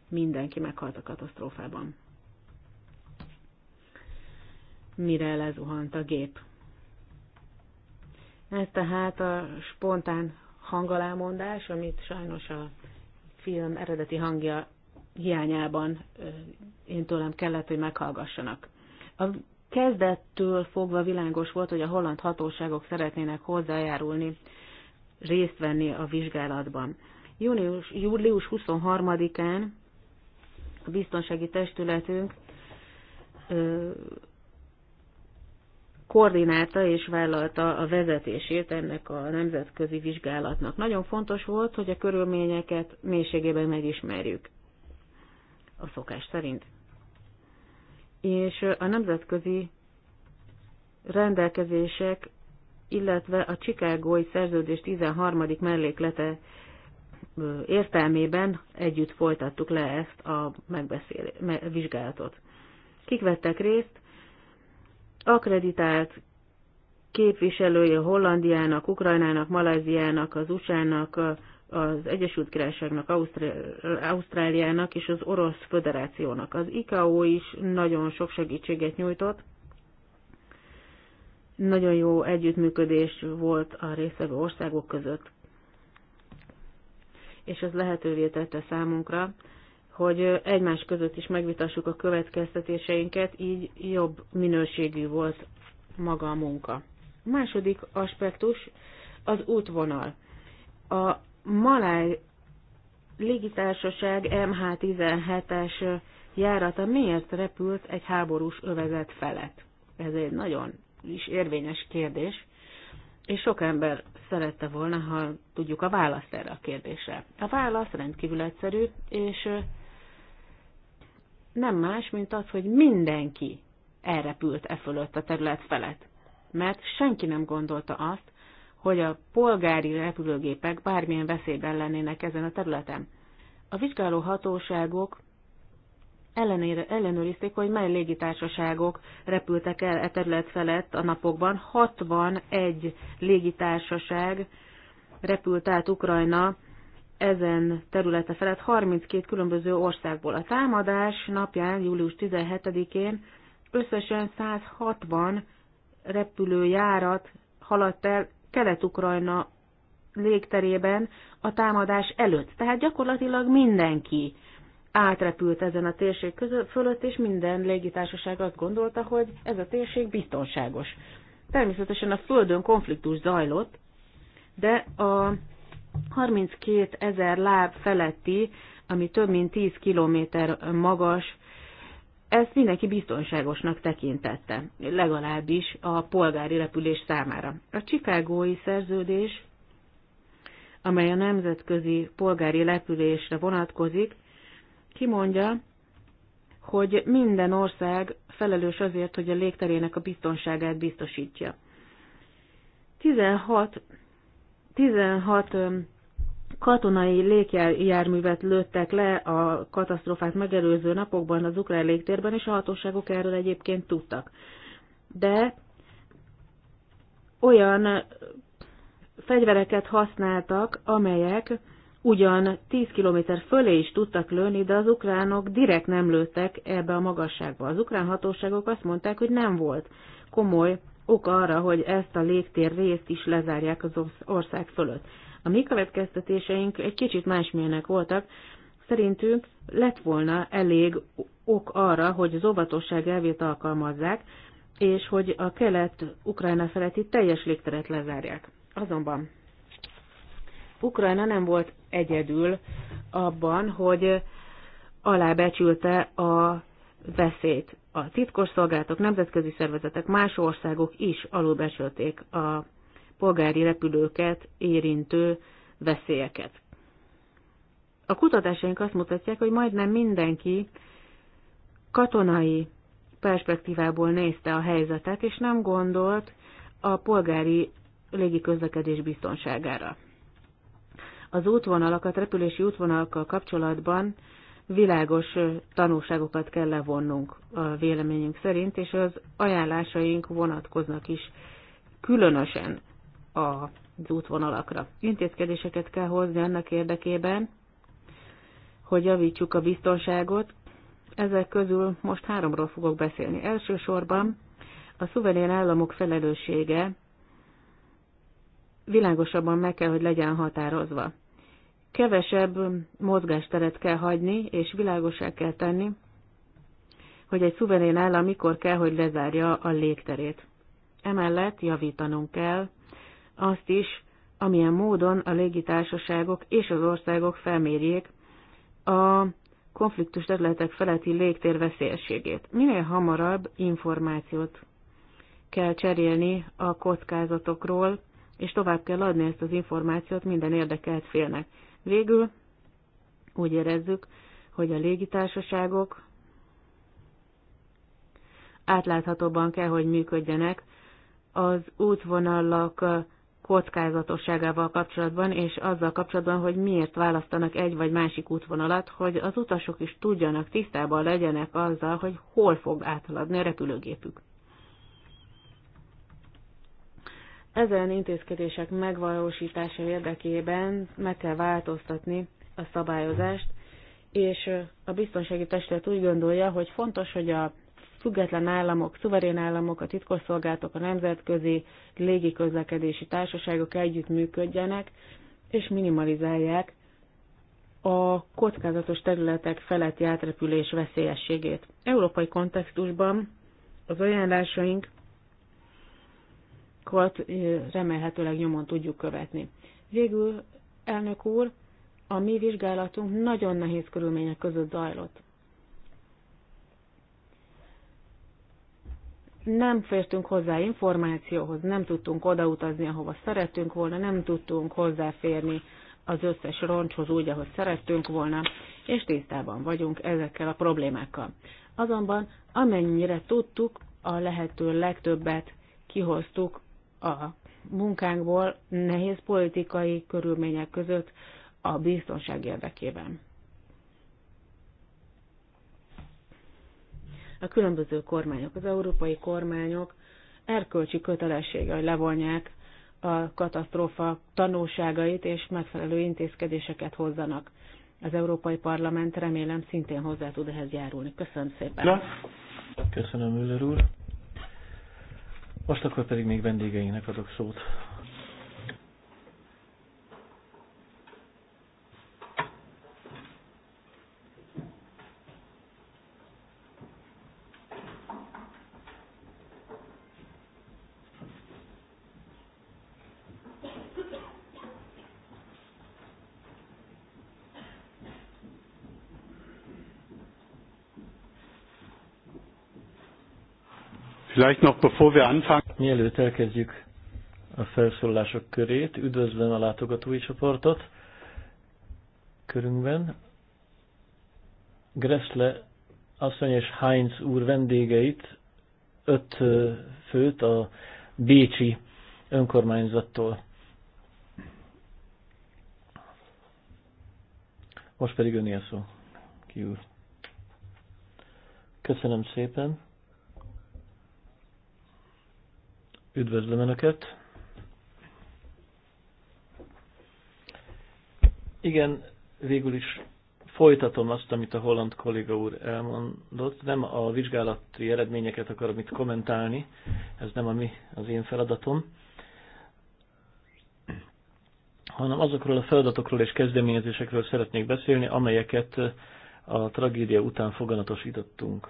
[SPEAKER 5] mindenki meghalt a katasztrófában. Mire lezuhant a gép. Ez tehát a spontán hangalámondás, amit sajnos a film eredeti hangja hiányában én tőlem kellett, hogy meghallgassanak. A kezdettől fogva világos volt, hogy a holland hatóságok szeretnének hozzájárulni, részt venni a vizsgálatban. Június, július 23-án biztonsági testületünk koordinálta és vállalta a vezetését ennek a nemzetközi vizsgálatnak. Nagyon fontos volt, hogy a körülményeket mélységében megismerjük a szokás szerint. És a nemzetközi rendelkezések, illetve a Csikágói Szerződés 13. melléklete értelmében együtt folytattuk le ezt a megbeszél, me, vizsgálatot. Kik vettek részt? Akreditált a Hollandiának, Ukrajnának, Malajziának, az USA-nak, az Egyesült Királyságnak, Ausztráliának és az Orosz Föderációnak. Az ICAO is nagyon sok segítséget nyújtott. Nagyon jó együttműködés volt a részvevő országok között és ez lehetővé tette számunkra, hogy egymás között is megvitassuk a következtetéseinket, így jobb minőségű volt maga a munka. A második aspektus az útvonal. A Maláj légitársaság MH17-es járata miért repült egy háborús övezet felett? Ez egy nagyon is érvényes kérdés, és sok ember szerette volna, ha tudjuk a választ erre a kérdésre. A válasz rendkívül egyszerű, és nem más, mint az, hogy mindenki elrepült e fölött a terület felett. Mert senki nem gondolta azt, hogy a polgári repülőgépek bármilyen veszélyben lennének ezen a területen. A vizsgáló hatóságok ellenére, ellenőrizték, hogy mely légitársaságok repültek el e terület felett a napokban. 61 légitársaság repült át Ukrajna ezen területe felett 32 különböző országból. A támadás napján, július 17-én összesen 160 repülőjárat haladt el Kelet-Ukrajna légterében a támadás előtt. Tehát gyakorlatilag mindenki átrepült ezen a térség között, fölött, és minden légitársaság azt gondolta, hogy ez a térség biztonságos. Természetesen a Földön konfliktus zajlott, de a 32 ezer láb feletti, ami több mint 10 kilométer magas, ezt mindenki biztonságosnak tekintette, legalábbis a polgári repülés számára. A Csikágói szerződés, amely a nemzetközi polgári repülésre vonatkozik, kimondja, hogy minden ország felelős azért, hogy a légterének a biztonságát biztosítja. 16, 16 katonai légjárművet lőttek le a katasztrófát megelőző napokban az ukrán légtérben, és a hatóságok erről egyébként tudtak. De olyan fegyvereket használtak, amelyek ugyan 10 km fölé is tudtak lőni, de az ukránok direkt nem lőttek ebbe a magasságba. Az ukrán hatóságok azt mondták, hogy nem volt komoly ok arra, hogy ezt a légtér részt is lezárják az ország fölött. A mi következtetéseink egy kicsit másmilyenek voltak. Szerintünk lett volna elég ok arra, hogy az óvatosság elvét alkalmazzák, és hogy a kelet-ukrajna feletti teljes légteret lezárják. Azonban Ukrajna nem volt egyedül abban, hogy alábecsülte a veszélyt. A titkos szolgálatok, nemzetközi szervezetek, más országok is alulbecsülték a polgári repülőket érintő veszélyeket. A kutatásaink azt mutatják, hogy majdnem mindenki katonai perspektívából nézte a helyzetet, és nem gondolt a polgári légiközlekedés biztonságára az útvonalakat, repülési útvonalakkal kapcsolatban világos tanulságokat kell levonnunk a véleményünk szerint, és az ajánlásaink vonatkoznak is különösen az útvonalakra. Intézkedéseket kell hozni annak érdekében, hogy javítsuk a biztonságot. Ezek közül most háromról fogok beszélni. Elsősorban a szuverén államok felelőssége világosabban meg kell, hogy legyen határozva kevesebb mozgásteret kell hagyni, és világosá kell tenni, hogy egy szuverén állam mikor kell, hogy lezárja a légterét. Emellett javítanunk kell azt is, amilyen módon a légitársaságok és az országok felmérjék a konfliktus területek feletti légtér veszélyességét. Minél hamarabb információt kell cserélni a kockázatokról, és tovább kell adni ezt az információt minden érdekelt félnek. Végül úgy érezzük, hogy a légitársaságok átláthatóban kell, hogy működjenek az útvonalak kockázatosságával kapcsolatban, és azzal kapcsolatban, hogy miért választanak egy vagy másik útvonalat, hogy az utasok is tudjanak, tisztában legyenek azzal, hogy hol fog áthaladni a repülőgépük. Ezen intézkedések megvalósítása érdekében meg kell változtatni a szabályozást, és a biztonsági testület úgy gondolja, hogy fontos, hogy a független államok, szuverén államok, a titkosszolgálatok, a nemzetközi légiközlekedési társaságok együttműködjenek, és minimalizálják a kockázatos területek feletti átrepülés veszélyességét. Európai kontextusban az ajánlásaink remélhetőleg nyomon tudjuk követni. Végül, elnök úr, a mi vizsgálatunk nagyon nehéz körülmények között zajlott. nem fértünk hozzá információhoz, nem tudtunk odautazni, ahova szerettünk volna, nem tudtunk hozzáférni az összes roncshoz úgy, ahogy szerettünk volna, és tisztában vagyunk ezekkel a problémákkal. Azonban amennyire tudtuk, a lehető legtöbbet kihoztuk a munkánkból nehéz politikai körülmények között a biztonság érdekében. A különböző kormányok, az európai kormányok erkölcsi kötelessége, hogy levonják a katasztrófa tanulságait és megfelelő intézkedéseket hozzanak. Az Európai Parlament remélem szintén hozzá tud ehhez járulni. Köszönöm szépen. Na.
[SPEAKER 4] Köszönöm, Müller úr. Most akkor pedig még vendégeinek adok szót. Vielleicht noch bevor wir anfangen. Mielőtt elkezdjük a felszólások körét, üdvözlöm a látogatói csoportot körünkben. Gressle asszony és Heinz úr vendégeit, öt főt a Bécsi önkormányzattól. Most pedig önél szó, ki úr. Köszönöm szépen. Üdvözlöm Önöket! Igen, végül is folytatom azt, amit a holland kolléga úr elmondott. Nem a vizsgálati eredményeket akarom itt kommentálni, ez nem a mi, az én feladatom, hanem azokról a feladatokról és kezdeményezésekről szeretnék beszélni, amelyeket a tragédia után foganatosítottunk.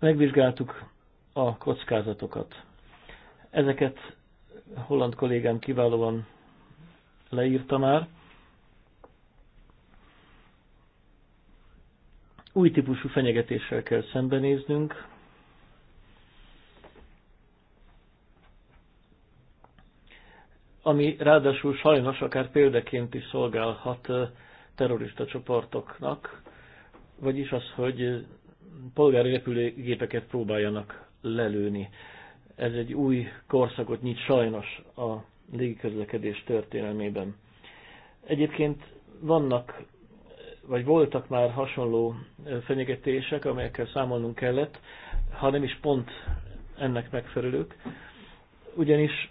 [SPEAKER 4] Megvizsgáltuk a kockázatokat. Ezeket holland kollégám kiválóan leírta már. Új típusú fenyegetéssel kell szembenéznünk. ami ráadásul sajnos akár példaként is szolgálhat terrorista csoportoknak, vagyis az, hogy polgári repülőgépeket próbáljanak lelőni. Ez egy új korszakot nyit sajnos a légiközlekedés történelmében. Egyébként vannak, vagy voltak már hasonló fenyegetések, amelyekkel számolnunk kellett, ha nem is pont ennek megfelelők. Ugyanis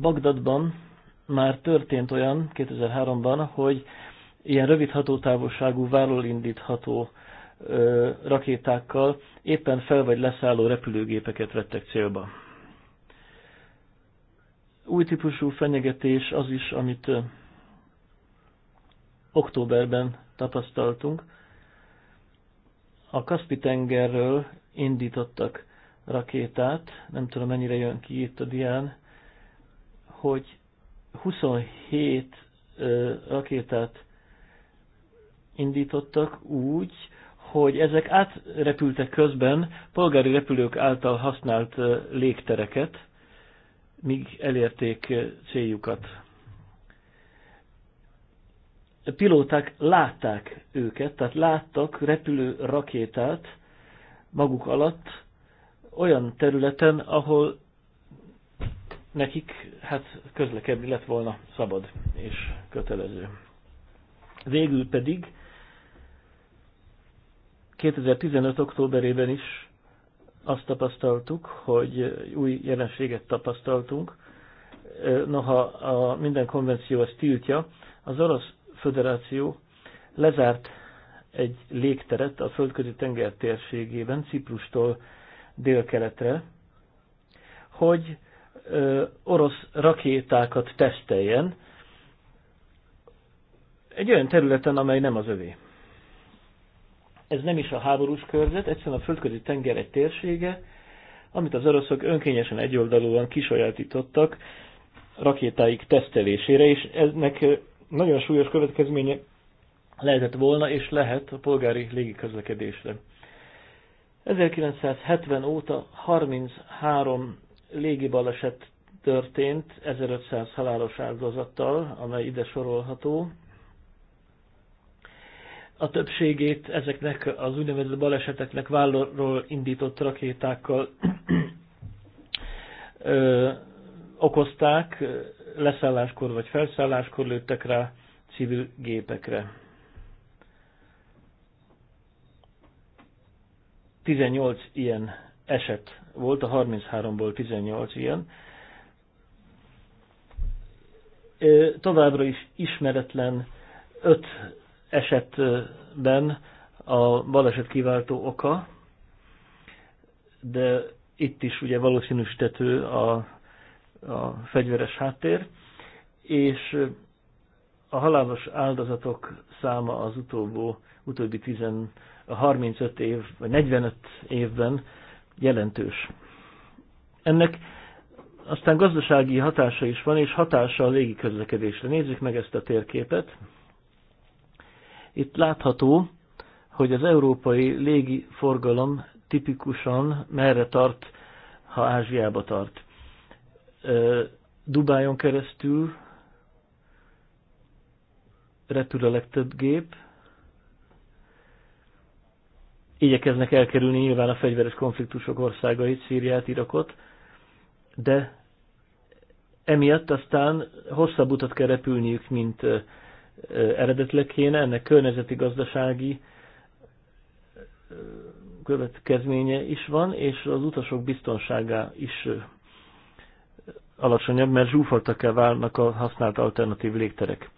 [SPEAKER 4] Bagdadban már történt olyan 2003-ban, hogy ilyen rövid hatótávolságú, vállal indítható rakétákkal éppen fel vagy leszálló repülőgépeket vettek célba. Új típusú fenyegetés az is, amit októberben tapasztaltunk. A Kaspi-tengerről indítottak rakétát, nem tudom mennyire jön ki itt a dián, hogy 27 rakétát indítottak úgy, hogy ezek átrepültek közben polgári repülők által használt légtereket, míg elérték céljukat. A pilóták látták őket, tehát láttak repülő rakétát maguk alatt olyan területen, ahol nekik hát közlekedni lett volna szabad és kötelező. Végül pedig 2015. októberében is azt tapasztaltuk, hogy új jelenséget tapasztaltunk. Noha a minden konvenció ezt tiltja, az Orosz Föderáció lezárt egy légteret a földközi tenger térségében, Ciprustól délkeletre, hogy orosz rakétákat teszteljen egy olyan területen, amely nem az övé ez nem is a háborús körzet, egyszerűen a földközi tenger egy térsége, amit az oroszok önkényesen egyoldalúan kisajátítottak rakétáik tesztelésére, és ennek nagyon súlyos következménye lehetett volna és lehet a polgári légiközlekedésre. 1970 óta 33 légibaleset történt 1500 halálos áldozattal, amely ide sorolható, a többségét ezeknek az úgynevezett baleseteknek vállról indított rakétákkal ö, okozták, leszálláskor vagy felszálláskor lőttek rá civil gépekre. 18 ilyen eset volt, a 33-ból 18 ilyen. Továbbra is ismeretlen öt esetben a baleset kiváltó oka, de itt is ugye valószínűsítető a, a fegyveres háttér, és a halálos áldozatok száma az utóbbó, utóbbi 10, 35 év, vagy 45 évben jelentős. Ennek aztán gazdasági hatása is van, és hatása a légiközlekedésre. Nézzük meg ezt a térképet. Itt látható, hogy az európai légiforgalom tipikusan merre tart, ha Ázsiába tart. Dubájon keresztül repül a legtöbb gép, igyekeznek elkerülni nyilván a fegyveres konfliktusok országait, Szíriát, Irakot, de emiatt aztán hosszabb utat kell repülniük, mint eredetileg kéne, ennek környezeti gazdasági következménye is van, és az utasok biztonsága is alacsonyabb, mert el válnak a használt alternatív légterek.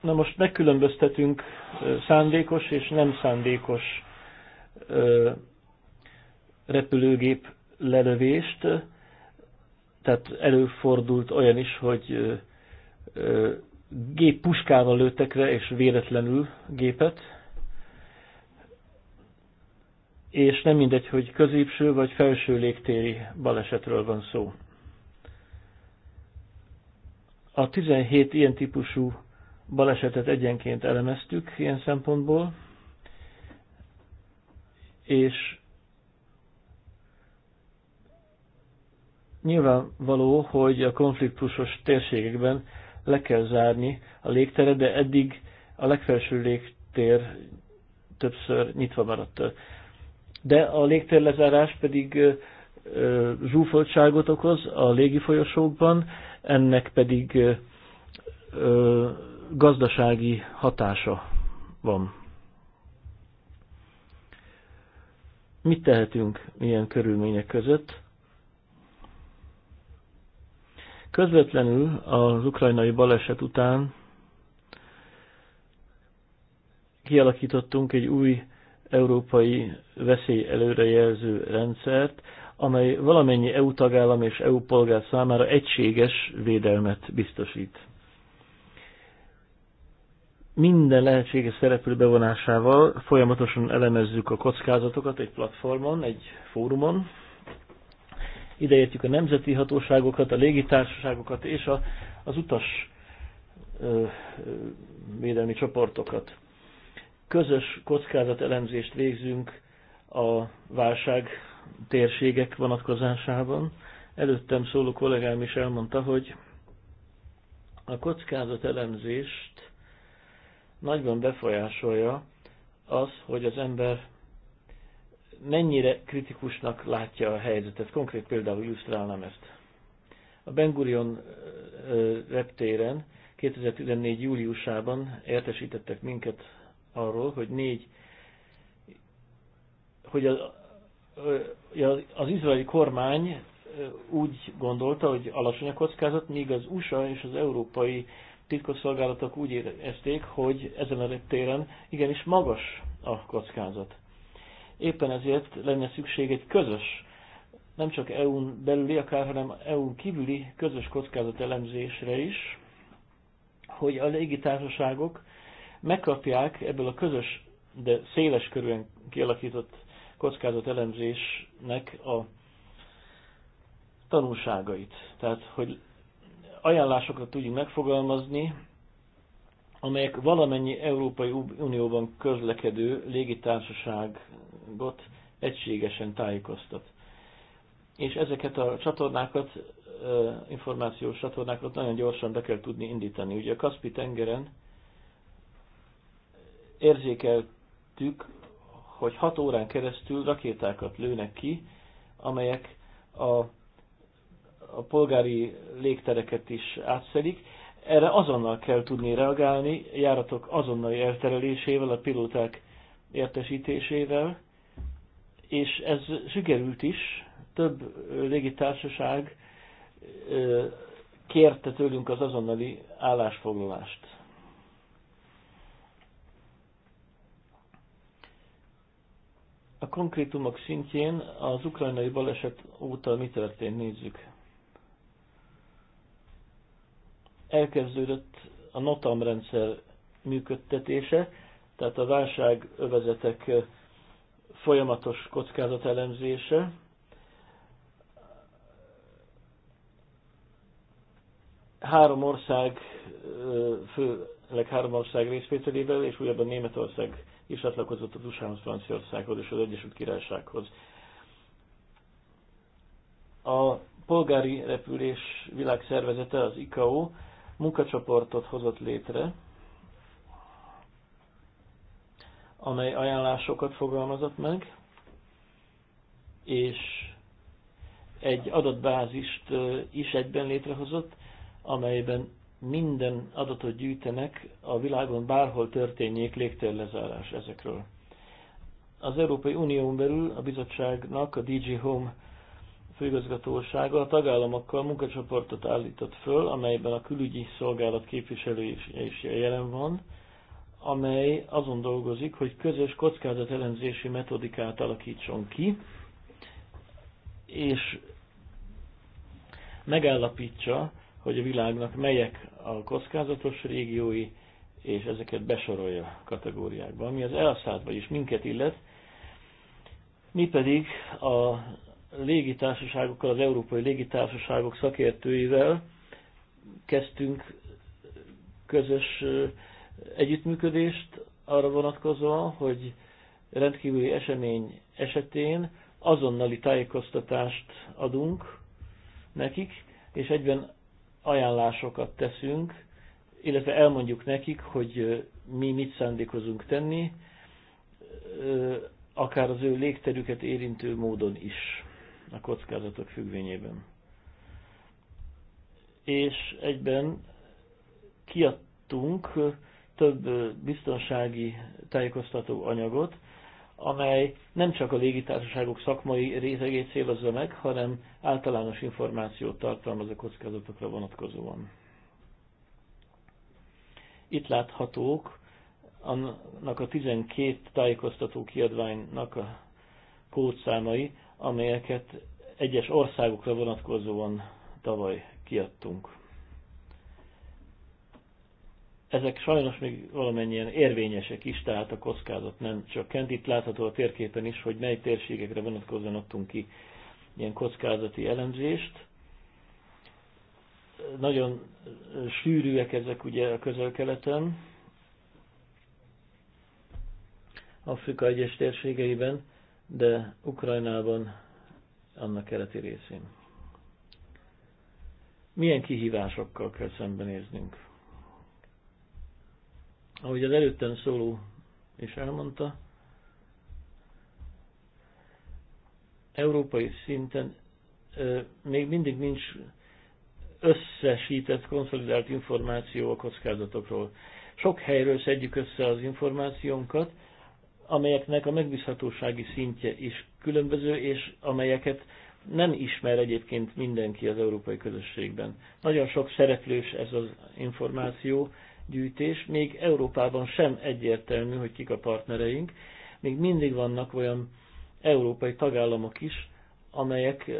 [SPEAKER 4] Na most megkülönböztetünk szándékos és nem szándékos repülőgép lelövést. Tehát előfordult olyan is, hogy gép puskával lőttek le, és véletlenül gépet. És nem mindegy, hogy középső vagy felső légtéri balesetről van szó. A 17 ilyen típusú balesetet egyenként elemeztük ilyen szempontból, és Nyilvánvaló, hogy a konfliktusos térségekben le kell zárni a légteret, de eddig a legfelső légtér többször nyitva maradt. De a légtérlezárás pedig zsúfoltságot okoz a légi folyosókban, ennek pedig gazdasági hatása van. Mit tehetünk ilyen körülmények között? Közvetlenül az ukrajnai baleset után kialakítottunk egy új európai veszély előrejelző rendszert, amely valamennyi EU tagállam és EU polgár számára egységes védelmet biztosít. Minden lehetséges szereplő bevonásával folyamatosan elemezzük a kockázatokat egy platformon, egy fórumon, ideértjük a nemzeti hatóságokat, a légitársaságokat és a, az utas ö, védelmi csoportokat. Közös kockázat elemzést végzünk a válság térségek vonatkozásában. Előttem szóló kollégám is elmondta, hogy a kockázat elemzést nagyban befolyásolja az, hogy az ember mennyire kritikusnak látja a helyzetet. Konkrét például illusztrálnám ezt. A Bengurion reptéren 2014. júliusában értesítettek minket arról, hogy négy, hogy az, az izraeli kormány úgy gondolta, hogy alacsony a kockázat, míg az USA és az európai titkosszolgálatok úgy érezték, hogy ezen a téren igenis magas a kockázat. Éppen ezért lenne szükség egy közös, nem csak EU-n belüli, akár, hanem EU-n kívüli közös kockázat elemzésre is, hogy a légitársaságok megkapják ebből a közös, de széles körülön kialakított kockázat elemzésnek a tanulságait. Tehát, hogy ajánlásokat tudjunk megfogalmazni, amelyek valamennyi Európai Unióban közlekedő légitársaságot egységesen tájékoztat. És ezeket a csatornákat, információs csatornákat nagyon gyorsan be kell tudni indítani. Ugye a Kaspi tengeren érzékeltük, hogy 6 órán keresztül rakétákat lőnek ki, amelyek a, a polgári légtereket is átszelik, erre azonnal kell tudni reagálni, járatok azonnali elterelésével, a pilóták értesítésével, és ez sikerült is. Több légitársaság kérte tőlünk az azonnali állásfoglalást. A konkrétumok szintjén az ukrajnai baleset óta mi történt, nézzük. elkezdődött a NOTAM rendszer működtetése, tehát a válságövezetek folyamatos kockázatelemzése. Három ország, főleg három ország részvételével, és a Németország is atlakozott az USA-hoz, Franciaországhoz és az Egyesült Királysághoz. A polgári repülés világszervezete, az ICAO, munkacsoportot hozott létre, amely ajánlásokat fogalmazott meg, és egy adatbázist is egyben létrehozott, amelyben minden adatot gyűjtenek a világon bárhol történjék légtérlezárás ezekről. Az Európai Unión belül a bizottságnak a DG Home főigazgatósága a tagállamokkal munkacsoportot állított föl, amelyben a külügyi szolgálat képviselő is jelen van, amely azon dolgozik, hogy közös elemzési metodikát alakítson ki, és megállapítsa, hogy a világnak melyek a kockázatos régiói, és ezeket besorolja kategóriákba, ami az elszállt, vagyis minket illet, mi pedig a légitársaságokkal, az európai légitársaságok szakértőivel kezdtünk közös együttműködést arra vonatkozóan, hogy rendkívüli esemény esetén azonnali tájékoztatást adunk nekik, és egyben ajánlásokat teszünk, illetve elmondjuk nekik, hogy mi mit szándékozunk tenni, akár az ő légterüket érintő módon is a kockázatok függvényében. És egyben kiadtunk több biztonsági tájékoztató anyagot, amely nem csak a légitársaságok szakmai részegét célozza meg, hanem általános információt tartalmaz a kockázatokra vonatkozóan. Itt láthatók annak a 12 tájékoztató kiadványnak a kódszámai, amelyeket egyes országokra vonatkozóan tavaly kiadtunk. Ezek sajnos még valamennyien érvényesek is, tehát a kockázat nem csökkent. Itt látható a térképen is, hogy mely térségekre vonatkozóan adtunk ki ilyen kockázati elemzést. Nagyon sűrűek ezek ugye a közel-keleten, Afrika egyes térségeiben de Ukrajnában annak keleti részén. Milyen kihívásokkal kell szembenéznünk? Ahogy az előttem szóló is elmondta, európai szinten ö, még mindig nincs összesített, konszolidált információ a kockázatokról. Sok helyről szedjük össze az információnkat, amelyeknek a megbízhatósági szintje is különböző, és amelyeket nem ismer egyébként mindenki az európai közösségben. Nagyon sok szereplős ez az információ gyűjtés, még Európában sem egyértelmű, hogy kik a partnereink, még mindig vannak olyan európai tagállamok is, amelyek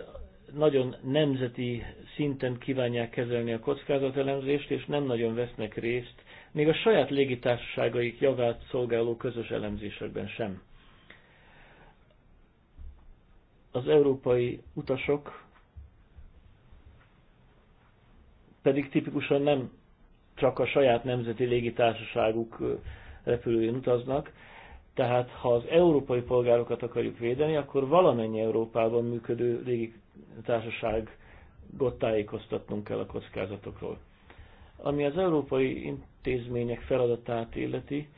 [SPEAKER 4] nagyon nemzeti szinten kívánják kezelni a kockázatelemzést, és nem nagyon vesznek részt még a saját légitársaságaik javát szolgáló közös elemzésekben sem. Az európai utasok pedig tipikusan nem csak a saját nemzeti légitársaságuk repülőjén utaznak, tehát ha az európai polgárokat akarjuk védeni, akkor valamennyi Európában működő légitársaságot tájékoztatnunk kell a kockázatokról. Ami az európai intézmények feladatát illeti,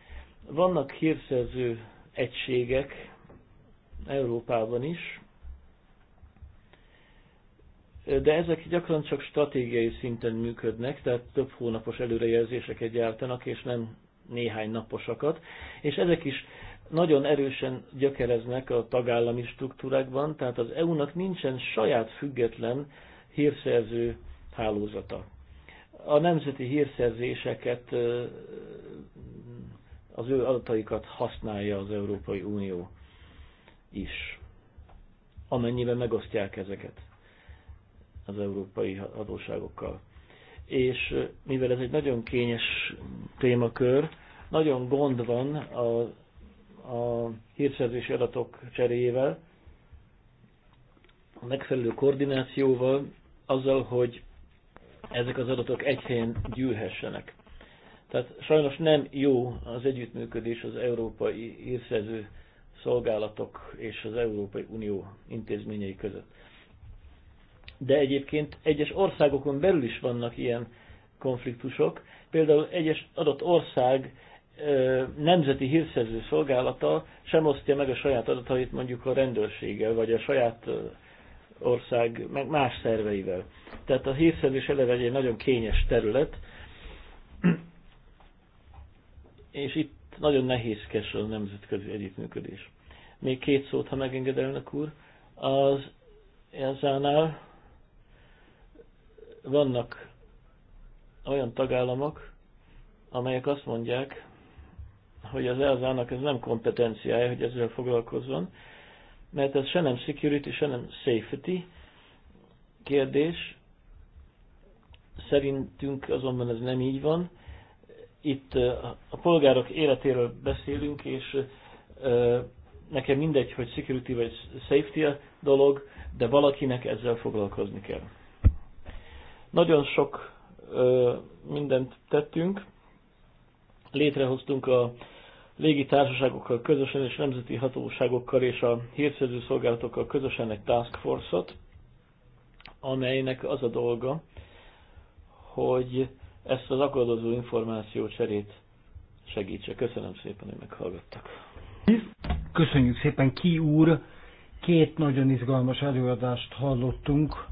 [SPEAKER 4] vannak hírszerző egységek Európában is, de ezek gyakran csak stratégiai szinten működnek, tehát több hónapos előrejelzéseket gyártanak, és nem néhány naposakat, és ezek is nagyon erősen gyökereznek a tagállami struktúrákban, tehát az EU-nak nincsen saját független hírszerző hálózata a nemzeti hírszerzéseket, az ő adataikat használja az Európai Unió is, amennyiben megosztják ezeket az európai adóságokkal. És mivel ez egy nagyon kényes témakör, nagyon gond van a, a hírszerzési adatok cseréjével, a megfelelő koordinációval, azzal, hogy ezek az adatok egy helyen gyűlhessenek. Tehát sajnos nem jó az együttműködés az európai hírszerző szolgálatok és az Európai Unió intézményei között. De egyébként egyes országokon belül is vannak ilyen konfliktusok. Például egyes adott ország nemzeti hírszerző szolgálata sem osztja meg a saját adatait mondjuk a rendőrséggel, vagy a saját ország, meg más szerveivel. Tehát a hírszerzés eleve egy nagyon kényes terület, és itt nagyon nehézkes a nemzetközi együttműködés. Még két szót, ha megenged elnök úr. Az ezánál vannak olyan tagállamok, amelyek azt mondják, hogy az elzának ez nem kompetenciája, hogy ezzel foglalkozzon, mert ez se nem security, se nem safety kérdés. Szerintünk azonban ez nem így van. Itt a polgárok életéről beszélünk, és nekem mindegy, hogy security vagy safety a dolog, de valakinek ezzel foglalkozni kell. Nagyon sok mindent tettünk. Létrehoztunk a légitársaságokkal közösen és nemzeti hatóságokkal és a hírszerző szolgálatokkal közösen egy task force-ot, amelynek az a dolga, hogy ezt az akadozó információ cserét segítse. Köszönöm szépen, hogy meghallgattak.
[SPEAKER 2] Köszönjük szépen, Ki úr! Két nagyon izgalmas előadást hallottunk.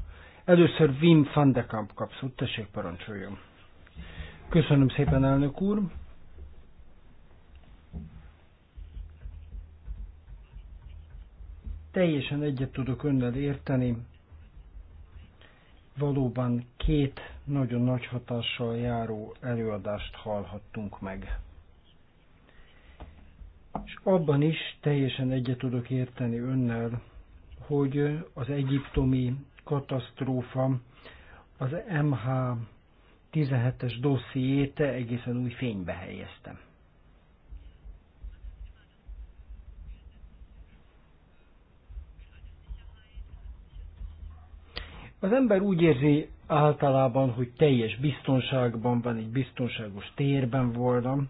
[SPEAKER 2] Először Wim van de Kamp kapszott, tessék parancsoljon. Köszönöm szépen, elnök úr! Teljesen egyet tudok önnel érteni. Valóban két nagyon nagy hatással járó előadást hallhattunk meg. És abban is teljesen egyet tudok érteni önnel, hogy az egyiptomi katasztrófa az MH 17-es dossziét egészen új fénybe helyeztem. Az ember úgy érzi általában, hogy teljes biztonságban van, egy biztonságos térben voltam,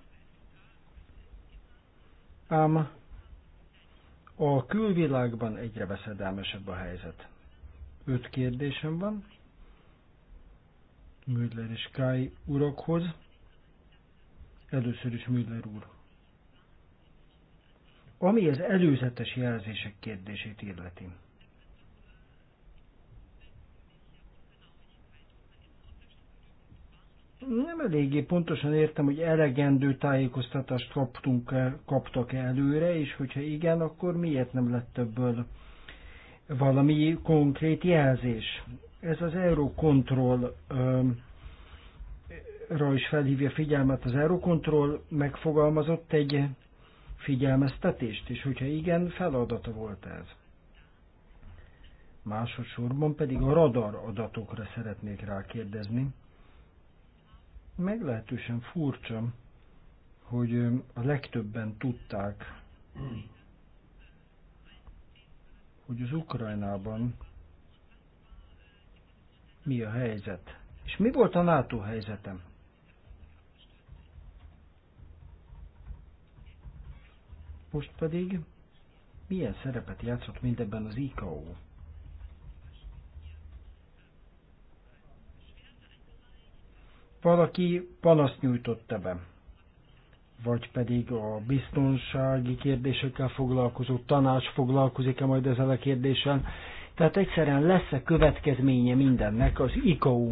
[SPEAKER 2] ám a külvilágban egyre veszedelmesebb a helyzet. Öt kérdésem van. Müller és Kai urakhoz. Először is Müller úr. Ami az előzetes jelzések kérdését illeti. nem eléggé pontosan értem, hogy elegendő tájékoztatást kaptunk -e, kaptak -e előre, és hogyha igen, akkor miért nem lett ebből valami konkrét jelzés. Ez az Eurocontrol ra is felhívja figyelmet az Eurocontrol, megfogalmazott egy figyelmeztetést, és hogyha igen, feladata volt ez. Másodszorban pedig a radar adatokra szeretnék rákérdezni meglehetősen furcsa, hogy a legtöbben tudták, hogy az Ukrajnában mi a helyzet. És mi volt a NATO helyzetem? Most pedig milyen szerepet játszott mindebben az IKO? valaki panaszt nyújtotta be, vagy pedig a biztonsági kérdésekkel foglalkozó tanács foglalkozik-e majd ezzel a kérdéssel. Tehát egyszerűen lesz-e következménye mindennek az ICAO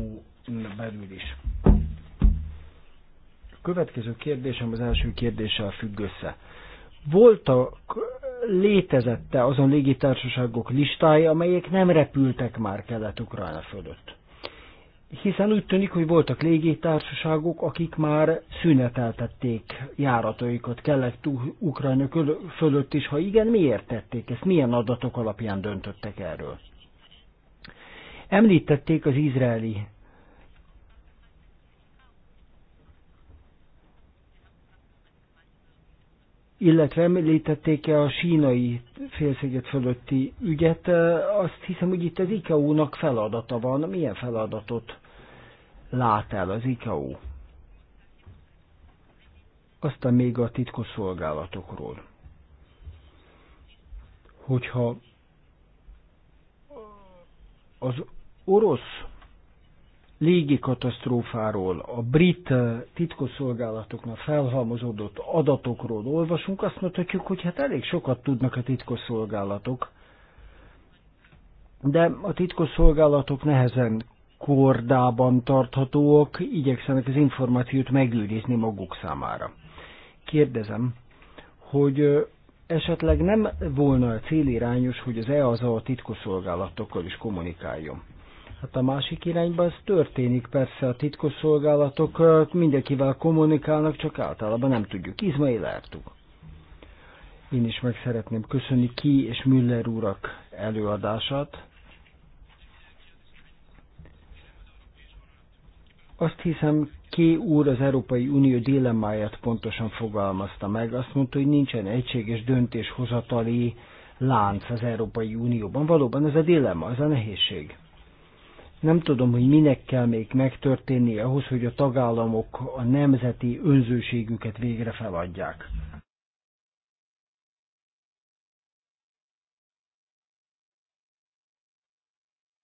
[SPEAKER 2] belül is. A következő kérdésem az első kérdéssel függ össze. Voltak, létezette azon légitársaságok listája, amelyek nem repültek már Kelet-Ukrajna fölött? hiszen úgy tűnik, hogy voltak légitársaságok, akik már szüneteltették járataikat kellett Ukrajna fölött is. Ha igen, miért tették ezt? Milyen adatok alapján döntöttek erről? Említették az izraeli illetve említették-e a sínai félsziget fölötti ügyet. Azt hiszem, hogy itt az ICAO-nak feladata van. Milyen feladatot lát el az ICAO? Aztán még a titkos szolgálatokról. Hogyha az orosz légi katasztrófáról, a brit eh, titkosszolgálatoknak felhalmozódott adatokról olvasunk, azt mondhatjuk, hogy hát elég sokat tudnak a titkosszolgálatok, de a titkosszolgálatok nehezen kordában tarthatóak, igyekszenek az információt megőrizni maguk számára. Kérdezem, hogy eh, esetleg nem volna célirányos, hogy az EASA a titkosszolgálatokkal is kommunikáljon. Hát a másik irányban ez történik, persze a titkosszolgálatok mindenkivel kommunikálnak, csak általában nem tudjuk. Izmail Ertug. Én is meg szeretném köszönni Ki és Müller úrak előadását. Azt hiszem, Ki úr az Európai Unió dilemmáját pontosan fogalmazta meg. Azt mondta, hogy nincsen egységes döntéshozatali lánc az Európai Unióban. Valóban ez a dilemma, ez a nehézség. Nem tudom, hogy minek kell még megtörténni ahhoz, hogy a tagállamok a nemzeti önzőségüket végre feladják.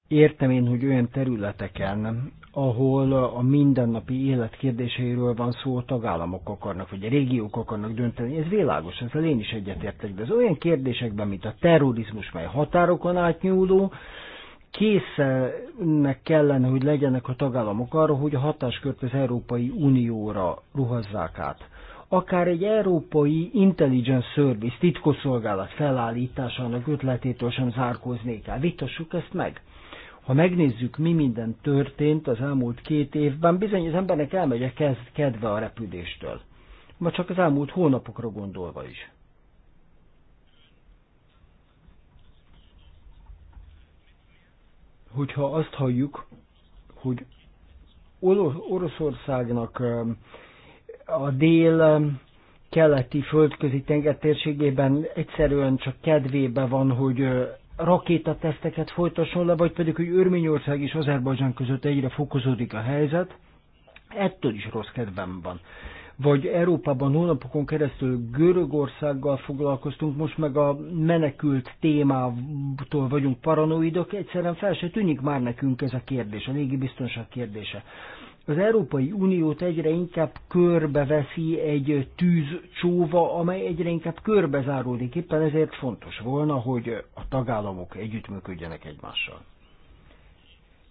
[SPEAKER 2] Értem én, hogy olyan területeken, ahol a mindennapi élet kérdéseiről van szó, a tagállamok akarnak, vagy a régiók akarnak dönteni. Ez világos, ezzel én is egyetértek, de az olyan kérdésekben, mint a terrorizmus, mely határokon átnyúló, késznek kellene, hogy legyenek a tagállamok arra, hogy a hatáskört az Európai Unióra ruhazzák át. Akár egy Európai Intelligence Service titkosszolgálat felállításának ötletétől sem zárkóznék el. Vitassuk ezt meg. Ha megnézzük, mi minden történt az elmúlt két évben, bizony az embernek elmegy a kedve a repüléstől. Ma csak az elmúlt hónapokra gondolva is. hogyha azt halljuk, hogy Oroszországnak um, a dél um, keleti földközi tenger térségében egyszerűen csak kedvébe van, hogy uh, rakétateszteket folytasson le, vagy pedig, hogy Örményország és Azerbajdzsán között egyre fokozódik a helyzet, ettől is rossz kedvem van vagy Európában hónapokon keresztül Görögországgal foglalkoztunk, most meg a menekült témától vagyunk paranoidok, egyszerűen fel se tűnik már nekünk ez a kérdés, a légibiztonság kérdése. Az Európai Uniót egyre inkább körbeveszi egy tűzcsóva, amely egyre inkább körbezáródik. Éppen ezért fontos volna, hogy a tagállamok együttműködjenek egymással.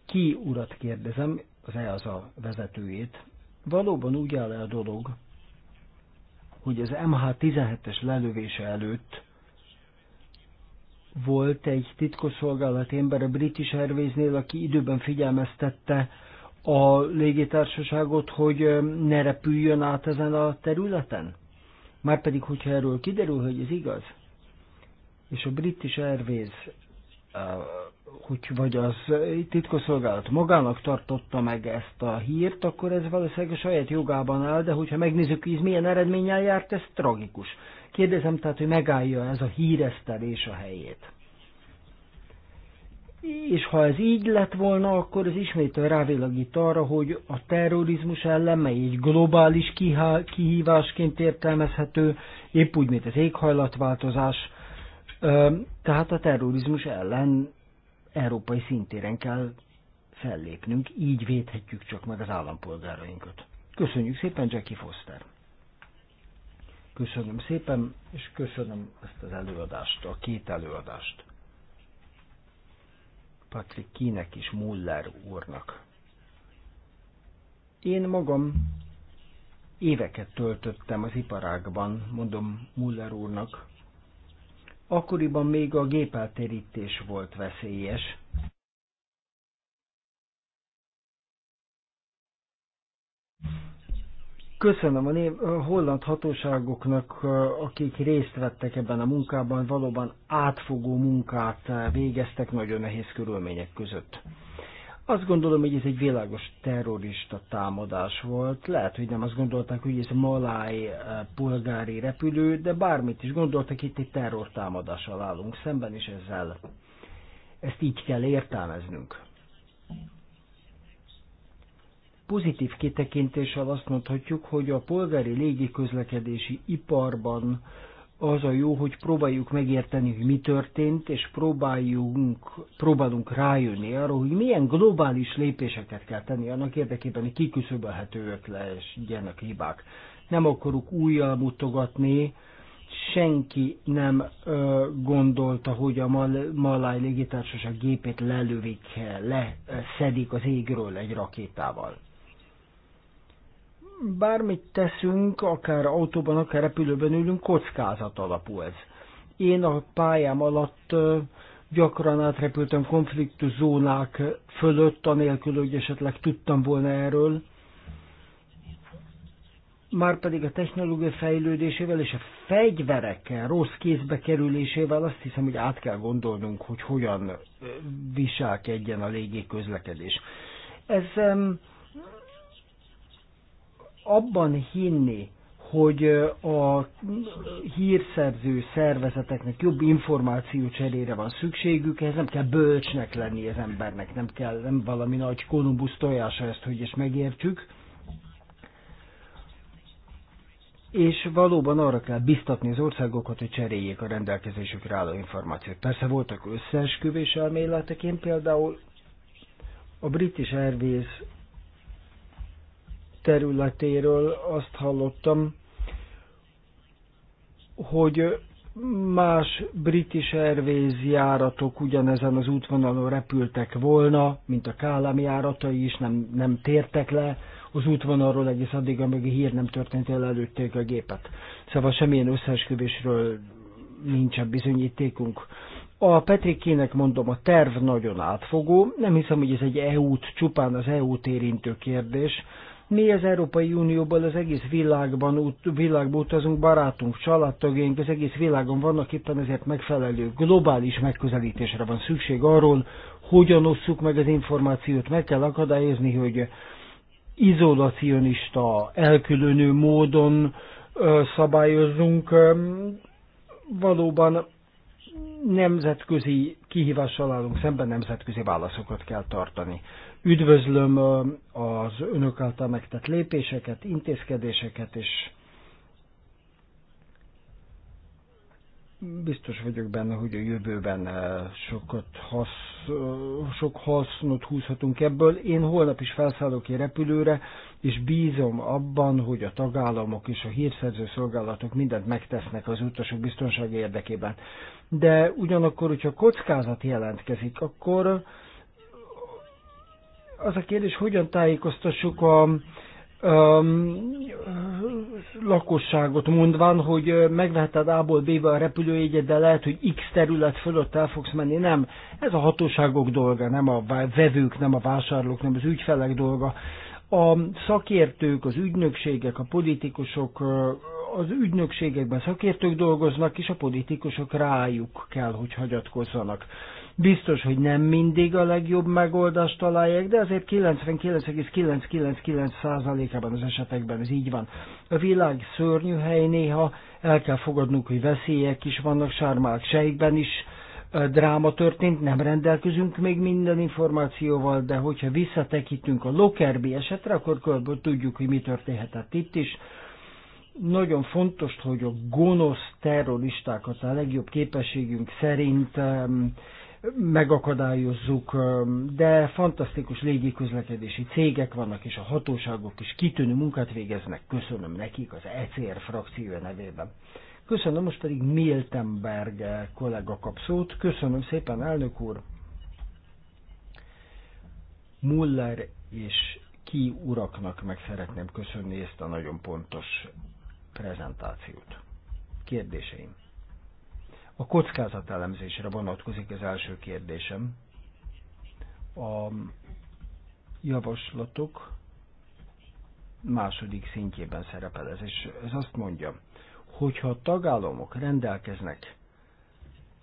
[SPEAKER 2] Ki urat kérdezem, az EASA vezetőjét, Valóban úgy áll el a dolog, hogy az MH17-es lelövése előtt volt egy titkosszolgálati ember a British Airways-nél, aki időben figyelmeztette a légitársaságot, hogy ne repüljön át ezen a területen? Márpedig, hogyha erről kiderül, hogy ez igaz, és a British Airways hogy vagy az eh, titkosszolgálat magának tartotta meg ezt a hírt, akkor ez valószínűleg a saját jogában áll, de hogyha megnézzük, hogy milyen eredménnyel járt, ez tragikus. Kérdezem tehát, hogy megállja ez a híresztelés a helyét. És ha ez így lett volna, akkor ez ismét rávilagít arra, hogy a terrorizmus ellen, mely egy globális kihívásként értelmezhető, épp úgy, mint az éghajlatváltozás, tehát a terrorizmus ellen európai szintéren kell fellépnünk, így védhetjük csak meg az állampolgárainkat. Köszönjük szépen, Jackie Foster! Köszönöm szépen, és köszönöm ezt az előadást, a két előadást. Patrick Kinek és Muller úrnak. Én magam éveket töltöttem az iparágban, mondom Muller úrnak, Akkoriban még a gépeltérítés volt veszélyes. Köszönöm a, név, holland hatóságoknak, akik részt vettek ebben a munkában, valóban átfogó munkát végeztek nagyon nehéz körülmények között. Azt gondolom, hogy ez egy világos terrorista támadás volt. Lehet, hogy nem azt gondolták, hogy ez maláj eh, polgári repülő, de bármit is gondoltak, itt egy terrortámadással állunk szemben, és ezzel ezt így kell értelmeznünk. Pozitív kitekintéssel azt mondhatjuk, hogy a polgári légiközlekedési iparban az a jó, hogy próbáljuk megérteni, hogy mi történt, és próbáljunk, próbálunk rájönni arra, hogy milyen globális lépéseket kell tenni annak érdekében, hogy kiküszöbölhetőek legyenek hibák. Nem akarok újjal mutogatni, senki nem ö, gondolta, hogy a Mal- Maláj légitársaság gépét lelövik, leszedik az égről egy rakétával bármit teszünk, akár autóban, akár repülőben ülünk, kockázat alapú ez. Én a pályám alatt gyakran átrepültem konfliktus zónák fölött, anélkül, hogy esetleg tudtam volna erről. Márpedig a technológia fejlődésével és a fegyverekkel, rossz kézbe kerülésével azt hiszem, hogy át kell gondolnunk, hogy hogyan viselkedjen a légiközlekedés. Ez abban hinni, hogy a hírszerző szervezeteknek jobb információ cserére van szükségük, ez nem kell bölcsnek lenni az embernek, nem kell nem valami nagy kolumbusz tojása ezt, hogy ezt megértsük. És valóban arra kell biztatni az országokat, hogy cseréljék a rendelkezésükre álló információt. Persze voltak összeesküvés elméletek, én például a British Airways területéről azt hallottam, hogy más British Airways járatok ugyanezen az útvonalon repültek volna, mint a Kálám járatai is, nem, nem tértek le az útvonalról egész addig, amíg a hír nem történt el előtték a gépet. Szóval semmilyen összeesküvésről nincsen bizonyítékunk. A Petrikének mondom, a terv nagyon átfogó, nem hiszem, hogy ez egy EU-t, csupán az EU-t érintő kérdés, mi az Európai Unióból az egész világban, út világban utazunk, barátunk, családtagjaink az egész világon vannak, éppen ezért megfelelő globális megközelítésre van szükség arról, hogyan osszuk meg az információt, meg kell akadályozni, hogy izolacionista, elkülönő módon szabályozzunk. Valóban nemzetközi kihívással állunk szemben, nemzetközi válaszokat kell tartani. Üdvözlöm az önök által megtett lépéseket, intézkedéseket, és biztos vagyok benne, hogy a jövőben sokat hasz, sok hasznot húzhatunk ebből. Én holnap is felszállok egy repülőre, és bízom abban, hogy a tagállamok és a hírszerző szolgálatok mindent megtesznek az utasok biztonsági érdekében. De ugyanakkor, hogyha kockázat jelentkezik, akkor az a kérdés, hogyan tájékoztassuk a, um, lakosságot mondván, hogy megveheted A-ból B-be a repülőjegyet, de lehet, hogy X terület fölött el fogsz menni. Nem, ez a hatóságok dolga, nem a vevők, nem a vásárlók, nem az ügyfelek dolga. A szakértők, az ügynökségek, a politikusok, az ügynökségekben szakértők dolgoznak, és a politikusok rájuk kell, hogy hagyatkozzanak. Biztos, hogy nem mindig a legjobb megoldást találják, de azért 99,999%-ában az esetekben ez így van. A világ szörnyű hely néha, el kell fogadnunk, hogy veszélyek is vannak, sármák sejkben is dráma történt, nem rendelkezünk még minden információval, de hogyha visszatekintünk a Lokerbi esetre, akkor körülbelül tudjuk, hogy mi történhetett itt is nagyon fontos, hogy a gonosz terroristákat a legjobb képességünk szerint megakadályozzuk, de fantasztikus légiközlekedési cégek vannak, és a hatóságok is kitűnő munkát végeznek. Köszönöm nekik az ECR frakció nevében. Köszönöm, most pedig Miltenberg kollega kap szót. Köszönöm szépen, elnök úr. Muller és Ki uraknak meg szeretném köszönni ezt a nagyon pontos prezentációt. Kérdéseim. A elemzésre vonatkozik az első kérdésem. A javaslatok második szintjében szerepel ez, és ez azt mondja, hogyha a tagállamok rendelkeznek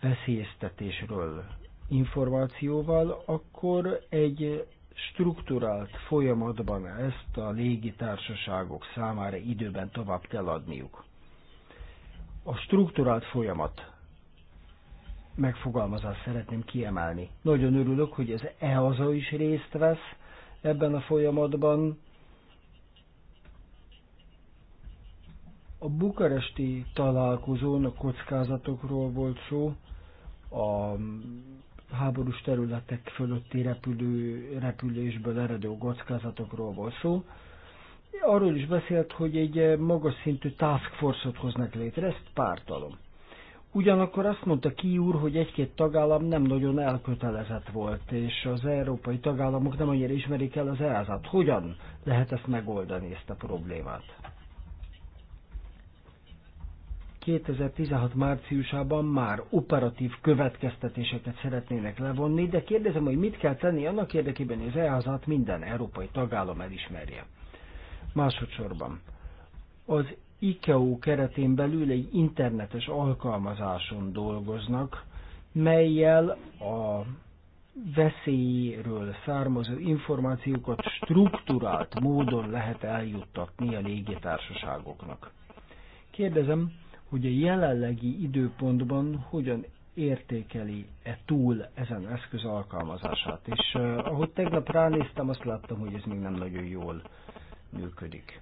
[SPEAKER 2] veszélyeztetésről információval, akkor egy strukturált folyamatban ezt a légitársaságok számára időben tovább kell adniuk. A strukturált folyamat megfogalmazást szeretném kiemelni. Nagyon örülök, hogy az EASA is részt vesz ebben a folyamatban. A bukaresti találkozón a kockázatokról volt szó, a háborús területek fölötti repülő, repülésből eredő kockázatokról volt szó. Arról is beszélt, hogy egy magas szintű task force-ot hoznak létre, ezt pártalom. Ugyanakkor azt mondta ki úr, hogy egy-két tagállam nem nagyon elkötelezett volt, és az európai tagállamok nem annyira ismerik el az easa Hogyan lehet ezt megoldani, ezt a problémát? 2016 márciusában már operatív következtetéseket szeretnének levonni, de kérdezem, hogy mit kell tenni annak érdekében, hogy az EASA-t minden európai tagállam elismerje. Másodszorban, az ICAO e keretén belül egy internetes alkalmazáson dolgoznak, melyel a veszélyről származó információkat struktúrált módon lehet eljuttatni a légitársaságoknak. Kérdezem, hogy a jelenlegi időpontban hogyan értékeli-e túl ezen eszköz alkalmazását. És uh, ahogy tegnap ránéztem, azt láttam, hogy ez még nem nagyon jól működik.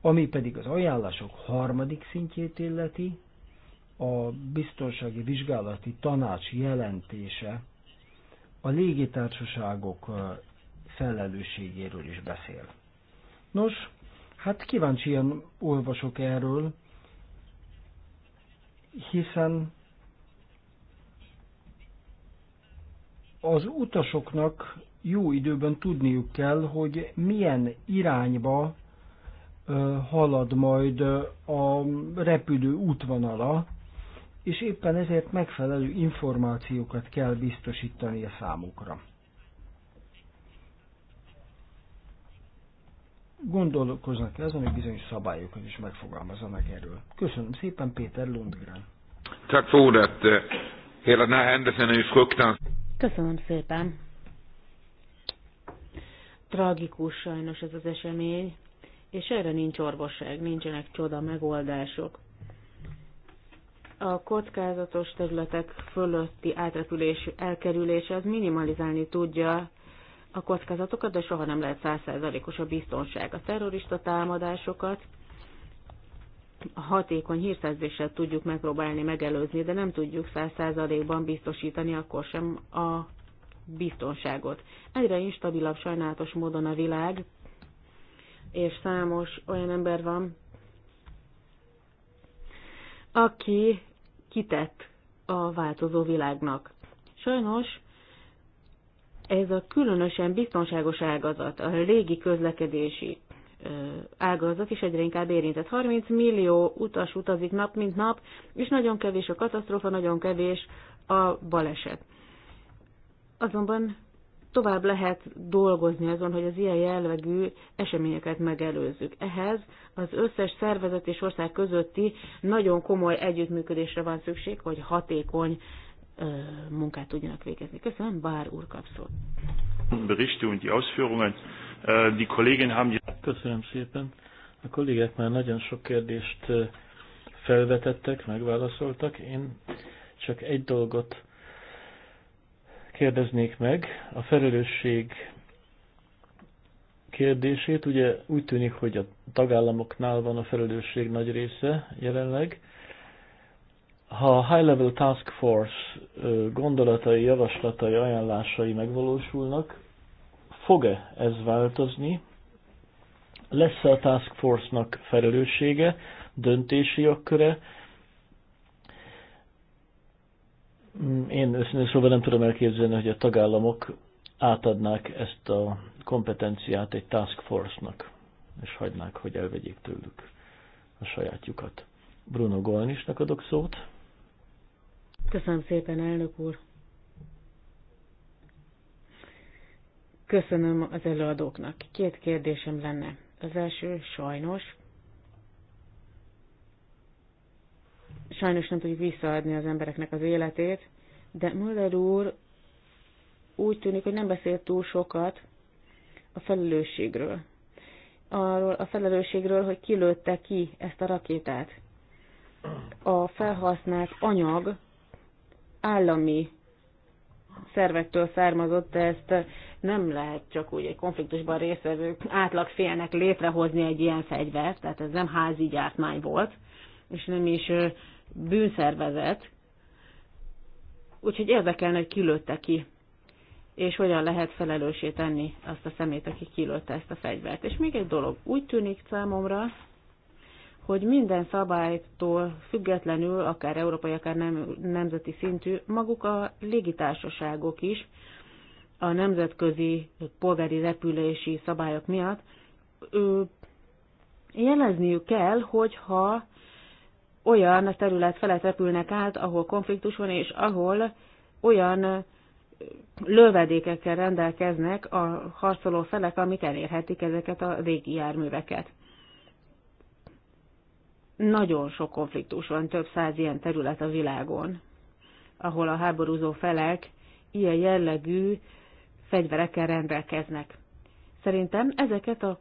[SPEAKER 2] Ami pedig az ajánlások harmadik szintjét illeti, a biztonsági vizsgálati tanács jelentése a légitársaságok felelősségéről is beszél. Nos, hát kíváncsian olvasok erről, hiszen az utasoknak jó időben tudniuk kell, hogy milyen irányba halad majd a repülő útvonala, és éppen ezért megfelelő információkat kell biztosítani a számukra. Gondolkoznak ezen, hogy bizonyos szabályokat is megfogalmazanak erről. Köszönöm szépen, Péter Lundgren.
[SPEAKER 3] Csak för ordet. Hela den här händelsen
[SPEAKER 5] Köszönöm szépen. Tragikus sajnos ez az esemény és erre nincs orvosság, nincsenek csoda megoldások. A kockázatos területek fölötti átrepülés elkerülése az minimalizálni tudja a kockázatokat, de soha nem lehet százszerzalékos a biztonság. A terrorista támadásokat a hatékony hírszerzéssel tudjuk megpróbálni megelőzni, de nem tudjuk százszerzalékban biztosítani akkor sem a biztonságot. Egyre instabilabb sajnálatos módon a világ, és számos olyan ember van, aki kitett a változó világnak. Sajnos ez a különösen biztonságos ágazat, a légi közlekedési ágazat is egyre inkább érintett. 30 millió utas utazik nap mint nap, és nagyon kevés a katasztrófa, nagyon kevés a baleset. Azonban tovább lehet dolgozni azon, hogy az ilyen jellegű eseményeket megelőzzük. Ehhez az összes szervezet és ország közötti nagyon komoly együttműködésre van szükség, hogy hatékony ö, munkát tudjanak végezni. Köszönöm, Bár
[SPEAKER 1] úr kapszol. Äh, Köszönöm
[SPEAKER 4] szépen. A kollégák már nagyon sok kérdést felvetettek, megválaszoltak. Én csak egy dolgot kérdeznék meg a felelősség kérdését. Ugye úgy tűnik, hogy a tagállamoknál van a felelősség nagy része jelenleg. Ha a High Level Task Force gondolatai, javaslatai, ajánlásai megvalósulnak, fog-e ez változni? Lesz-e a Task Force-nak felelőssége, döntési jogköre, Mm, én őszintén szóval nem tudom elképzelni, hogy a tagállamok átadnák ezt a kompetenciát egy task force-nak, és hagynák, hogy elvegyék tőlük a sajátjukat. Bruno Golnisnak adok szót.
[SPEAKER 5] Köszönöm szépen, elnök úr. Köszönöm az előadóknak. Két kérdésem lenne. Az első sajnos sajnos nem tudjuk visszaadni az embereknek az életét, de Müller úr úgy tűnik, hogy nem beszélt túl sokat a felelősségről. Arról a felelősségről, hogy kilőtte ki ezt a rakétát. A felhasznált anyag állami szervektől származott, de ezt nem lehet csak úgy egy konfliktusban átlag félnek létrehozni egy ilyen fegyvert, tehát ez nem házi gyártmány volt, és nem is bűnszervezet, úgyhogy érdekelne, hogy kilőtte ki, és hogyan lehet felelőssé tenni azt a szemét, aki kilőtte ezt a fegyvert. És még egy dolog, úgy tűnik számomra, hogy minden szabálytól függetlenül, akár európai, akár nem, nemzeti szintű, maguk a légitársaságok is a nemzetközi polgári repülési szabályok miatt ő, jelezniük kell, hogyha olyan terület felett repülnek át, ahol konfliktus van, és ahol olyan lövedékekkel rendelkeznek a harcoló felek, amik elérhetik ezeket a régi járműveket. Nagyon sok konfliktus van, több száz ilyen terület a világon, ahol a háborúzó felek ilyen jellegű fegyverekkel rendelkeznek. Szerintem ezeket a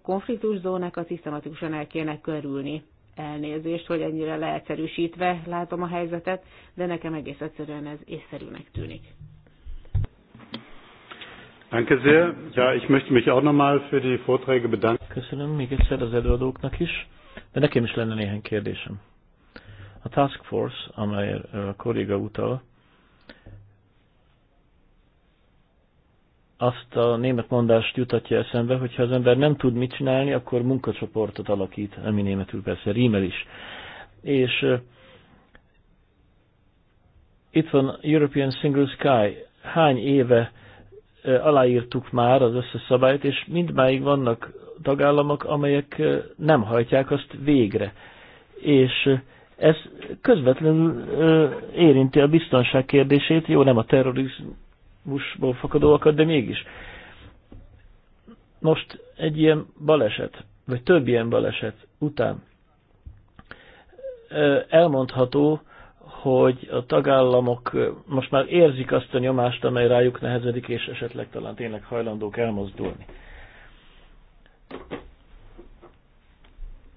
[SPEAKER 5] zónákat szisztematikusan el kéne körülni elnézést, hogy ennyire leegyszerűsítve látom a helyzetet, de nekem egész egyszerűen ez észszerűnek
[SPEAKER 1] tűnik. Danke sehr. Ja, ich möchte mich auch nochmal für die Vorträge bedanken. Köszönöm még
[SPEAKER 4] egyszer az előadóknak is, de nekem is lenne néhány kérdésem. A Task Force, amely a kolléga utal, azt a német mondást jutatja eszembe, hogy ha az ember nem tud mit csinálni, akkor munkacsoportot alakít, ami németül persze rímel is. És uh, itt van European Single Sky, hány éve uh, aláírtuk már az összes szabályt, és mindmáig vannak tagállamok, amelyek uh, nem hajtják azt végre. És uh, ez közvetlenül érinti a biztonság kérdését, jó, nem a terrorizmus, buszból fakadóakat, de mégis. Most egy ilyen baleset, vagy több ilyen baleset után elmondható, hogy a tagállamok most már érzik azt a nyomást, amely rájuk nehezedik, és esetleg talán tényleg hajlandók elmozdulni.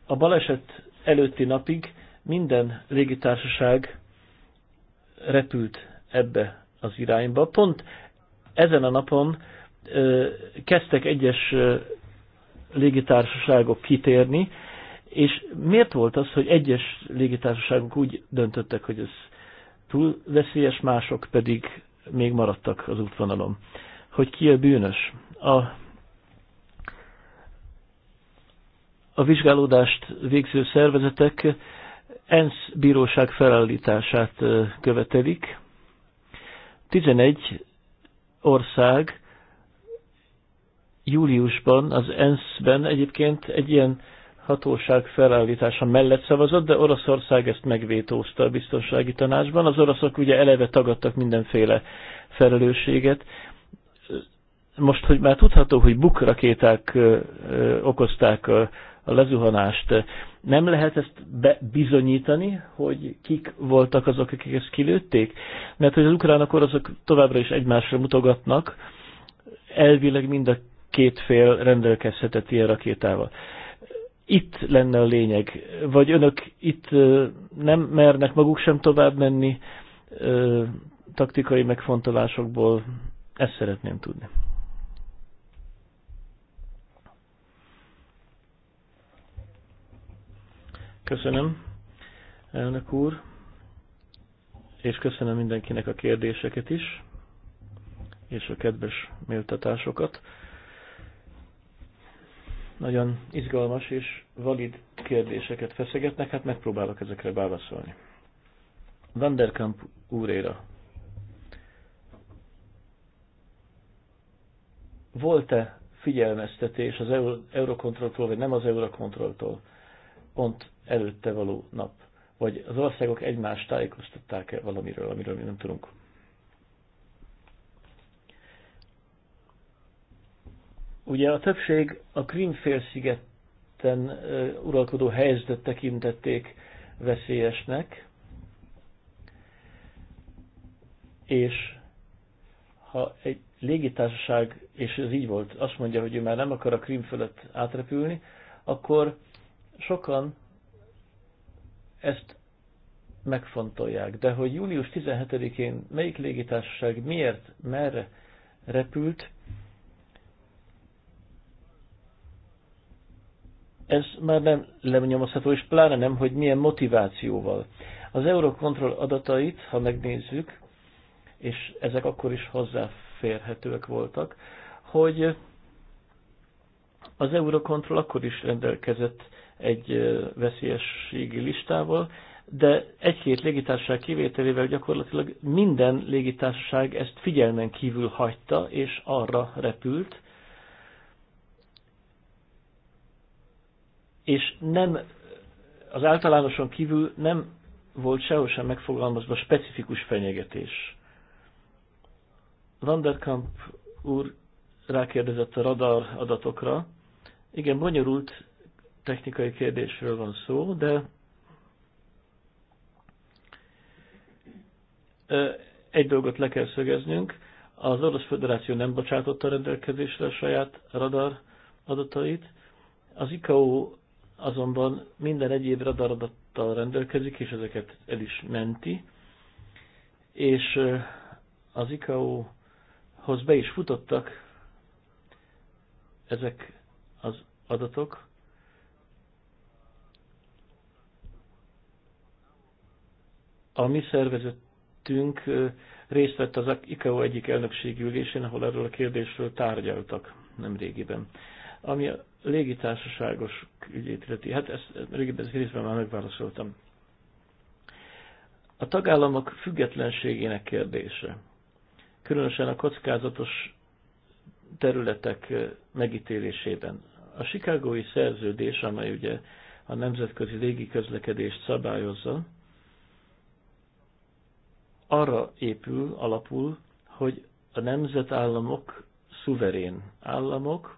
[SPEAKER 4] A baleset előtti napig minden légitársaság repült ebbe az irányba. Pont ezen a napon kezdtek egyes légitársaságok kitérni, és miért volt az, hogy egyes légitársaságok úgy döntöttek, hogy ez túl veszélyes, mások pedig még maradtak az útvonalon? Hogy ki a bűnös? A, a vizsgálódást végző szervezetek ENSZ bíróság felállítását követelik. 11 ország júliusban az ENSZ-ben egyébként egy ilyen hatóság felállítása mellett szavazott, de Oroszország ezt megvétózta a biztonsági tanácsban. Az oroszok ugye eleve tagadtak mindenféle felelősséget. Most, hogy már tudható, hogy bukrakéták okozták a lezuhanást. Nem lehet ezt bizonyítani, hogy kik voltak azok, akik ezt kilőtték? Mert hogy az ukránok azok továbbra is egymásra mutogatnak, elvileg mind a két fél rendelkezhetett ilyen rakétával. Itt lenne a lényeg. Vagy önök itt nem mernek maguk sem tovább menni taktikai megfontolásokból? Ezt szeretném tudni. Köszönöm, elnök úr, és köszönöm mindenkinek a kérdéseket is, és a kedves méltatásokat. Nagyon izgalmas és valid kérdéseket feszegetnek, hát megpróbálok ezekre válaszolni. Vanderkamp úréra. Volt-e figyelmeztetés az Eurocontroltól, vagy nem az Eurocontroltól? pont előtte való nap? Vagy az országok egymást tájékoztatták-e valamiről, amiről mi nem tudunk? Ugye a többség a Krímfélszigeten uralkodó helyzetet tekintették veszélyesnek, és ha egy légitársaság, és ez így volt, azt mondja, hogy ő már nem akar a Krím fölött átrepülni, akkor sokan ezt megfontolják, de hogy július 17-én melyik légitársaság miért, merre repült, ez már nem lenyomozható, és pláne nem, hogy milyen motivációval. Az Eurocontrol adatait, ha megnézzük, és ezek akkor is hozzáférhetőek voltak, hogy az Eurocontrol akkor is rendelkezett egy veszélyességi listával, de egy-két légitársaság kivételével gyakorlatilag minden légitársaság ezt figyelmen kívül hagyta, és arra repült, és nem az általánoson kívül nem volt sehol sem megfogalmazva specifikus fenyegetés. Vanderkamp úr rákérdezett a radar adatokra. Igen, bonyolult technikai kérdésről van szó, de egy dolgot le kell szögeznünk, az Orosz Föderáció nem bocsátotta rendelkezésre a saját radar adatait, az ICAO azonban minden egyéb radar adattal rendelkezik, és ezeket el is menti, és az ICAO-hoz be is futottak ezek az adatok, A mi szervezetünk részt vett az ICAO e egyik elnökségi ülésén, ahol erről a kérdésről tárgyaltak nem régiben. Ami a légitársaságos ügyét illeti, hát ezt régiben ezt részben már megválaszoltam. A tagállamok függetlenségének kérdése, különösen a kockázatos területek megítélésében. A Chicagói szerződés, amely ugye a nemzetközi légiközlekedést szabályozza, arra épül, alapul, hogy a nemzetállamok szuverén államok.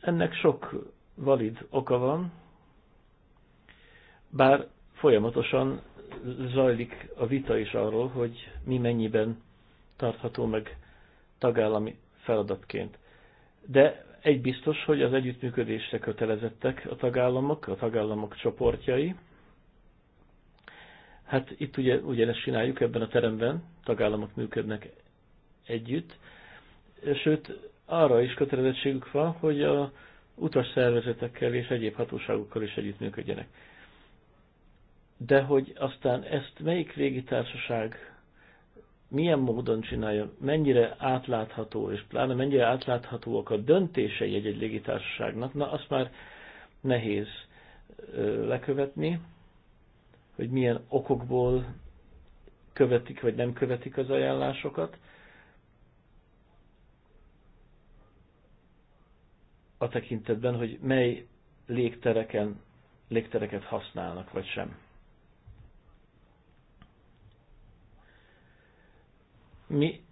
[SPEAKER 4] Ennek sok valid oka van, bár folyamatosan zajlik a vita is arról, hogy mi mennyiben tartható meg tagállami feladatként. De egy biztos, hogy az együttműködésre kötelezettek a tagállamok, a tagállamok csoportjai, Hát itt ugye, ugye ezt csináljuk ebben a teremben, tagállamok működnek együtt, sőt arra is kötelezettségük van, hogy a utas szervezetekkel és egyéb hatóságokkal is együttműködjenek. De hogy aztán ezt melyik légitársaság milyen módon csinálja, mennyire átlátható, és pláne mennyire átláthatóak a döntései egy-egy légitársaságnak, na azt már nehéz lekövetni, hogy milyen okokból követik vagy nem követik az ajánlásokat. A tekintetben, hogy mely légtereken, légtereket használnak vagy sem. Mi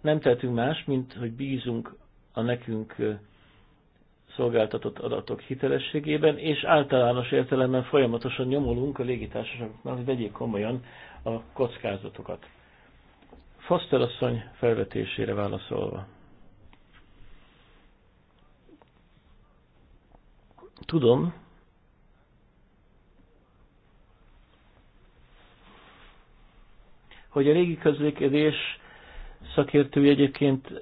[SPEAKER 4] nem tehetünk más, mint hogy bízunk a nekünk szolgáltatott adatok hitelességében, és általános értelemben folyamatosan nyomulunk a légitársaságoknak, hogy vegyék komolyan a kockázatokat. Foster asszony felvetésére válaszolva. Tudom, hogy a régi közlekedés szakértői egyébként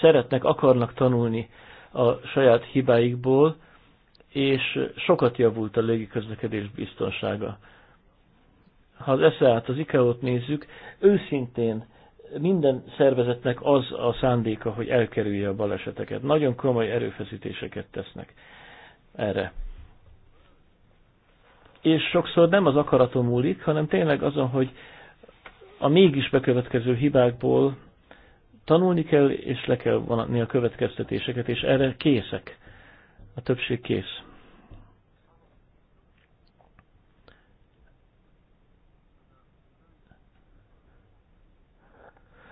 [SPEAKER 4] szeretnek, akarnak tanulni a saját hibáikból, és sokat javult a légiközlekedés biztonsága. Ha az ESA-t, az ICAO-t nézzük, őszintén minden szervezetnek az a szándéka, hogy elkerülje a baleseteket. Nagyon komoly erőfeszítéseket tesznek erre. És sokszor nem az akaratom múlik, hanem tényleg azon, hogy a mégis bekövetkező hibákból Tanulni kell, és le kell vonatni a következtetéseket, és erre készek. A többség kész.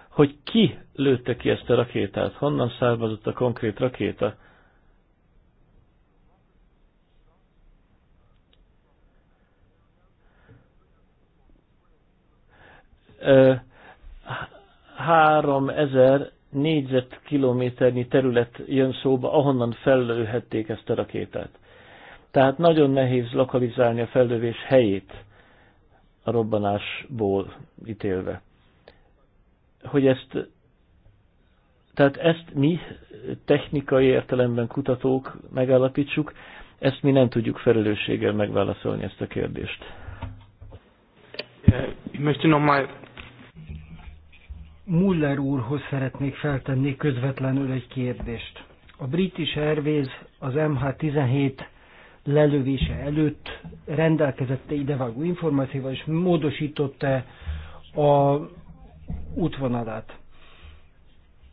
[SPEAKER 4] Hogy ki lőtte ki ezt a rakétát, honnan származott a konkrét rakéta, 3000 négyzetkilométernyi terület jön szóba, ahonnan fellőhették ezt a rakétát. Tehát nagyon nehéz lokalizálni a fellövés helyét a robbanásból ítélve. Hogy ezt, tehát ezt mi technikai értelemben kutatók megállapítsuk, ezt mi nem tudjuk felelősséggel megválaszolni ezt a kérdést.
[SPEAKER 2] Ich möchte nochmal Muller úrhoz szeretnék feltenni közvetlenül egy kérdést. A British Airways az MH17 lelövése előtt rendelkezette idevágó információval, és módosította a útvonalát.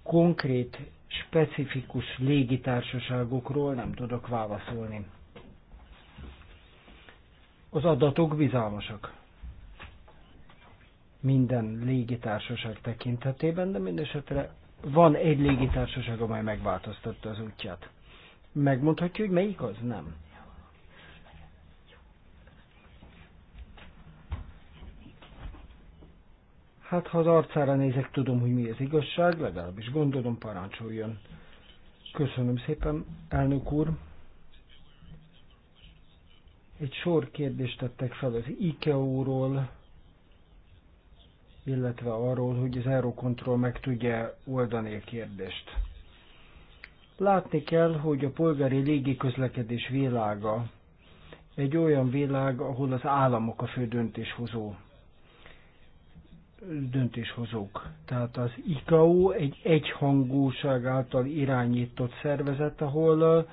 [SPEAKER 2] Konkrét, specifikus légitársaságokról nem tudok válaszolni. Az adatok bizalmasak minden légitársaság tekintetében, de mindesetre van egy légitársaság, amely megváltoztatta az útját. Megmondhatja, hogy melyik az? Nem. Hát, ha az arcára nézek, tudom, hogy mi az igazság, legalábbis gondolom, parancsoljon. Köszönöm szépen, elnök úr. Egy sor kérdést tettek fel az icao ról illetve arról, hogy az Eurocontrol meg tudja oldani a kérdést. Látni kell, hogy a polgári légiközlekedés világa egy olyan világ, ahol az államok a fő döntéshozó döntéshozók. Tehát az ICAO egy egyhangúság által irányított szervezet, ahol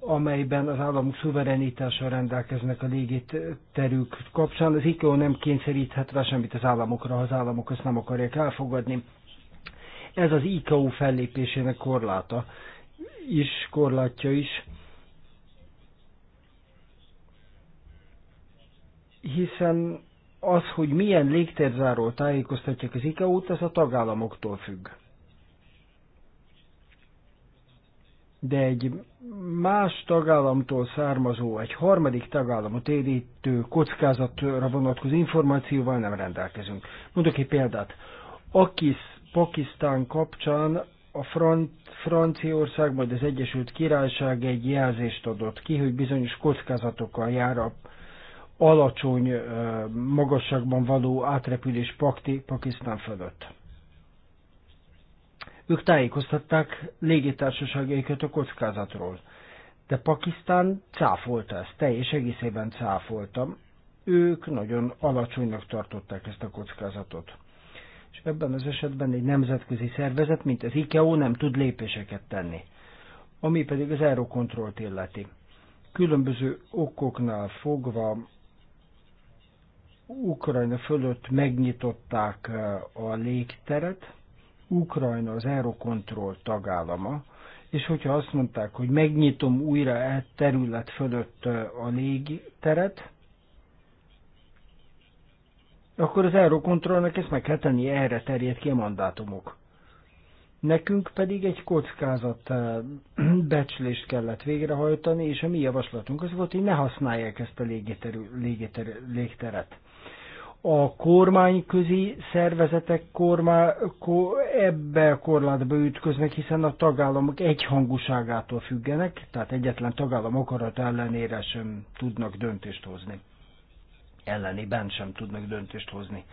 [SPEAKER 2] amelyben az államok szuverenitással rendelkeznek a légiterük kapcsán. Az ICAO nem kényszeríthet rá semmit az államokra, ha az államok ezt nem akarják elfogadni. Ez az ICAO fellépésének korláta is, korlátja is. Hiszen az, hogy milyen légtérzárról tájékoztatják az ICAO-t, ez a tagállamoktól függ. de egy más tagállamtól származó, egy harmadik tagállamot érítő kockázatra vonatkozó információval nem rendelkezünk. Mondok egy példát. Akis Pakisztán kapcsán a Fran- Franciaország, majd az Egyesült Királyság egy jelzést adott ki, hogy bizonyos kockázatokkal jár a alacsony magasságban való átrepülés Pakti, Pakisztán fölött. Ők tájékoztatták légitársaságaikat a kockázatról. De Pakisztán cáfolta ezt, teljes egészében cáfoltam. Ők nagyon alacsonynak tartották ezt a kockázatot. És ebben az esetben egy nemzetközi szervezet, mint az ICAO e nem tud lépéseket tenni. Ami pedig az Eurocontrolt illeti. Különböző okoknál fogva Ukrajna fölött megnyitották eh, a légteret, Ukrajna az Eurocontrol tagállama, és hogyha azt mondták, hogy megnyitom újra e terület fölött a légteret, akkor az Eurocontrolnak ezt meg kell tenni, erre terjed ki a mandátumok. Nekünk pedig egy kockázat becslést kellett végrehajtani, és a mi javaslatunk az volt, hogy ne használják ezt a légiter, légiter, légteret a kormányközi szervezetek kormá, ko, ebbe a korlátba ütköznek, hiszen a tagállamok egyhangúságától függenek, tehát egyetlen tagállam akarat ellenére sem tudnak döntést hozni. Ellenében sem tudnak döntést hozni.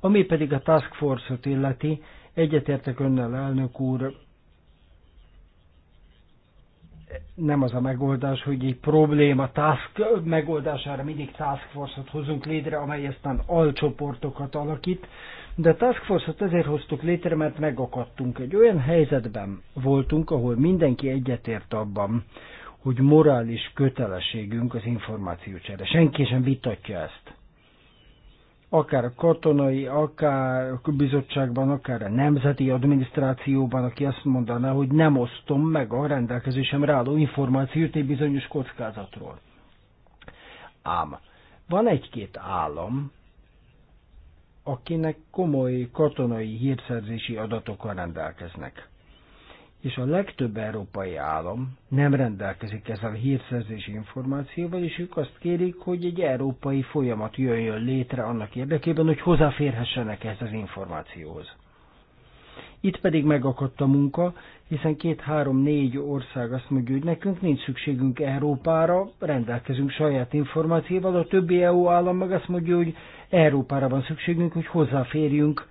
[SPEAKER 2] Ami pedig a Task Force-ot illeti, egyetértek önnel, elnök úr, nem az a megoldás, hogy egy probléma task, megoldására mindig task force-ot hozunk létre, amely aztán alcsoportokat alakít, de a task force-ot ezért hoztuk létre, mert megakadtunk. Egy olyan helyzetben voltunk, ahol mindenki egyetért abban, hogy morális kötelességünk az információcsere. Senki sem vitatja ezt akár a katonai, akár a bizottságban, akár a nemzeti adminisztrációban, aki azt mondaná, hogy nem osztom meg a rendelkezésemre álló információt egy bizonyos kockázatról. Ám van egy-két állam, akinek komoly katonai hírszerzési adatokkal rendelkeznek és a legtöbb európai állam nem rendelkezik ezzel a hírszerzési információval, és ők azt kérik, hogy egy európai folyamat jöjjön létre annak érdekében, hogy hozzáférhessenek ehhez az információhoz. Itt pedig megakadt a munka, hiszen két-három-négy ország azt mondja, hogy nekünk nincs szükségünk Európára, rendelkezünk saját információval, a többi EU állam meg azt mondja, hogy Európára van szükségünk, hogy hozzáférjünk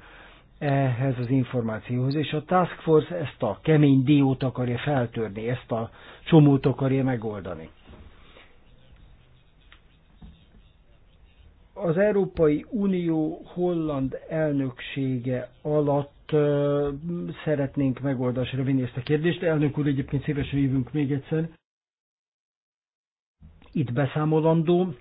[SPEAKER 2] ehhez az információhoz, és a Task Force ezt a kemény diót akarja feltörni, ezt a csomót akarja megoldani. Az Európai Unió holland elnöksége alatt uh, szeretnénk megoldásra vinni ezt a kérdést. Elnök úr, egyébként szívesen jövünk még egyszer. Itt beszámolandó,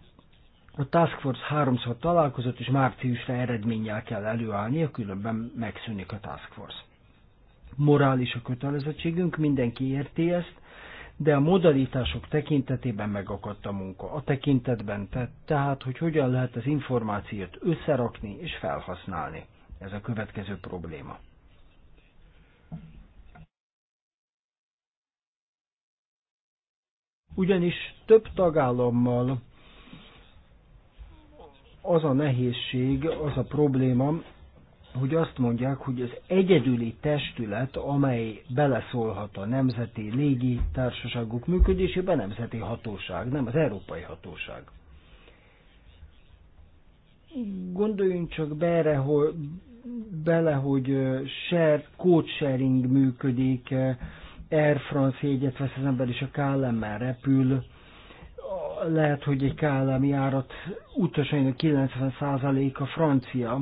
[SPEAKER 2] a Task Force háromszor találkozott, és márciusra eredménnyel kell előállnia, különben megszűnik a Task Force. Morális a kötelezettségünk, mindenki érti ezt, de a modalitások tekintetében megakadt a munka. A tekintetben tett, tehát, hogy hogyan lehet az információt összerakni és felhasználni. Ez a következő probléma. Ugyanis több tagállammal az a nehézség, az a probléma, hogy azt mondják, hogy az egyedüli testület, amely beleszólhat a nemzeti légi társaságok működésébe, nemzeti hatóság, nem az európai hatóság. Gondoljunk csak bele, hogy, bele, hogy share, code sharing működik, Air France jegyet vesz az ember, és a KLM-mel repül, lehet, hogy egy KLM járat utasainak 90%-a francia,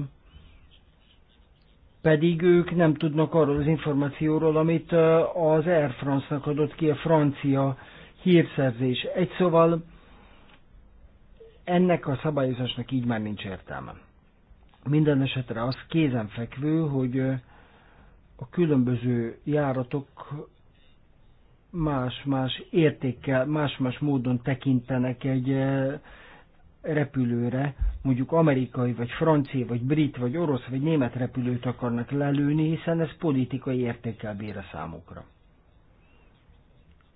[SPEAKER 2] pedig ők nem tudnak arról az információról, amit az Air France-nak adott ki a francia hírszerzés. Egy szóval ennek a szabályozásnak így már nincs értelme. Minden esetre az kézenfekvő, hogy a különböző járatok más-más értékkel, más-más módon tekintenek egy eh, repülőre, mondjuk amerikai, vagy francia, vagy brit, vagy orosz, vagy német repülőt akarnak lelőni, hiszen ez politikai értékkel bír a számukra.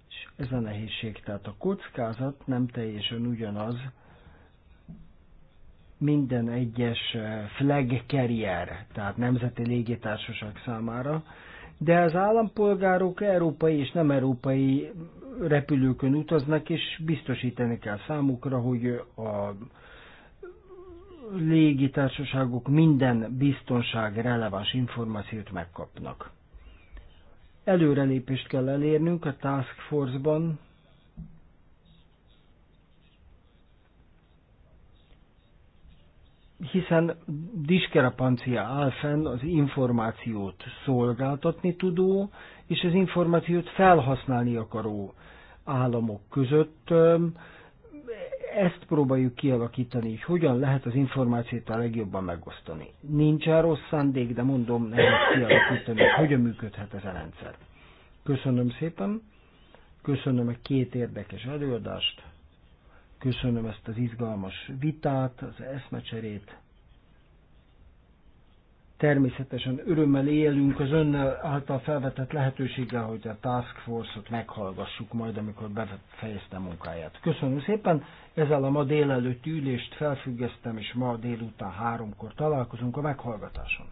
[SPEAKER 2] És ez a nehézség. Tehát a kockázat nem teljesen ugyanaz, minden egyes eh, flag carrier, tehát nemzeti légitársaság számára, de az állampolgárok európai és nem európai repülőkön utaznak, és biztosítani kell számukra, hogy a légitársaságok minden biztonság releváns információt megkapnak. Előrelépést kell elérnünk a Task Force-ban, hiszen diskrepancia áll fenn az információt szolgáltatni tudó és az információt felhasználni akaró államok között. Ezt próbáljuk kialakítani, hogy hogyan lehet az információt a legjobban megosztani. Nincs rossz szándék, de mondom, nehéz kialakítani, hogy hogyan működhet ez a rendszer. Köszönöm szépen, köszönöm a két érdekes előadást Köszönöm ezt az izgalmas vitát, az eszmecserét. Természetesen örömmel élünk az önnel által felvetett lehetőséggel, hogy a Task Force-ot meghallgassuk majd, amikor befejezte munkáját. Köszönöm szépen, ezzel a ma délelőtti ülést felfüggesztem, és ma délután háromkor találkozunk a meghallgatáson.